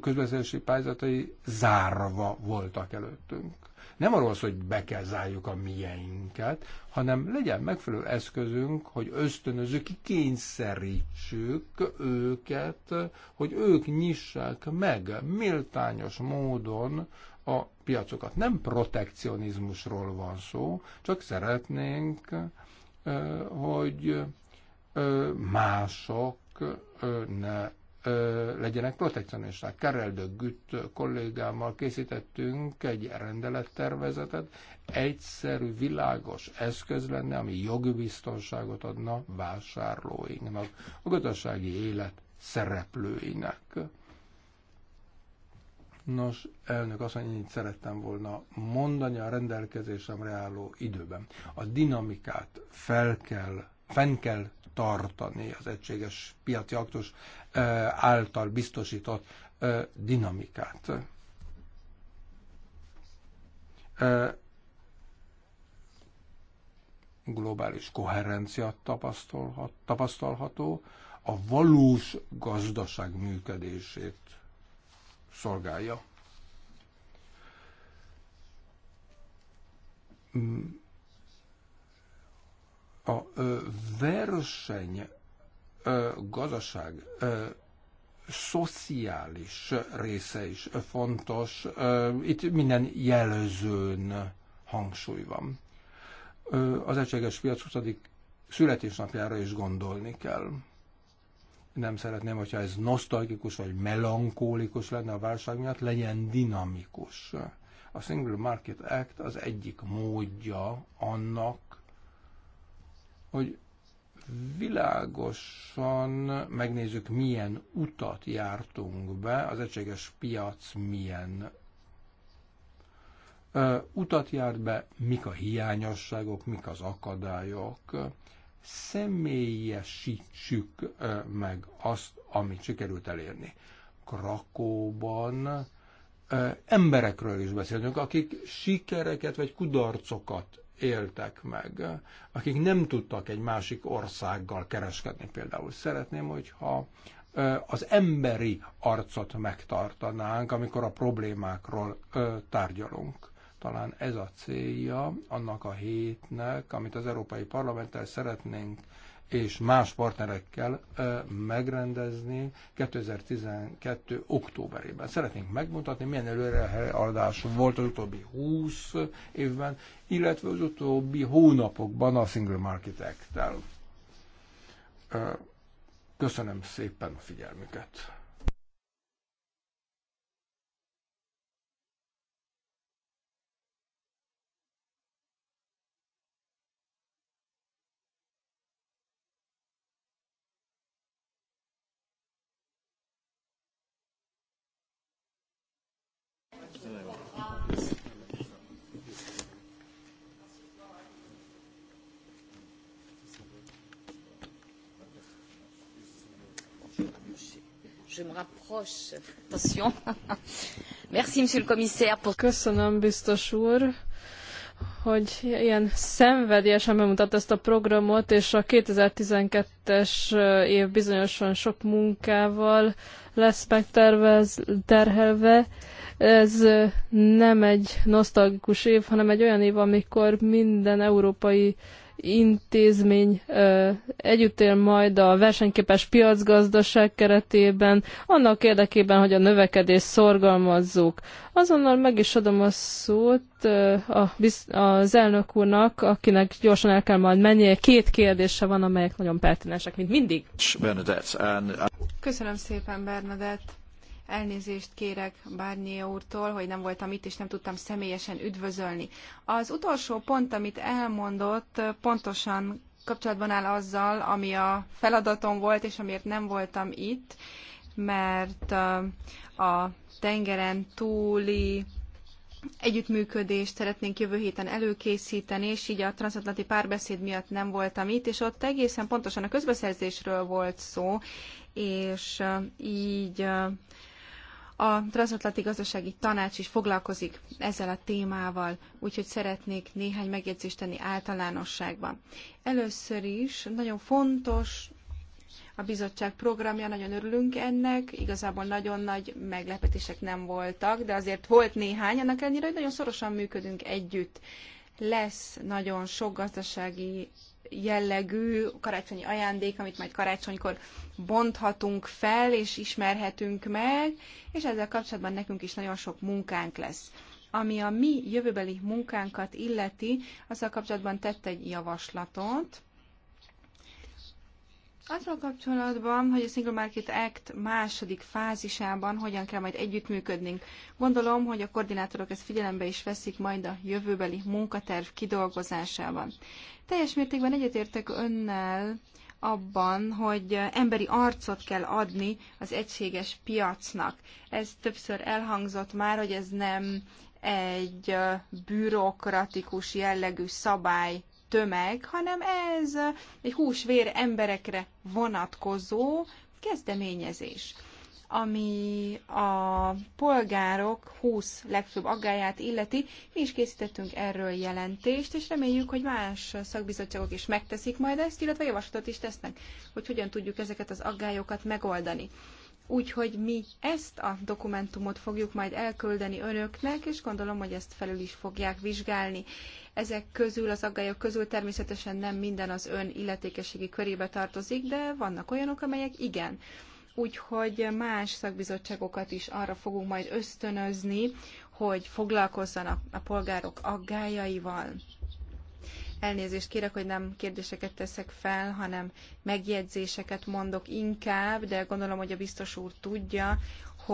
közbeszerzési pályázatai zárva voltak előttünk nem arról szól, hogy be kell zárjuk a mieinket, hanem legyen megfelelő eszközünk, hogy ösztönözők, kényszerítsük őket, hogy ők nyissák meg méltányos módon a piacokat. Nem protekcionizmusról van szó, csak szeretnénk, hogy mások ne legyenek protekcionisták. Karel de Gütt kollégámmal készítettünk egy rendelettervezetet, egyszerű, világos eszköz lenne, ami jogi biztonságot adna vásárlóinknak, a gazdasági élet szereplőinek. Nos, elnök azt mondja, hogy szerettem volna mondani a rendelkezésemre álló időben. A dinamikát fel kell, fenn kell tartani az egységes piaci aktus által biztosított dinamikát. Globális koherencia tapasztalhat, tapasztalható, a valós gazdaság működését szolgálja. Mm. A verseny gazdaság szociális része is fontos. Itt minden jelzőn hangsúly van. Az egységes piac 20. születésnapjára is gondolni kell. Nem szeretném, hogyha ez nosztalgikus vagy melankólikus lenne a válság miatt, legyen dinamikus. A Single Market Act az egyik módja annak, hogy világosan megnézzük, milyen utat jártunk be, az egységes piac milyen utat járt be, mik a hiányosságok, mik az akadályok, személyesítsük meg azt, amit sikerült elérni. Krakóban emberekről is beszélünk, akik sikereket vagy kudarcokat éltek meg, akik nem tudtak egy másik országgal kereskedni például. Szeretném, hogyha az emberi arcot megtartanánk, amikor a problémákról tárgyalunk. Talán ez a célja annak a hétnek, amit az Európai Parlamenttel szeretnénk és más partnerekkel megrendezni 2012. októberében. Szeretnénk megmutatni, milyen előrehaladás volt az utóbbi 20 évben, illetve az utóbbi hónapokban a Single Market act -tel. Köszönöm szépen a figyelmüket! je me rapproche. Attention. Merci, monsieur le commissaire. Pour... Köszönöm, biztos úr hogy ilyen szenvedélyesen bemutatta ezt a programot, és a 2012-es év bizonyosan sok munkával lesz megterhelve. Ez nem egy nosztalgikus év, hanem egy olyan év, amikor minden európai intézmény együtt él majd a versenyképes piacgazdaság keretében, annak érdekében, hogy a növekedést szorgalmazzuk. Azonnal meg is adom a szót az elnök úrnak, akinek gyorsan el kell majd mennie. Két kérdése van, amelyek nagyon pertinensek, mint mindig. Köszönöm szépen, Bernadett. Elnézést kérek Barnier úrtól, hogy nem voltam itt, és nem tudtam személyesen üdvözölni. Az utolsó pont, amit elmondott, pontosan kapcsolatban áll azzal, ami a feladatom volt, és amiért nem voltam itt, mert a tengeren túli együttműködést szeretnénk jövő héten előkészíteni, és így a transatlanti párbeszéd miatt nem voltam itt, és ott egészen pontosan a közbeszerzésről volt szó, és így a Transatlanti Gazdasági Tanács is foglalkozik ezzel a témával, úgyhogy szeretnék néhány megjegyzést tenni általánosságban. Először is nagyon fontos a bizottság programja, nagyon örülünk ennek, igazából nagyon nagy meglepetések nem voltak, de azért volt néhány, annak ellenére, hogy nagyon szorosan működünk együtt. Lesz nagyon sok gazdasági jellegű karácsonyi ajándék, amit majd karácsonykor bonthatunk fel, és ismerhetünk meg, és ezzel kapcsolatban nekünk is nagyon sok munkánk lesz. Ami a mi jövőbeli munkánkat illeti, azzal kapcsolatban tett egy javaslatot, azzal kapcsolatban, hogy a Single Market Act második fázisában hogyan kell majd együttműködnünk. Gondolom, hogy a koordinátorok ezt figyelembe is veszik majd a jövőbeli munkaterv kidolgozásában. Teljes mértékben egyetértek önnel abban, hogy emberi arcot kell adni az egységes piacnak. Ez többször elhangzott már, hogy ez nem egy bürokratikus jellegű szabály tömeg, hanem ez egy húsvér emberekre vonatkozó kezdeményezés ami a polgárok 20 legfőbb aggáját illeti. Mi is készítettünk erről jelentést, és reméljük, hogy más szakbizottságok is megteszik majd ezt, illetve javaslatot is tesznek, hogy hogyan tudjuk ezeket az aggályokat megoldani. Úgyhogy mi ezt a dokumentumot fogjuk majd elküldeni önöknek, és gondolom, hogy ezt felül is fogják vizsgálni. Ezek közül, az aggályok közül természetesen nem minden az ön illetékességi körébe tartozik, de vannak olyanok, amelyek igen úgyhogy más szakbizottságokat is arra fogunk majd ösztönözni, hogy foglalkozzanak a polgárok aggájaival. Elnézést kérek, hogy nem kérdéseket teszek fel, hanem megjegyzéseket mondok inkább, de gondolom, hogy a biztos úr tudja,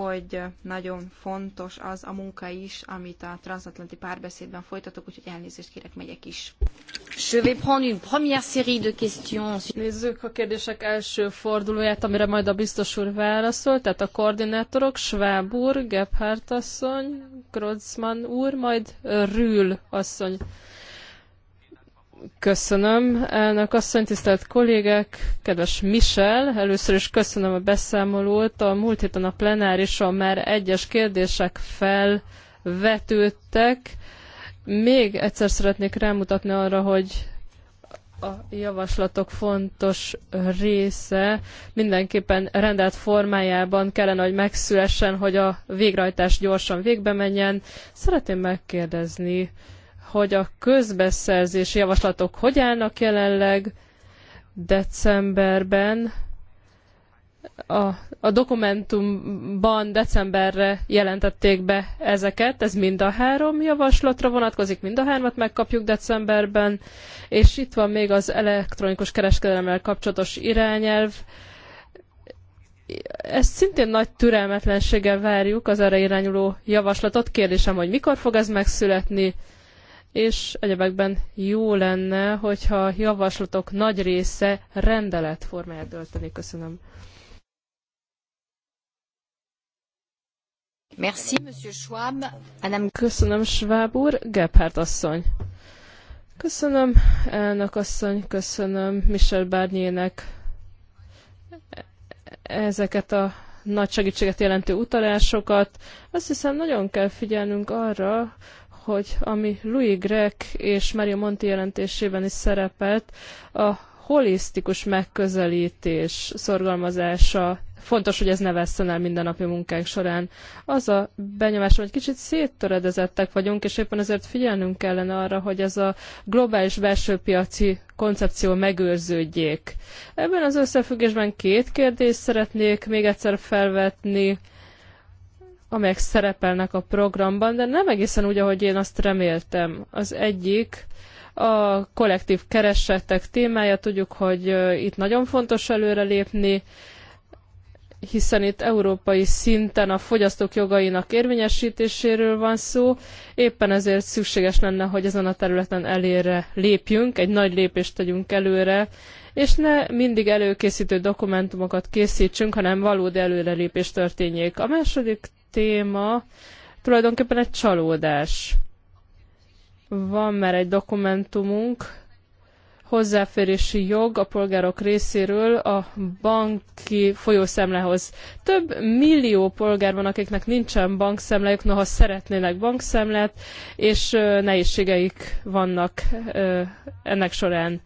hogy nagyon fontos az a munka is, amit a transatlanti párbeszédben folytatok, úgyhogy elnézést kérek, megyek is. Je vais prendre une première série de questions. Nézzük a kérdések első fordulóját, amire majd a biztos úr válaszol, tehát a koordinátorok, Schwab úr, Gebhardt asszony, Grodzman úr, majd Rühl asszony. Köszönöm, elnök asszony, tisztelt kollégek, kedves Michel, először is köszönöm a beszámolót. A múlt héten a plenárison már egyes kérdések felvetődtek. Még egyszer szeretnék rámutatni arra, hogy a javaslatok fontos része mindenképpen rendelt formájában kellene, hogy megszülessen, hogy a végrehajtás gyorsan végbe menjen. Szeretném megkérdezni, hogy a közbeszerzési javaslatok hogy állnak jelenleg decemberben, a, a dokumentumban decemberre jelentették be ezeket, ez mind a három javaslatra vonatkozik, mind a hármat megkapjuk decemberben, és itt van még az elektronikus kereskedelemmel kapcsolatos irányelv. Ezt szintén nagy türelmetlenséggel várjuk, az erre irányuló javaslatot. Kérdésem, hogy mikor fog ez megszületni, és egyebekben jó lenne, hogyha a javaslatok nagy része rendelet formáját ölteni. Köszönöm. Merci, Monsieur Schwab. Adam... Köszönöm, Schwab úr. Gebhardt asszony. Köszönöm, elnök asszony, köszönöm Michel Barnier-nek ezeket a nagy segítséget jelentő utalásokat. Azt hiszem, nagyon kell figyelnünk arra, hogy ami Louis Grech és Mario Monti jelentésében is szerepelt, a holisztikus megközelítés szorgalmazása, fontos, hogy ez ne vesszen el mindennapi munkánk során. Az a benyomásom, hogy kicsit széttöredezettek vagyunk, és éppen ezért figyelnünk kellene arra, hogy ez a globális belső piaci koncepció megőrződjék. Ebben az összefüggésben két kérdést szeretnék még egyszer felvetni amelyek szerepelnek a programban, de nem egészen úgy, ahogy én azt reméltem. Az egyik a kollektív keresetek témája, tudjuk, hogy itt nagyon fontos előrelépni, hiszen itt európai szinten a fogyasztók jogainak érvényesítéséről van szó, éppen ezért szükséges lenne, hogy ezen a területen elére lépjünk, egy nagy lépést tegyünk előre, és ne mindig előkészítő dokumentumokat készítsünk, hanem valódi előrelépés történjék. A második téma tulajdonképpen egy csalódás. Van már egy dokumentumunk, hozzáférési jog a polgárok részéről a banki folyószámlához. Több millió polgár van, akiknek nincsen bankszámlájuk, noha szeretnének bankszámlát, és nehézségeik vannak ennek során.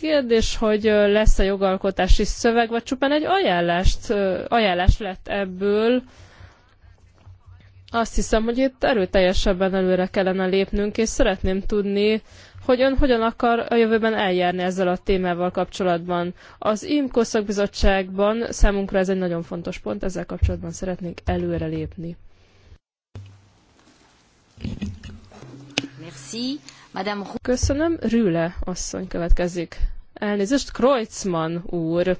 Kérdés, hogy lesz-e jogalkotási szöveg, vagy csupán egy ajánlást, ajánlás lett ebből. Azt hiszem, hogy itt erőteljesebben előre kellene lépnünk, és szeretném tudni, hogy ön hogyan akar a jövőben eljárni ezzel a témával kapcsolatban. Az IMKO szakbizottságban számunkra ez egy nagyon fontos pont, ezzel kapcsolatban szeretnénk előrelépni. Merci. Madame... Köszönöm, Rüle asszony következik. Elnézést, Kreutzmann úr.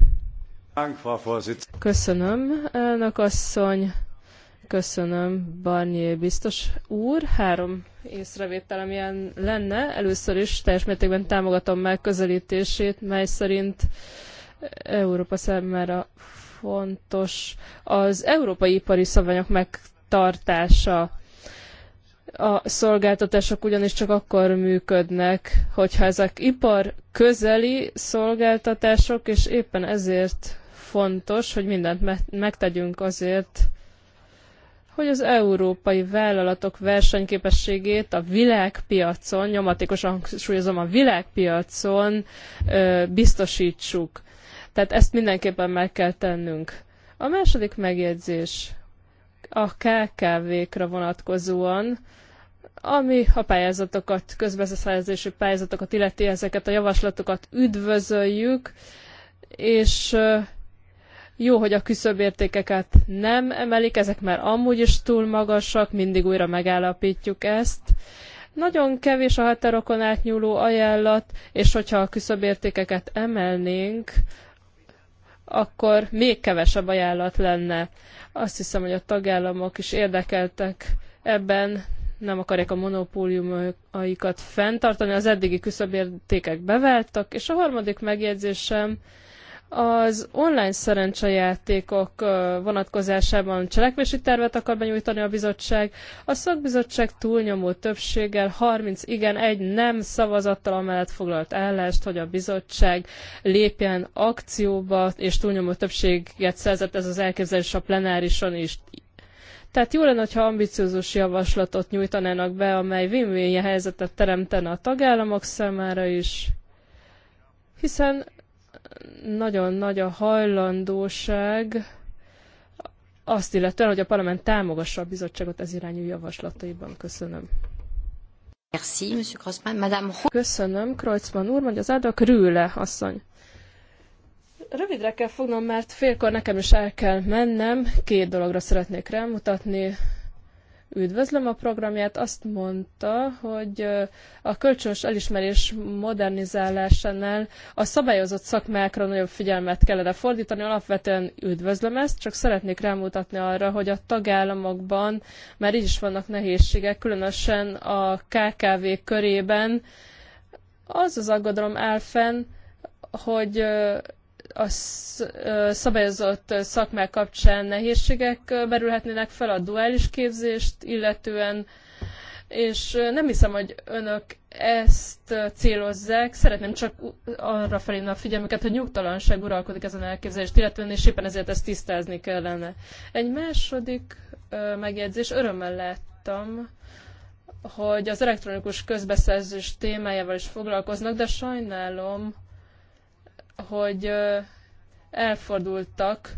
Köszönöm, elnök asszony. Köszönöm, Barnier biztos úr. Három észrevételem ilyen lenne. Először is teljes mértékben támogatom megközelítését, mely szerint Európa számára fontos az európai ipari szabványok megtartása. A szolgáltatások ugyanis csak akkor működnek, hogyha ezek ipar közeli szolgáltatások, és éppen ezért fontos, hogy mindent megtegyünk azért, hogy az európai vállalatok versenyképességét a világpiacon, nyomatékosan hangsúlyozom, a világpiacon ö, biztosítsuk. Tehát ezt mindenképpen meg kell tennünk. A második megjegyzés a KKV-kra vonatkozóan, ami a pályázatokat, közbeszerzési pályázatokat illeti ezeket a javaslatokat üdvözöljük, és jó, hogy a küszöbértékeket nem emelik, ezek már amúgy is túl magasak, mindig újra megállapítjuk ezt. Nagyon kevés a határokon átnyúló ajánlat, és hogyha a küszöbértékeket emelnénk, akkor még kevesebb ajánlat lenne. Azt hiszem, hogy a tagállamok is érdekeltek ebben, nem akarják a monopóliumaikat fenntartani, az eddigi küszöbértékek beváltak, és a harmadik megjegyzésem az online szerencsejátékok vonatkozásában cselekvési tervet akar benyújtani a bizottság. A szakbizottság túlnyomó többséggel 30 igen, egy nem szavazattal amellett foglalt állást, hogy a bizottság lépjen akcióba, és túlnyomó többséget szerzett ez az elképzelés a plenárison is. Tehát jó lenne, ha ambiciózus javaslatot nyújtanának be, amely win-win helyzetet teremtene a tagállamok számára is, hiszen nagyon nagy a hajlandóság azt illetően, hogy a parlament támogassa a bizottságot ez irányú javaslataiban. Köszönöm. Merci, Monsieur Grossman. Madame... Köszönöm, Kreuzmann úr, mondja az áldok, Rüle asszony. Rövidre kell fognom, mert félkor nekem is el kell mennem. Két dologra szeretnék rámutatni. Üdvözlöm a programját, azt mondta, hogy a kölcsönös elismerés modernizálásánál a szabályozott szakmákra nagyobb figyelmet kellene fordítani. Alapvetően üdvözlöm ezt, csak szeretnék rámutatni arra, hogy a tagállamokban már így is vannak nehézségek, különösen a KKV körében. Az az aggodalom áll fenn, hogy a szabályozott szakmák kapcsán nehézségek merülhetnének fel a duális képzést, illetően és nem hiszem, hogy önök ezt célozzák. Szeretném csak arra felhívni a figyelmüket, hogy nyugtalanság uralkodik ezen elképzelést, illetően és éppen ezért ezt tisztázni kellene. Egy második megjegyzés, örömmel láttam, hogy az elektronikus közbeszerzés témájával is foglalkoznak, de sajnálom, hogy elfordultak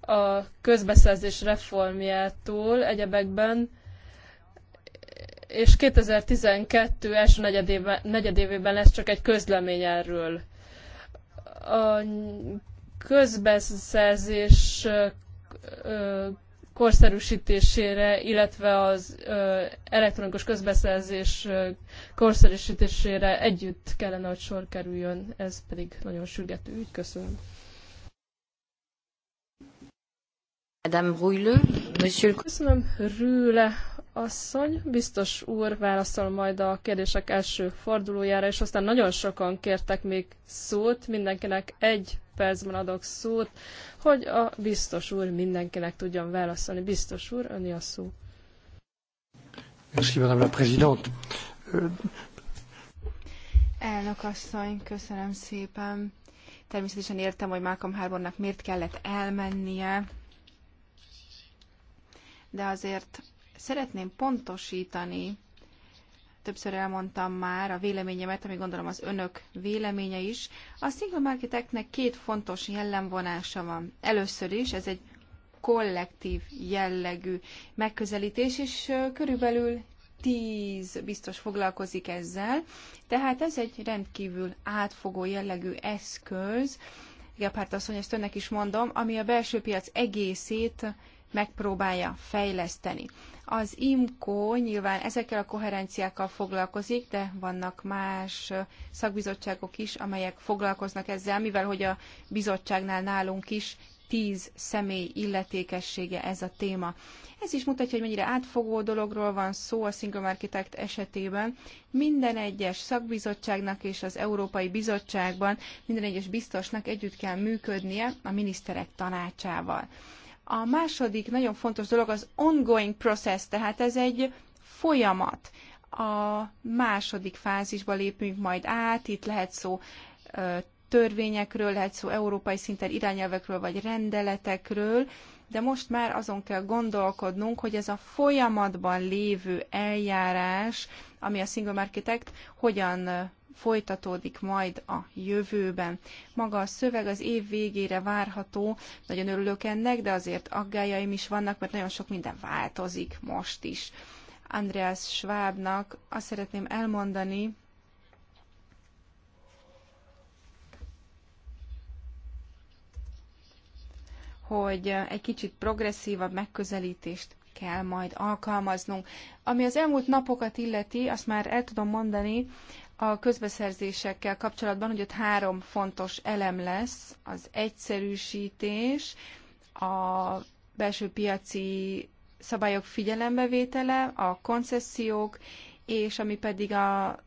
a közbeszerzés reformjától egyebekben, és 2012 első negyedévben, negyedévében lesz csak egy közlemény erről. A közbeszerzés korszerűsítésére, illetve az elektronikus közbeszerzés korszerűsítésére együtt kellene, hogy sor kerüljön. Ez pedig nagyon sürgető ügy. Köszönöm. Madame Rühle, Monsieur... Köszönöm, Rühle asszony. Biztos úr válaszol majd a kérdések első fordulójára, és aztán nagyon sokan kértek még szót, mindenkinek egy percben adok szót, hogy a biztos úr mindenkinek tudjon válaszolni. Biztos úr, öni a szó. Merci, Madame la Présidente. Elnök asszony, köszönöm szépen. Természetesen értem, hogy Malcolm Harbornak miért kellett elmennie, de azért szeretném pontosítani, többször elmondtam már a véleményemet, ami gondolom az önök véleménye is. A Single marketeknek két fontos jellemvonása van. Először is ez egy kollektív jellegű megközelítés, és körülbelül tíz biztos foglalkozik ezzel. Tehát ez egy rendkívül átfogó jellegű eszköz, Gephardt asszony, ezt önnek is mondom, ami a belső piac egészét megpróbálja fejleszteni. Az IMCO nyilván ezekkel a koherenciákkal foglalkozik, de vannak más szakbizottságok is, amelyek foglalkoznak ezzel, mivel hogy a bizottságnál nálunk is tíz személy illetékessége ez a téma. Ez is mutatja, hogy mennyire átfogó dologról van szó a Single Market esetében. Minden egyes szakbizottságnak és az Európai Bizottságban minden egyes biztosnak együtt kell működnie a miniszterek tanácsával. A második nagyon fontos dolog az ongoing process, tehát ez egy folyamat. A második fázisba lépünk majd át, itt lehet szó törvényekről, lehet szó európai szinten irányelvekről vagy rendeletekről, de most már azon kell gondolkodnunk, hogy ez a folyamatban lévő eljárás, ami a Single Market Act, hogyan folytatódik majd a jövőben. Maga a szöveg az év végére várható, nagyon örülök ennek, de azért aggájaim is vannak, mert nagyon sok minden változik most is. Andreas Schwabnak azt szeretném elmondani, hogy egy kicsit progresszívabb megközelítést kell majd alkalmaznunk. Ami az elmúlt napokat illeti, azt már el tudom mondani, a közbeszerzésekkel kapcsolatban, hogy ott három fontos elem lesz, az egyszerűsítés, a belső piaci szabályok figyelembevétele, a koncesziók, és ami pedig a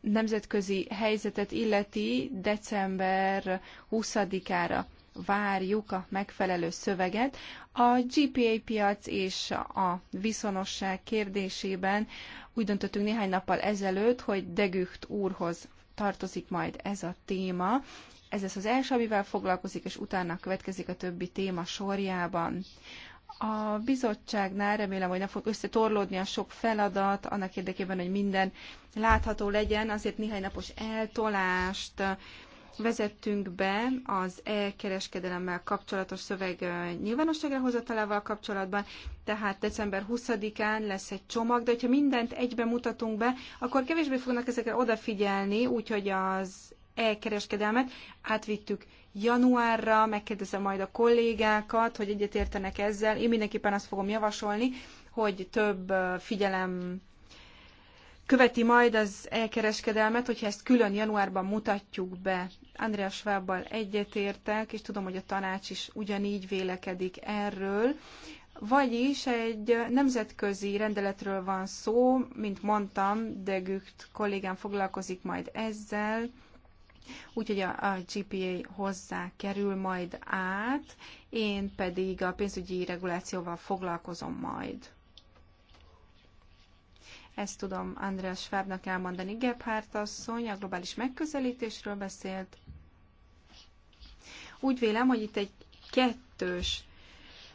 nemzetközi helyzetet illeti december 20-ára várjuk a megfelelő szöveget. A GPA piac és a viszonosság kérdésében úgy döntöttünk néhány nappal ezelőtt, hogy Degücht úrhoz tartozik majd ez a téma. Ez lesz az első, amivel foglalkozik, és utána következik a többi téma sorjában. A bizottságnál remélem, hogy nem fog összetorlódni a sok feladat, annak érdekében, hogy minden látható legyen, azért néhány napos eltolást, vezettünk be az e-kereskedelemmel kapcsolatos szöveg nyilvánosságra hozatalával kapcsolatban, tehát december 20-án lesz egy csomag, de hogyha mindent egybe mutatunk be, akkor kevésbé fognak ezekre odafigyelni, úgyhogy az e-kereskedelmet átvittük januárra, megkérdezem majd a kollégákat, hogy egyetértenek ezzel. Én mindenképpen azt fogom javasolni, hogy több figyelem követi majd az elkereskedelmet, hogyha ezt külön januárban mutatjuk be Andrea Schwabbal egyetértek, és tudom, hogy a tanács is ugyanígy vélekedik erről. Vagyis egy nemzetközi rendeletről van szó, mint mondtam, de Gükt kollégám foglalkozik majd ezzel, úgyhogy a, a GPA hozzá kerül majd át, én pedig a pénzügyi regulációval foglalkozom majd. Ezt tudom András Schwabnak elmondani. Gebhardt asszony a globális megközelítésről beszélt, úgy vélem, hogy itt egy kettős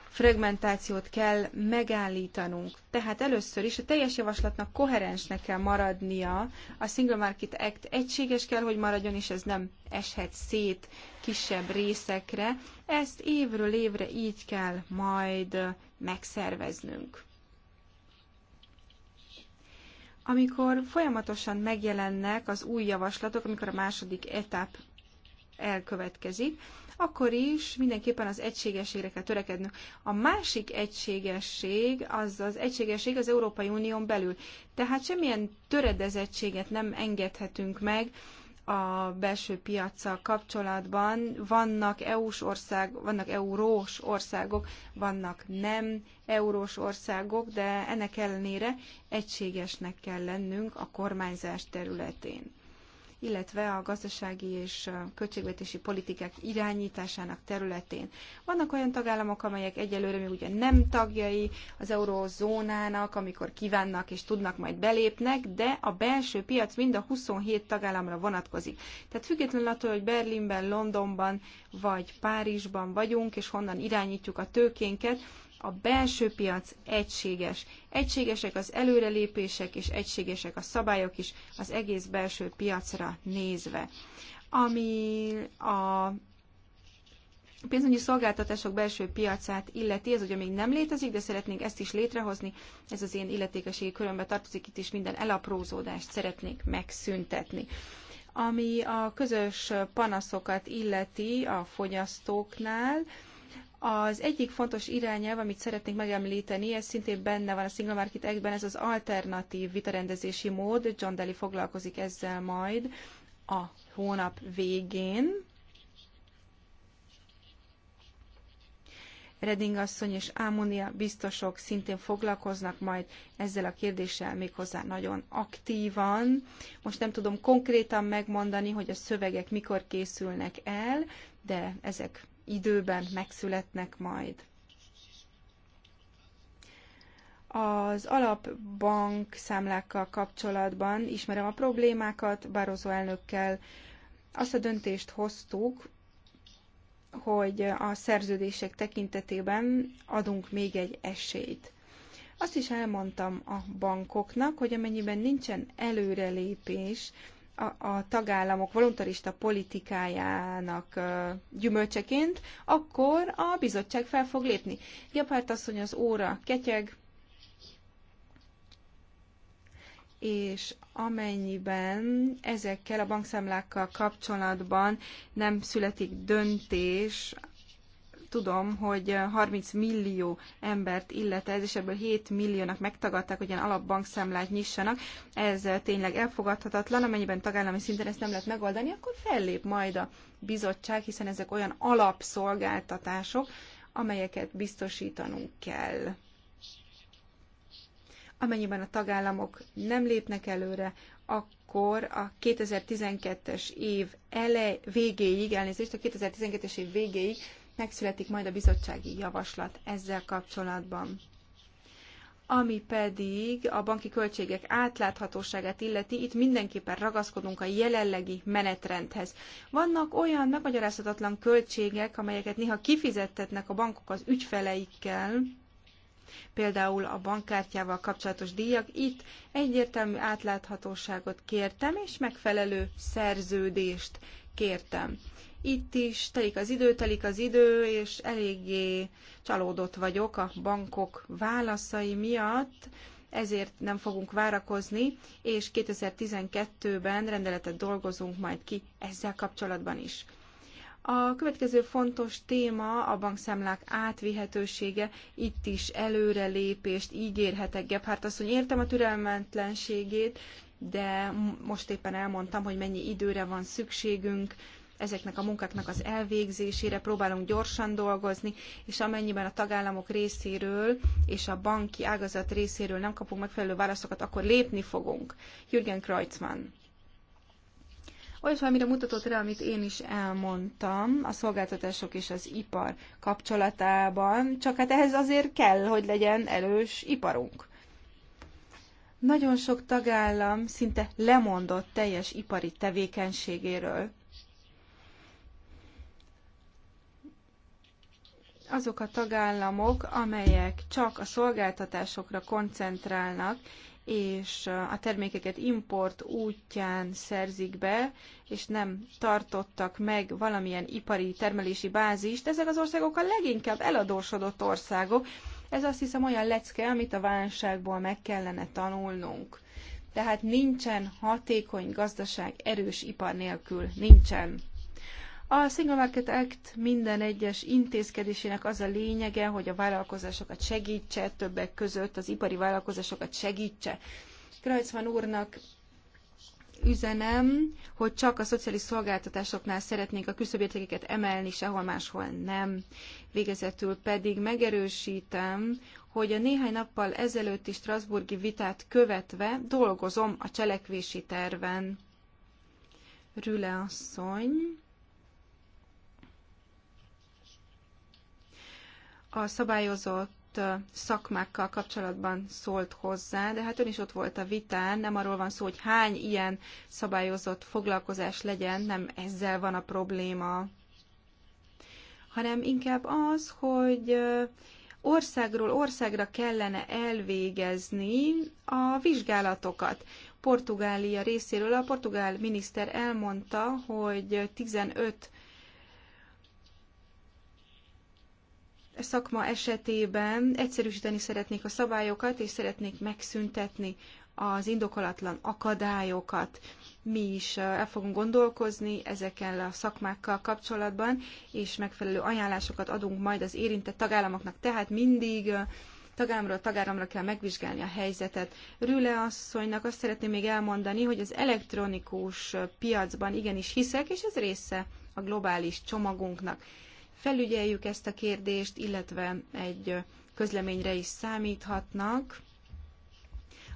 fragmentációt kell megállítanunk. Tehát először is a teljes javaslatnak koherensnek kell maradnia, a Single Market Act egységes kell, hogy maradjon, és ez nem eshet szét kisebb részekre. Ezt évről évre így kell majd megszerveznünk. Amikor folyamatosan megjelennek az új javaslatok, amikor a második etap elkövetkezik, akkor is mindenképpen az egységességre kell törekednünk. A másik egységesség az az egységesség az Európai Unión belül. Tehát semmilyen töredezettséget nem engedhetünk meg, a belső piaccal kapcsolatban. Vannak EU-s ország, vannak eurós országok, vannak nem eurós országok, de ennek ellenére egységesnek kell lennünk a kormányzás területén illetve a gazdasági és költségvetési politikák irányításának területén. Vannak olyan tagállamok, amelyek egyelőre még ugye nem tagjai az eurózónának, amikor kívánnak és tudnak majd belépnek, de a belső piac mind a 27 tagállamra vonatkozik. Tehát függetlenül attól, hogy Berlinben, Londonban vagy Párizsban vagyunk, és honnan irányítjuk a tőkénket, a belső piac egységes. Egységesek az előrelépések, és egységesek a szabályok is az egész belső piacra nézve. Ami a pénzügyi szolgáltatások belső piacát illeti, ez ugye még nem létezik, de szeretnénk ezt is létrehozni, ez az én illetékeségi körömbe tartozik, itt is minden elaprózódást szeretnék megszüntetni. Ami a közös panaszokat illeti a fogyasztóknál, az egyik fontos irányelv, amit szeretnék megemlíteni, ez szintén benne van a Single Market Act-ben, ez az alternatív vitarendezési mód. John Daly foglalkozik ezzel majd a hónap végén. Reding asszony és Ámonia biztosok szintén foglalkoznak majd ezzel a kérdéssel méghozzá nagyon aktívan. Most nem tudom konkrétan megmondani, hogy a szövegek mikor készülnek el, de ezek időben megszületnek majd. Az alapbank számlákkal kapcsolatban ismerem a problémákat, Barozó elnökkel azt a döntést hoztuk, hogy a szerződések tekintetében adunk még egy esélyt. Azt is elmondtam a bankoknak, hogy amennyiben nincsen előrelépés a, a tagállamok voluntarista politikájának gyümölcseként, akkor a bizottság fel fog lépni. Japárt asszony az óra ketyeg, és amennyiben ezekkel a bankszámlákkal kapcsolatban nem születik döntés tudom, hogy 30 millió embert illet ez, és ebből 7 milliónak megtagadták, hogy ilyen alapbankszámlát nyissanak. Ez tényleg elfogadhatatlan, amennyiben tagállami szinten ezt nem lehet megoldani, akkor fellép majd a bizottság, hiszen ezek olyan alapszolgáltatások, amelyeket biztosítanunk kell. Amennyiben a tagállamok nem lépnek előre, akkor a 2012-es év ele, végéig, elnézést, a 2012-es év végéig megszületik majd a bizottsági javaslat ezzel kapcsolatban. Ami pedig a banki költségek átláthatóságát illeti, itt mindenképpen ragaszkodunk a jelenlegi menetrendhez. Vannak olyan megmagyarázhatatlan költségek, amelyeket néha kifizettetnek a bankok az ügyfeleikkel, például a bankkártyával kapcsolatos díjak. Itt egyértelmű átláthatóságot kértem, és megfelelő szerződést kértem. Itt is telik az idő, telik az idő, és eléggé csalódott vagyok a bankok válaszai miatt, ezért nem fogunk várakozni, és 2012-ben rendeletet dolgozunk majd ki ezzel kapcsolatban is. A következő fontos téma a bankszámlák átvihetősége. Itt is előrelépést ígérhetek. Gebhardt asszony, értem a türelmetlenségét, de most éppen elmondtam, hogy mennyi időre van szükségünk, ezeknek a munkáknak az elvégzésére, próbálunk gyorsan dolgozni, és amennyiben a tagállamok részéről és a banki ágazat részéről nem kapunk megfelelő válaszokat, akkor lépni fogunk. Jürgen Kreutzmann. Olyas valamire mutatott rá, amit én is elmondtam, a szolgáltatások és az ipar kapcsolatában, csak hát ehhez azért kell, hogy legyen erős iparunk. Nagyon sok tagállam szinte lemondott teljes ipari tevékenységéről azok a tagállamok, amelyek csak a szolgáltatásokra koncentrálnak, és a termékeket import útján szerzik be, és nem tartottak meg valamilyen ipari termelési bázist, ezek az országok a leginkább eladósodott országok. Ez azt hiszem olyan lecke, amit a válságból meg kellene tanulnunk. Tehát nincsen hatékony gazdaság erős ipar nélkül. Nincsen. A Single Market Act minden egyes intézkedésének az a lényege, hogy a vállalkozásokat segítse, többek között az ipari vállalkozásokat segítse. Krajcman úrnak üzenem, hogy csak a szociális szolgáltatásoknál szeretnénk a küszöbértékeket emelni, sehol máshol nem. Végezetül pedig megerősítem, hogy a néhány nappal ezelőtti Strasburgi vitát követve dolgozom a cselekvési terven. Rüle asszony. a szabályozott szakmákkal kapcsolatban szólt hozzá, de hát ön is ott volt a vitán, nem arról van szó, hogy hány ilyen szabályozott foglalkozás legyen, nem ezzel van a probléma, hanem inkább az, hogy országról országra kellene elvégezni a vizsgálatokat. Portugália részéről a portugál miniszter elmondta, hogy 15 szakma esetében egyszerűsíteni szeretnék a szabályokat, és szeretnék megszüntetni az indokolatlan akadályokat. Mi is el fogunk gondolkozni ezeken a szakmákkal kapcsolatban, és megfelelő ajánlásokat adunk majd az érintett tagállamoknak, tehát mindig tagállamról tagállamra kell megvizsgálni a helyzetet. Rüle asszonynak azt szeretném még elmondani, hogy az elektronikus piacban igenis hiszek, és ez része a globális csomagunknak felügyeljük ezt a kérdést, illetve egy közleményre is számíthatnak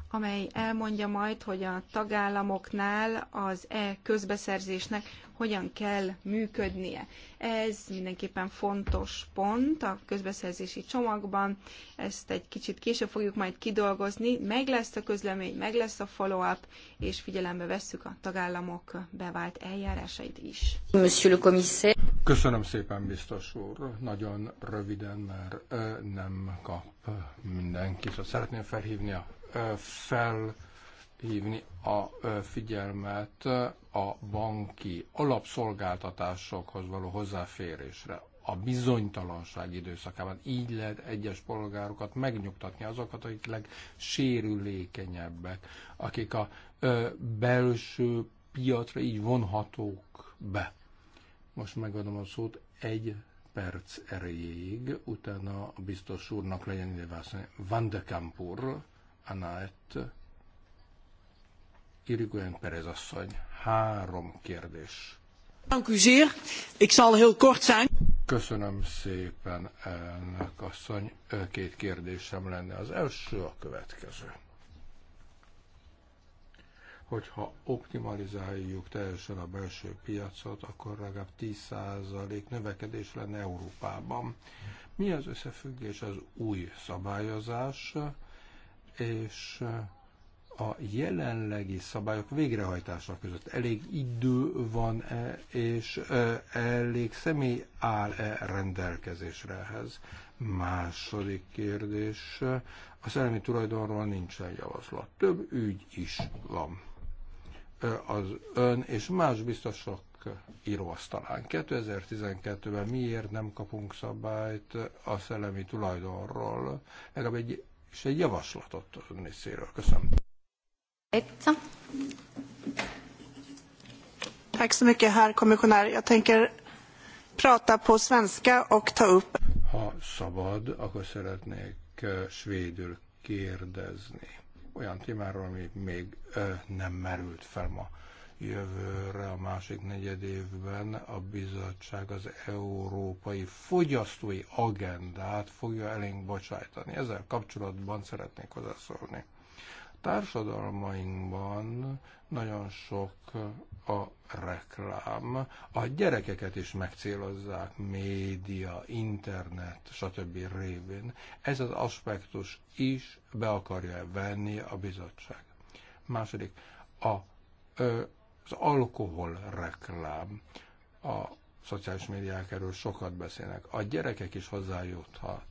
amely elmondja majd, hogy a tagállamoknál az e-közbeszerzésnek hogyan kell működnie. Ez mindenképpen fontos pont a közbeszerzési csomagban, ezt egy kicsit később fogjuk majd kidolgozni, meg lesz a közlemény, meg lesz a follow-up, és figyelembe vesszük a tagállamok bevált eljárásait is. Monsieur le commissaire. Köszönöm szépen, biztos úr. Nagyon röviden, mert nem kap mindenki, szóval szeretném felhívni a felhívni a figyelmet a banki alapszolgáltatásokhoz való hozzáférésre a bizonytalanság időszakában. Így lehet egyes polgárokat megnyugtatni, azokat, akik legsérülékenyebbek, akik a ö, belső piacra így vonhatók be. Most megadom a szót egy perc erejéig, utána a biztos úrnak legyen ide válaszolni. Van de Kampur Anát Irigoyen Perez asszony. Három kérdés. Köszönöm szépen, elnök asszony. Két kérdésem lenne. Az első a következő. Hogyha optimalizáljuk teljesen a belső piacot, akkor legalább 10% növekedés lenne Európában. Mi az összefüggés az új szabályozás, és eh, a jelenlegi szabályok végrehajtása között elég idő van -e, és eh, elég személy áll-e rendelkezésre ehhez? Második kérdés, eh, a szellemi tulajdonról nincsen javaslat. Több ügy is van az ön és más biztosok íróasztalán. 2012-ben miért nem kapunk szabályt a szellemi tulajdonról? Legalább egy és egy javaslatot részéről. Köszönöm. Tack så mycket, herr kommissionär. Jag tänker prata på svenska och ta upp... Ha szabad, akkor szeretnék svédül kérdezni olyan témáról, ami még nem merült fel ma jövőre, a másik negyed évben a bizottság az európai fogyasztói agendát fogja elénk bocsájtani. Ezzel kapcsolatban szeretnék hozzászólni. Társadalmainkban nagyon sok a reklám. A gyerekeket is megcélozzák média, internet, stb. révén. Ez az aspektus is be akarja venni a bizottság. Második, a ö, az alkohol reklám, a szociális médiák erről sokat beszélnek. A gyerekek is hozzájuthat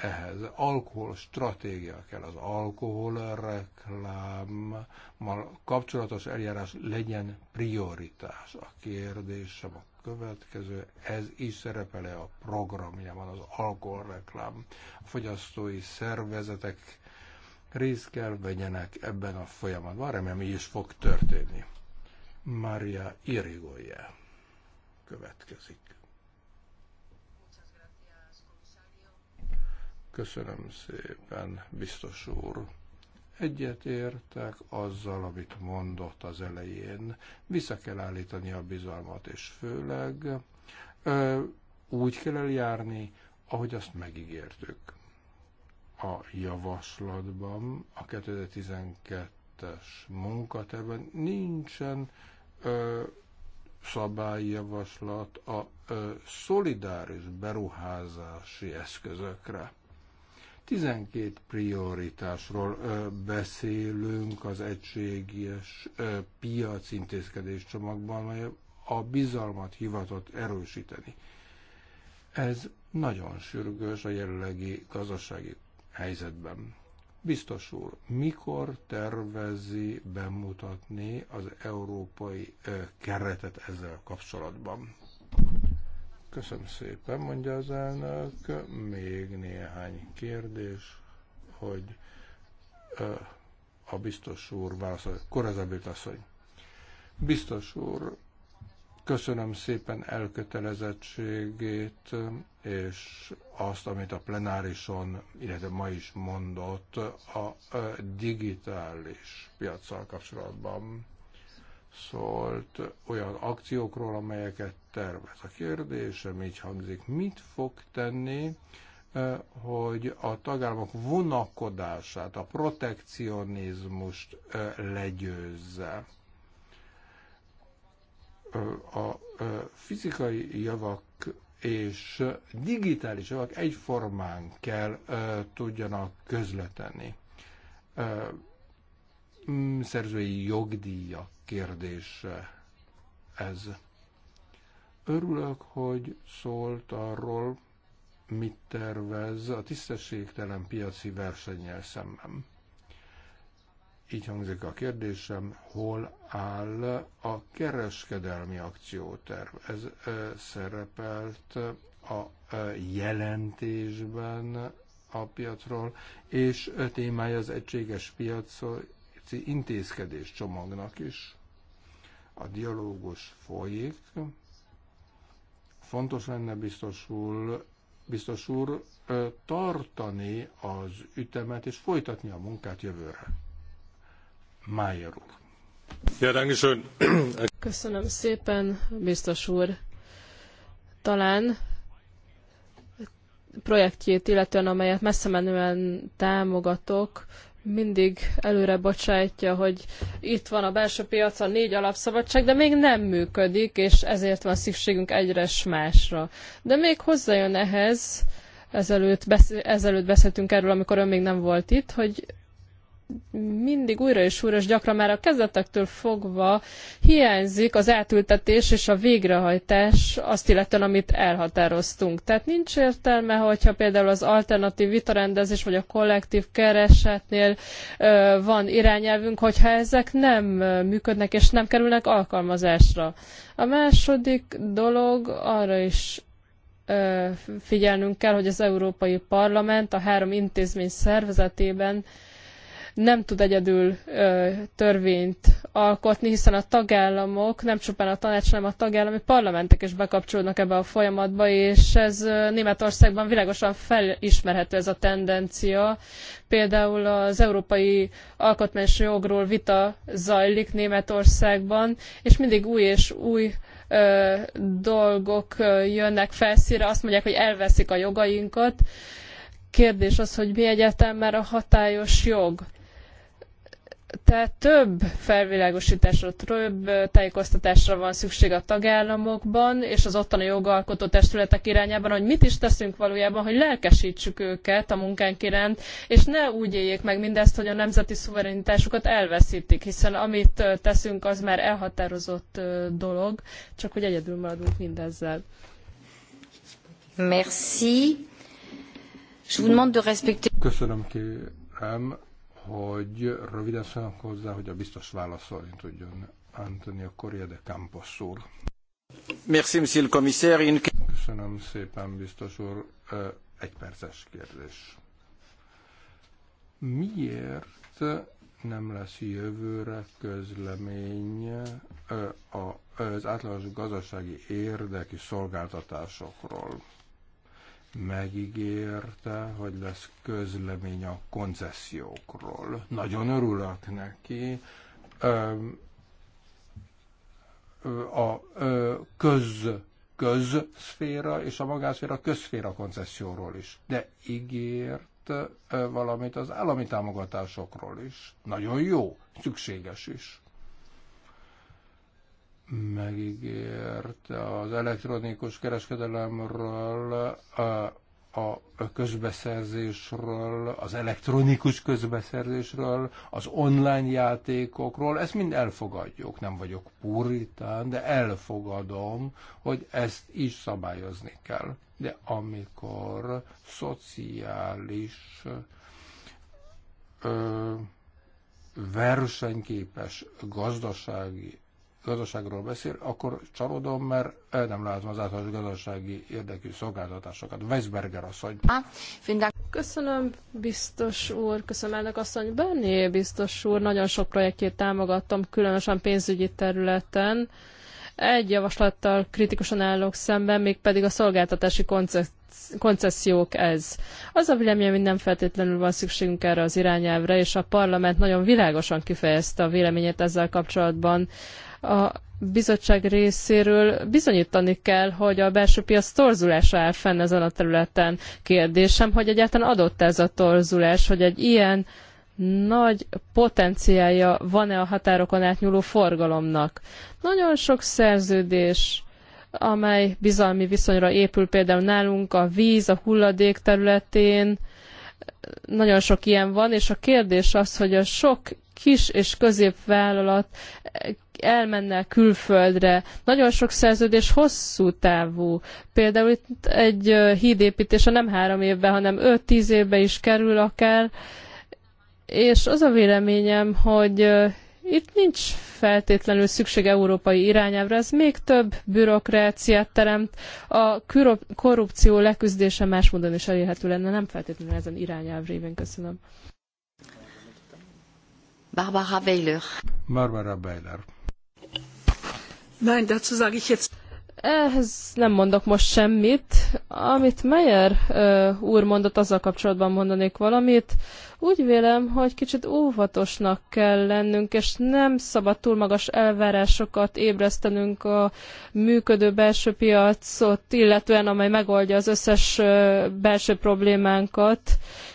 ehhez. Alkohol stratégia kell, az alkohol reklámmal kapcsolatos eljárás legyen prioritás. A kérdésem a következő, ez is szerepel a programjában, az alkohol reklám? A fogyasztói szervezetek részt kell vegyenek ebben a folyamatban. Remélem, így is fog történni. Maria Irigoye következik. Köszönöm szépen, biztos úr. Egyetértek azzal, amit mondott az elején. Vissza kell állítani a bizalmat, és főleg ö, úgy kell eljárni, ahogy azt megígértük. A javaslatban, a 2012-es munkaterben nincsen szabályjavaslat a szolidáris beruházási eszközökre. 12 prioritásról beszélünk az egységes piac intézkedés csomagban, mely a bizalmat hivatott erősíteni. Ez nagyon sürgős a jelenlegi gazdasági helyzetben. Biztos úr, mikor tervezi bemutatni az európai keretet ezzel kapcsolatban? Köszönöm szépen, mondja az elnök. Még néhány kérdés, hogy a biztos úr válaszol. Korazabit asszony. Biztos úr, Köszönöm szépen elkötelezettségét, és azt, amit a plenárison, illetve ma is mondott a digitális piacsal kapcsolatban szólt olyan akciókról, amelyeket tervez. A kérdésem így hangzik, mit fog tenni, hogy a tagállamok vonakodását, a protekcionizmust legyőzze? a fizikai javak és digitális javak egyformán kell tudjanak közleteni. Mm, szerzői jogdíja kérdése ez. Örülök, hogy szólt arról, mit tervez a tisztességtelen piaci versennyel szemben. Így hangzik a kérdésem, hol áll a kereskedelmi akcióterv? Ez szerepelt a jelentésben a piacról, és témája az egységes piaci intézkedés csomagnak is. A dialógus folyik. Fontos lenne biztosul, biztos úr tartani az ütemet és folytatni a munkát jövőre. Májer úr. Köszönöm szépen, biztos úr. Talán projektjét, illetően amelyet messze menően támogatok, mindig előre bocsájtja, hogy itt van a belső piac a négy alapszabadság, de még nem működik, és ezért van szükségünk egyre másra. De még hozzájön ehhez, ezelőtt, besz- ezelőtt beszéltünk erről, amikor ön még nem volt itt, hogy mindig újra és újra, és gyakran már a kezdetektől fogva hiányzik az átültetés és a végrehajtás azt illetően, amit elhatároztunk. Tehát nincs értelme, hogyha például az alternatív vitarendezés vagy a kollektív keresetnél van irányelvünk, hogyha ezek nem működnek és nem kerülnek alkalmazásra. A második dolog arra is figyelnünk kell, hogy az Európai Parlament a három intézmény szervezetében nem tud egyedül ö, törvényt alkotni, hiszen a tagállamok, nem csupán a tanács, hanem a tagállami parlamentek is bekapcsolódnak ebbe a folyamatba, és ez ö, Németországban világosan felismerhető ez a tendencia. Például az európai alkotmányos jogról vita zajlik Németországban, és mindig új és új ö, dolgok jönnek felszíre, azt mondják, hogy elveszik a jogainkat, kérdés az, hogy mi egyáltalán már a hatályos jog. Tehát több felvilágosításra, több tájékoztatásra van szükség a tagállamokban és az ottani jogalkotó testületek irányában, hogy mit is teszünk valójában, hogy lelkesítsük őket a munkánk iránt, és ne úgy éljék meg mindezt, hogy a nemzeti szuverenitásukat elveszítik, hiszen amit teszünk, az már elhatározott dolog, csak hogy egyedül maradunk mindezzel. Merci. Je vous demande de respecter... Köszönöm kérem hogy röviden szólnak hozzá, hogy a biztos válaszolni tudjon Antonio Correa de Campos úr. Merci, monsieur le commissaire. In... Köszönöm szépen, biztos úr. Egy perces kérdés. Miért nem lesz jövőre közlemény az általános gazdasági érdekű szolgáltatásokról? megígérte, hogy lesz közlemény a koncesziókról. Nagyon örülök neki. A köz közszféra és a magánszféra közszféra koncesszióról is. De ígért valamit az állami támogatásokról is. Nagyon jó, szükséges is megígért az elektronikus kereskedelemről, a közbeszerzésről, az elektronikus közbeszerzésről, az online játékokról, ezt mind elfogadjuk. Nem vagyok puritán, de elfogadom, hogy ezt is szabályozni kell. De amikor szociális ö, versenyképes gazdasági gazdaságról beszél, akkor csalódom, mert el eh, nem látom az általános gazdasági érdekű szolgáltatásokat. Weisberger asszony. Köszönöm, biztos úr, köszönöm elnök asszony. Benné, biztos úr, nagyon sok projektjét támogattam, különösen pénzügyi területen. Egy javaslattal kritikusan állok szemben, mégpedig a szolgáltatási koncept koncesziók ez. Az a véleményem, hogy nem feltétlenül van szükségünk erre az irányelvre, és a parlament nagyon világosan kifejezte a véleményét ezzel kapcsolatban a bizottság részéről bizonyítani kell, hogy a belső piac torzulása áll fenn ezen a területen. Kérdésem, hogy egyáltalán adott ez a torzulás, hogy egy ilyen nagy potenciálja van-e a határokon átnyúló forgalomnak. Nagyon sok szerződés, amely bizalmi viszonyra épül például nálunk a víz, a hulladék területén, nagyon sok ilyen van, és a kérdés az, hogy a sok kis és középvállalat akik elmennek külföldre. Nagyon sok szerződés hosszú távú. Például itt egy hídépítése nem három évbe, hanem öt-tíz évbe is kerül akár. És az a véleményem, hogy itt nincs feltétlenül szükség európai irányelvre, ez még több bürokráciát teremt. A korrupció leküzdése más módon is elérhető lenne, nem feltétlenül ezen irányelv révén. Köszönöm. Barbara Weiler. Barbara Weiler. Nein, dazu sage ich jetzt. Ehhez nem mondok most semmit. Amit Meyer uh, úr mondott, azzal kapcsolatban mondanék valamit. Úgy vélem, hogy kicsit óvatosnak kell lennünk, és nem szabad túl magas elvárásokat ébresztenünk a működő belső piacot, illetően amely megoldja az összes uh, belső problémánkat,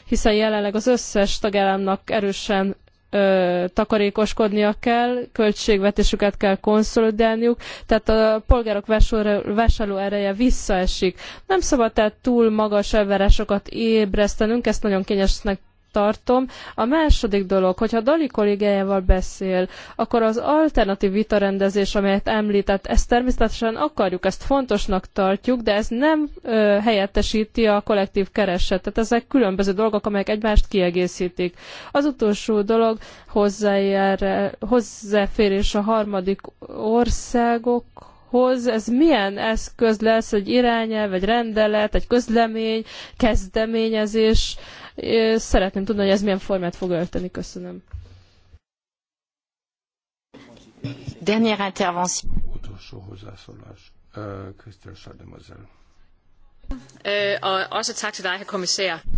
hiszen jelenleg az összes tagállamnak erősen ö, takarékoskodnia kell, költségvetésüket kell konszolidálniuk, tehát a polgárok vásárló ereje visszaesik. Nem szabad tehát túl magas elvárásokat ébresztenünk, ezt nagyon kényesnek tartom. A második dolog, hogyha Dali kollégájával beszél, akkor az alternatív vitarendezés, amelyet említett, ezt természetesen akarjuk, ezt fontosnak tartjuk, de ez nem ö, helyettesíti a kollektív keresetet. Ezek különböző dolgok, amelyek egymást kiegészítik. Az utolsó dolog hozzájár, hozzáférés a harmadik országok hoz, ez milyen eszköz lesz, egy irányelv, egy rendelet, egy közlemény, kezdeményezés. Szeretném tudni, hogy ez milyen formát fog ölteni. Köszönöm. Dernière intervention. Utolsó hozzászólás. Krisztel Sardemozel. tak til dig,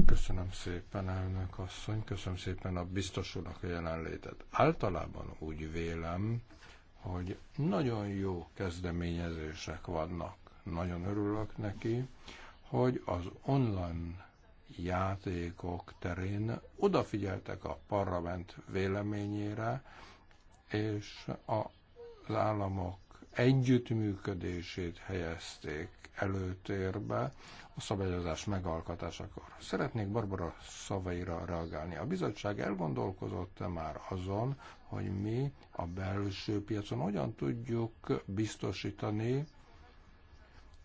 Köszönöm szépen, elnök asszony, köszönöm szépen a biztos úrnak a jelenlétet. Általában úgy vélem, hogy nagyon jó kezdeményezések vannak. Nagyon örülök neki, hogy az online játékok terén odafigyeltek a parlament véleményére, és az államok együttműködését helyezték előtérbe a szabályozás megalkotásakor. Szeretnék Barbara szavaira reagálni. A bizottság elgondolkozott már azon, hogy mi a belső piacon hogyan tudjuk biztosítani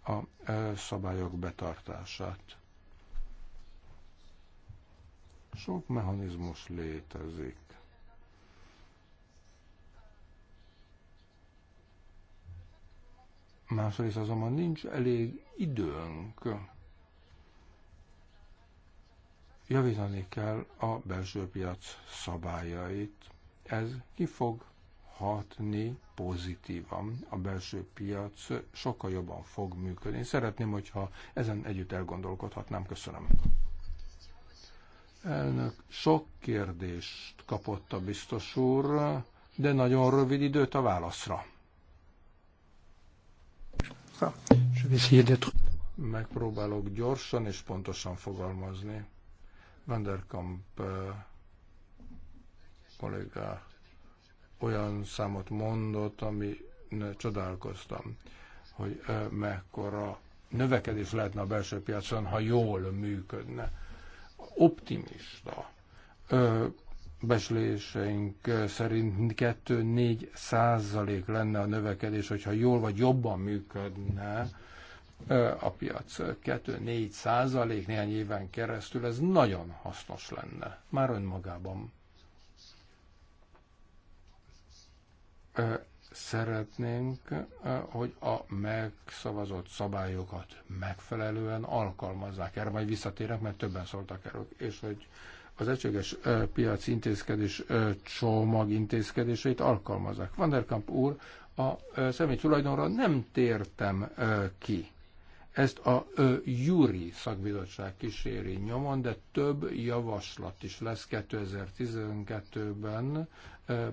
a e, szabályok betartását. Sok mechanizmus létezik. Másrészt azonban nincs elég időnk Javítani kell a belső piac szabályait. Ez ki fog hatni pozitívan. A belső piac sokkal jobban fog működni. Én szeretném, hogyha ezen együtt elgondolkodhatnám. Köszönöm. Elnök, sok kérdést kapott a biztos úr, de nagyon rövid időt a válaszra. Megpróbálok gyorsan és pontosan fogalmazni. Vanderkamp kolléga olyan számot mondott, ami csodálkoztam, hogy mekkora növekedés lehetne a belső piacon, ha jól működne. Optimista becsléseink szerint 2-4 százalék lenne a növekedés, hogyha jól vagy jobban működne a piac 2-4 százalék néhány éven keresztül, ez nagyon hasznos lenne, már önmagában. Szeretnénk, hogy a megszavazott szabályokat megfelelően alkalmazzák. Erre majd visszatérek, mert többen szóltak erről, és hogy az egységes piac intézkedés csomag intézkedéseit alkalmazzák. Van der Kamp úr, a személy tulajdonra nem tértem ki. Ezt a Júri szakbizottság kíséri nyomon, de több javaslat is lesz 2012-ben,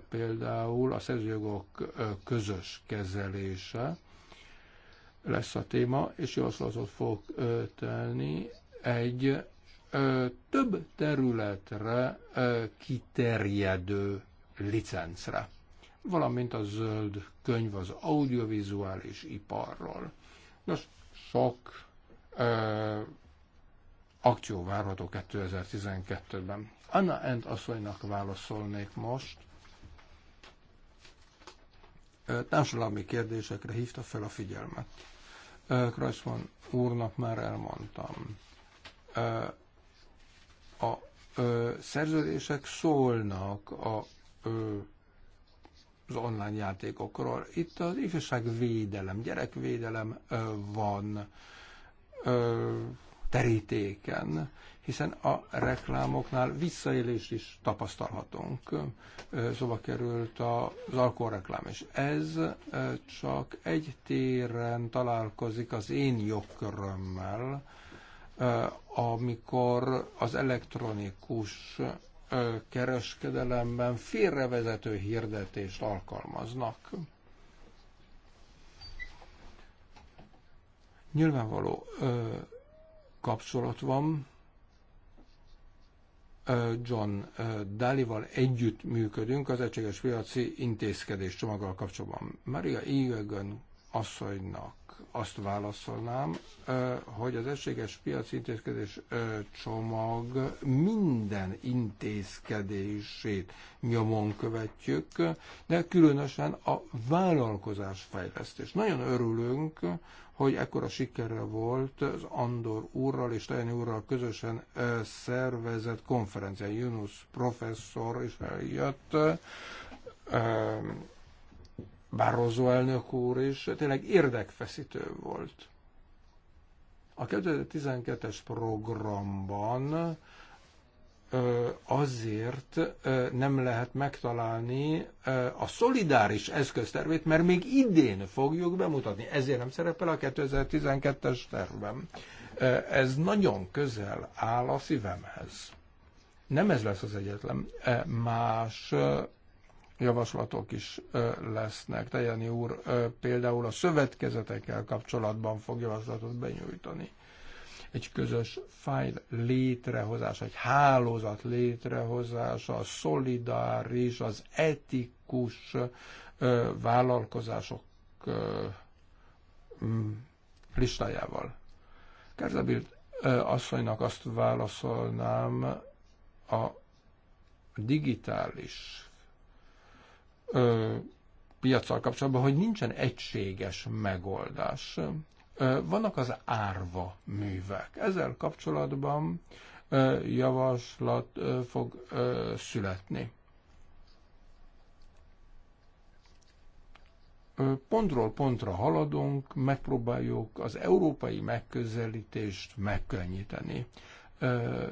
például a szerzőjogok közös kezelése lesz a téma, és javaslatot fog tenni egy több területre kiterjedő licencre, valamint a zöld könyv az audiovizuális iparról. Nos, sok ö, akció várható 2012-ben. Anna End asszonynak válaszolnék most. társadalmi kérdésekre hívta fel a figyelmet. Kreuzmann úrnak már elmondtam. a szerződések szólnak a az online játékokról. Itt az ifjúságvédelem, gyerekvédelem van terítéken, hiszen a reklámoknál visszaélést is tapasztalhatunk. Szóba került az alkoholreklám, és ez csak egy téren találkozik az én jogkörömmel, amikor az elektronikus kereskedelemben félrevezető hirdetést alkalmaznak. Nyilvánvaló ö, kapcsolat van John Dalival együtt működünk az egységes piaci intézkedés csomaggal kapcsolatban. Maria Ivegen asszonynak azt válaszolnám, hogy az egységes piaci intézkedés csomag minden intézkedését nyomon követjük, de különösen a vállalkozás fejlesztés. Nagyon örülünk, hogy ekkora sikerre volt az Andor úrral és Tajani úrral közösen szervezett konferencián. Yunus professzor is eljött Barroso elnök úr is tényleg érdekfeszítő volt. A 2012-es programban azért nem lehet megtalálni a szolidáris eszköztervét, mert még idén fogjuk bemutatni. Ezért nem szerepel a 2012-es tervben. Ez nagyon közel áll a szívemhez. Nem ez lesz az egyetlen. Más javaslatok is lesznek. Tejani úr például a szövetkezetekkel kapcsolatban fog javaslatot benyújtani. Egy közös fájl létrehozása, egy hálózat létrehozása, a szolidáris, az etikus vállalkozások listájával. Kerzebilt asszonynak azt válaszolnám, a digitális ö, piacsal kapcsolatban, hogy nincsen egységes megoldás. Ö, vannak az árva művek. Ezzel kapcsolatban ö, javaslat ö, fog ö, születni. pontról pontra haladunk, megpróbáljuk az európai megközelítést megkönnyíteni.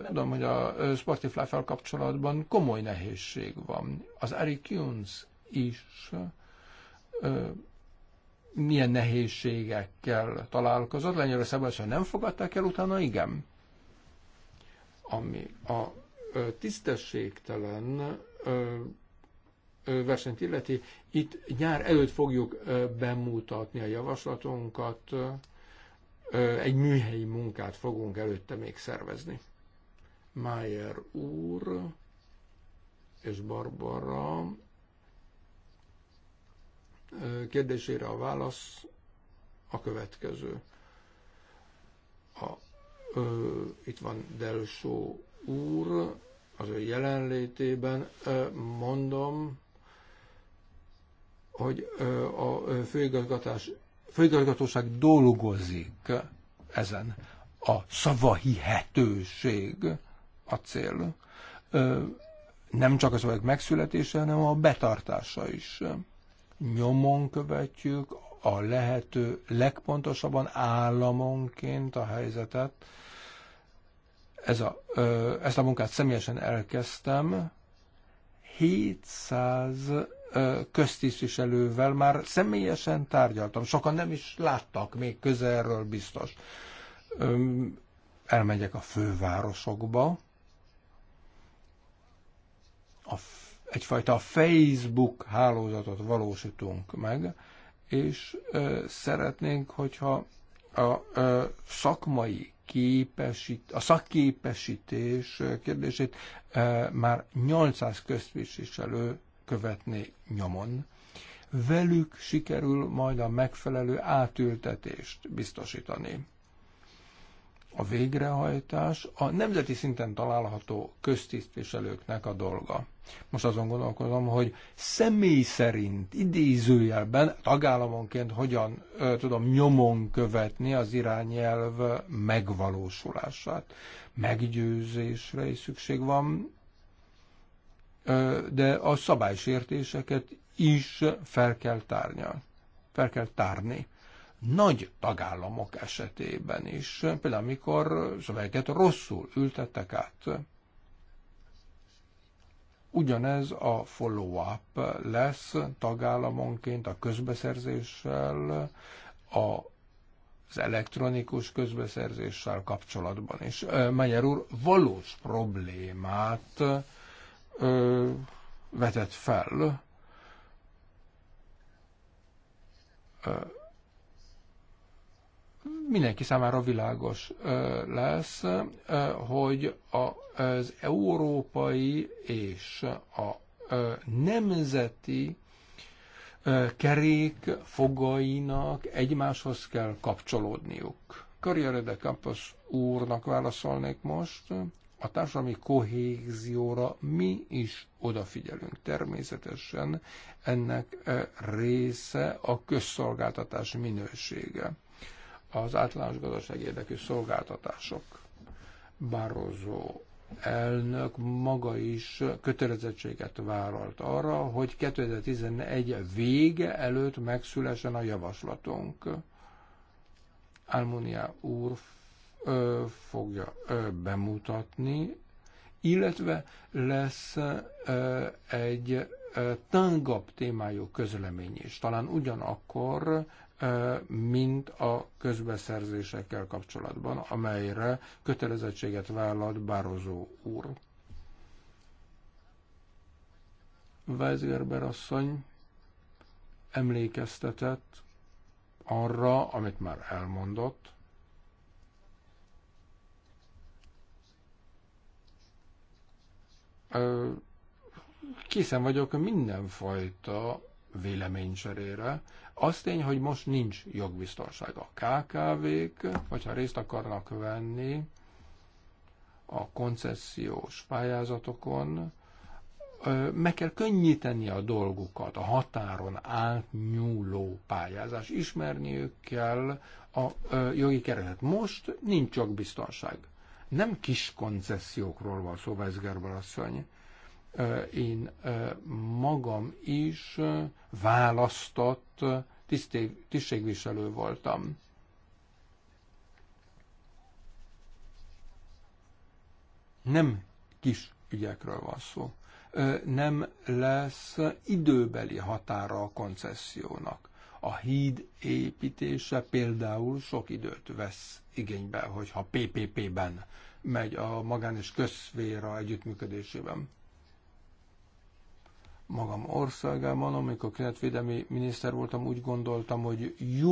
Tudom, hogy a Sportify-fel kapcsolatban komoly nehézség van. Az Eric Jones is milyen nehézségekkel találkozott. Lengyelországban sem nem fogadták el, utána igen. Ami a tisztességtelen versenyt illeti, itt nyár előtt fogjuk bemutatni a javaslatunkat, egy műhelyi munkát fogunk előtte még szervezni. Mayer úr és Barbara kérdésére a válasz a következő. A, ö, itt van Delsó úr, az ő jelenlétében ö, mondom, hogy ö, a főigazgatás, főigazgatóság dolgozik ezen. A szavahihetőség a cél. Ö, nem csak a szavak megszületése, hanem a betartása is nyomon követjük a lehető legpontosabban államonként a helyzetet. Ez a, ö, ezt a munkát személyesen elkezdtem. 700 ö, köztisztviselővel már személyesen tárgyaltam. Sokan nem is láttak még közelről biztos. Ö, elmegyek a fővárosokba. A egyfajta Facebook hálózatot valósítunk meg, és ö, szeretnénk, hogyha a ö, szakmai képesít, a szakképesítés kérdését ö, már 800 közviselő követné nyomon. Velük sikerül majd a megfelelő átültetést biztosítani. A végrehajtás a nemzeti szinten található köztisztviselőknek a dolga most azon gondolkozom, hogy személy szerint, idézőjelben, tagállamonként hogyan ö, tudom nyomon követni az irányelv megvalósulását. Meggyőzésre is szükség van, ö, de a szabálysértéseket is fel kell tárnia, fel kell tárni nagy tagállamok esetében is, például amikor szövegeket rosszul ültettek át. Ugyanez a follow-up lesz tagállamonként a közbeszerzéssel, a az elektronikus közbeszerzéssel kapcsolatban is. Magyar úr valós problémát ö, vetett fel. Ö, mindenki számára világos lesz, hogy az európai és a nemzeti kerék fogainak egymáshoz kell kapcsolódniuk. Karriere de Campos úrnak válaszolnék most. A társadalmi kohézióra mi is odafigyelünk. Természetesen ennek része a közszolgáltatás minősége az általános gazdaság érdekű szolgáltatások. Barroso elnök maga is kötelezettséget vállalt arra, hogy 2011 vége előtt megszülesen a javaslatunk. Almunia úr ö, fogja ö, bemutatni, illetve lesz ö, egy tangabb témájú közlemény is. Talán ugyanakkor, mint a közbeszerzésekkel kapcsolatban, amelyre kötelezettséget vállalt Bározó úr. Weisgerber asszony emlékeztetett arra, amit már elmondott, készen vagyok mindenfajta véleménycserére, az tény, hogy most nincs jogbiztonság a KKV-k, hogyha részt akarnak venni a koncessziós pályázatokon, meg kell könnyíteni a dolgukat, a határon átnyúló pályázás, ismerniük kell a jogi keretet. Most nincs jogbiztonság. Nem kis koncesziókról van szó, Vezgerbel asszony én magam is választott tisztségviselő voltam. Nem kis ügyekről van szó. Nem lesz időbeli határa a koncessziónak. A híd építése például sok időt vesz igénybe, hogyha PPP-ben megy a magán és közszféra együttműködésében magam országában, amikor környezetvédelmi miniszter voltam, úgy gondoltam, hogy jó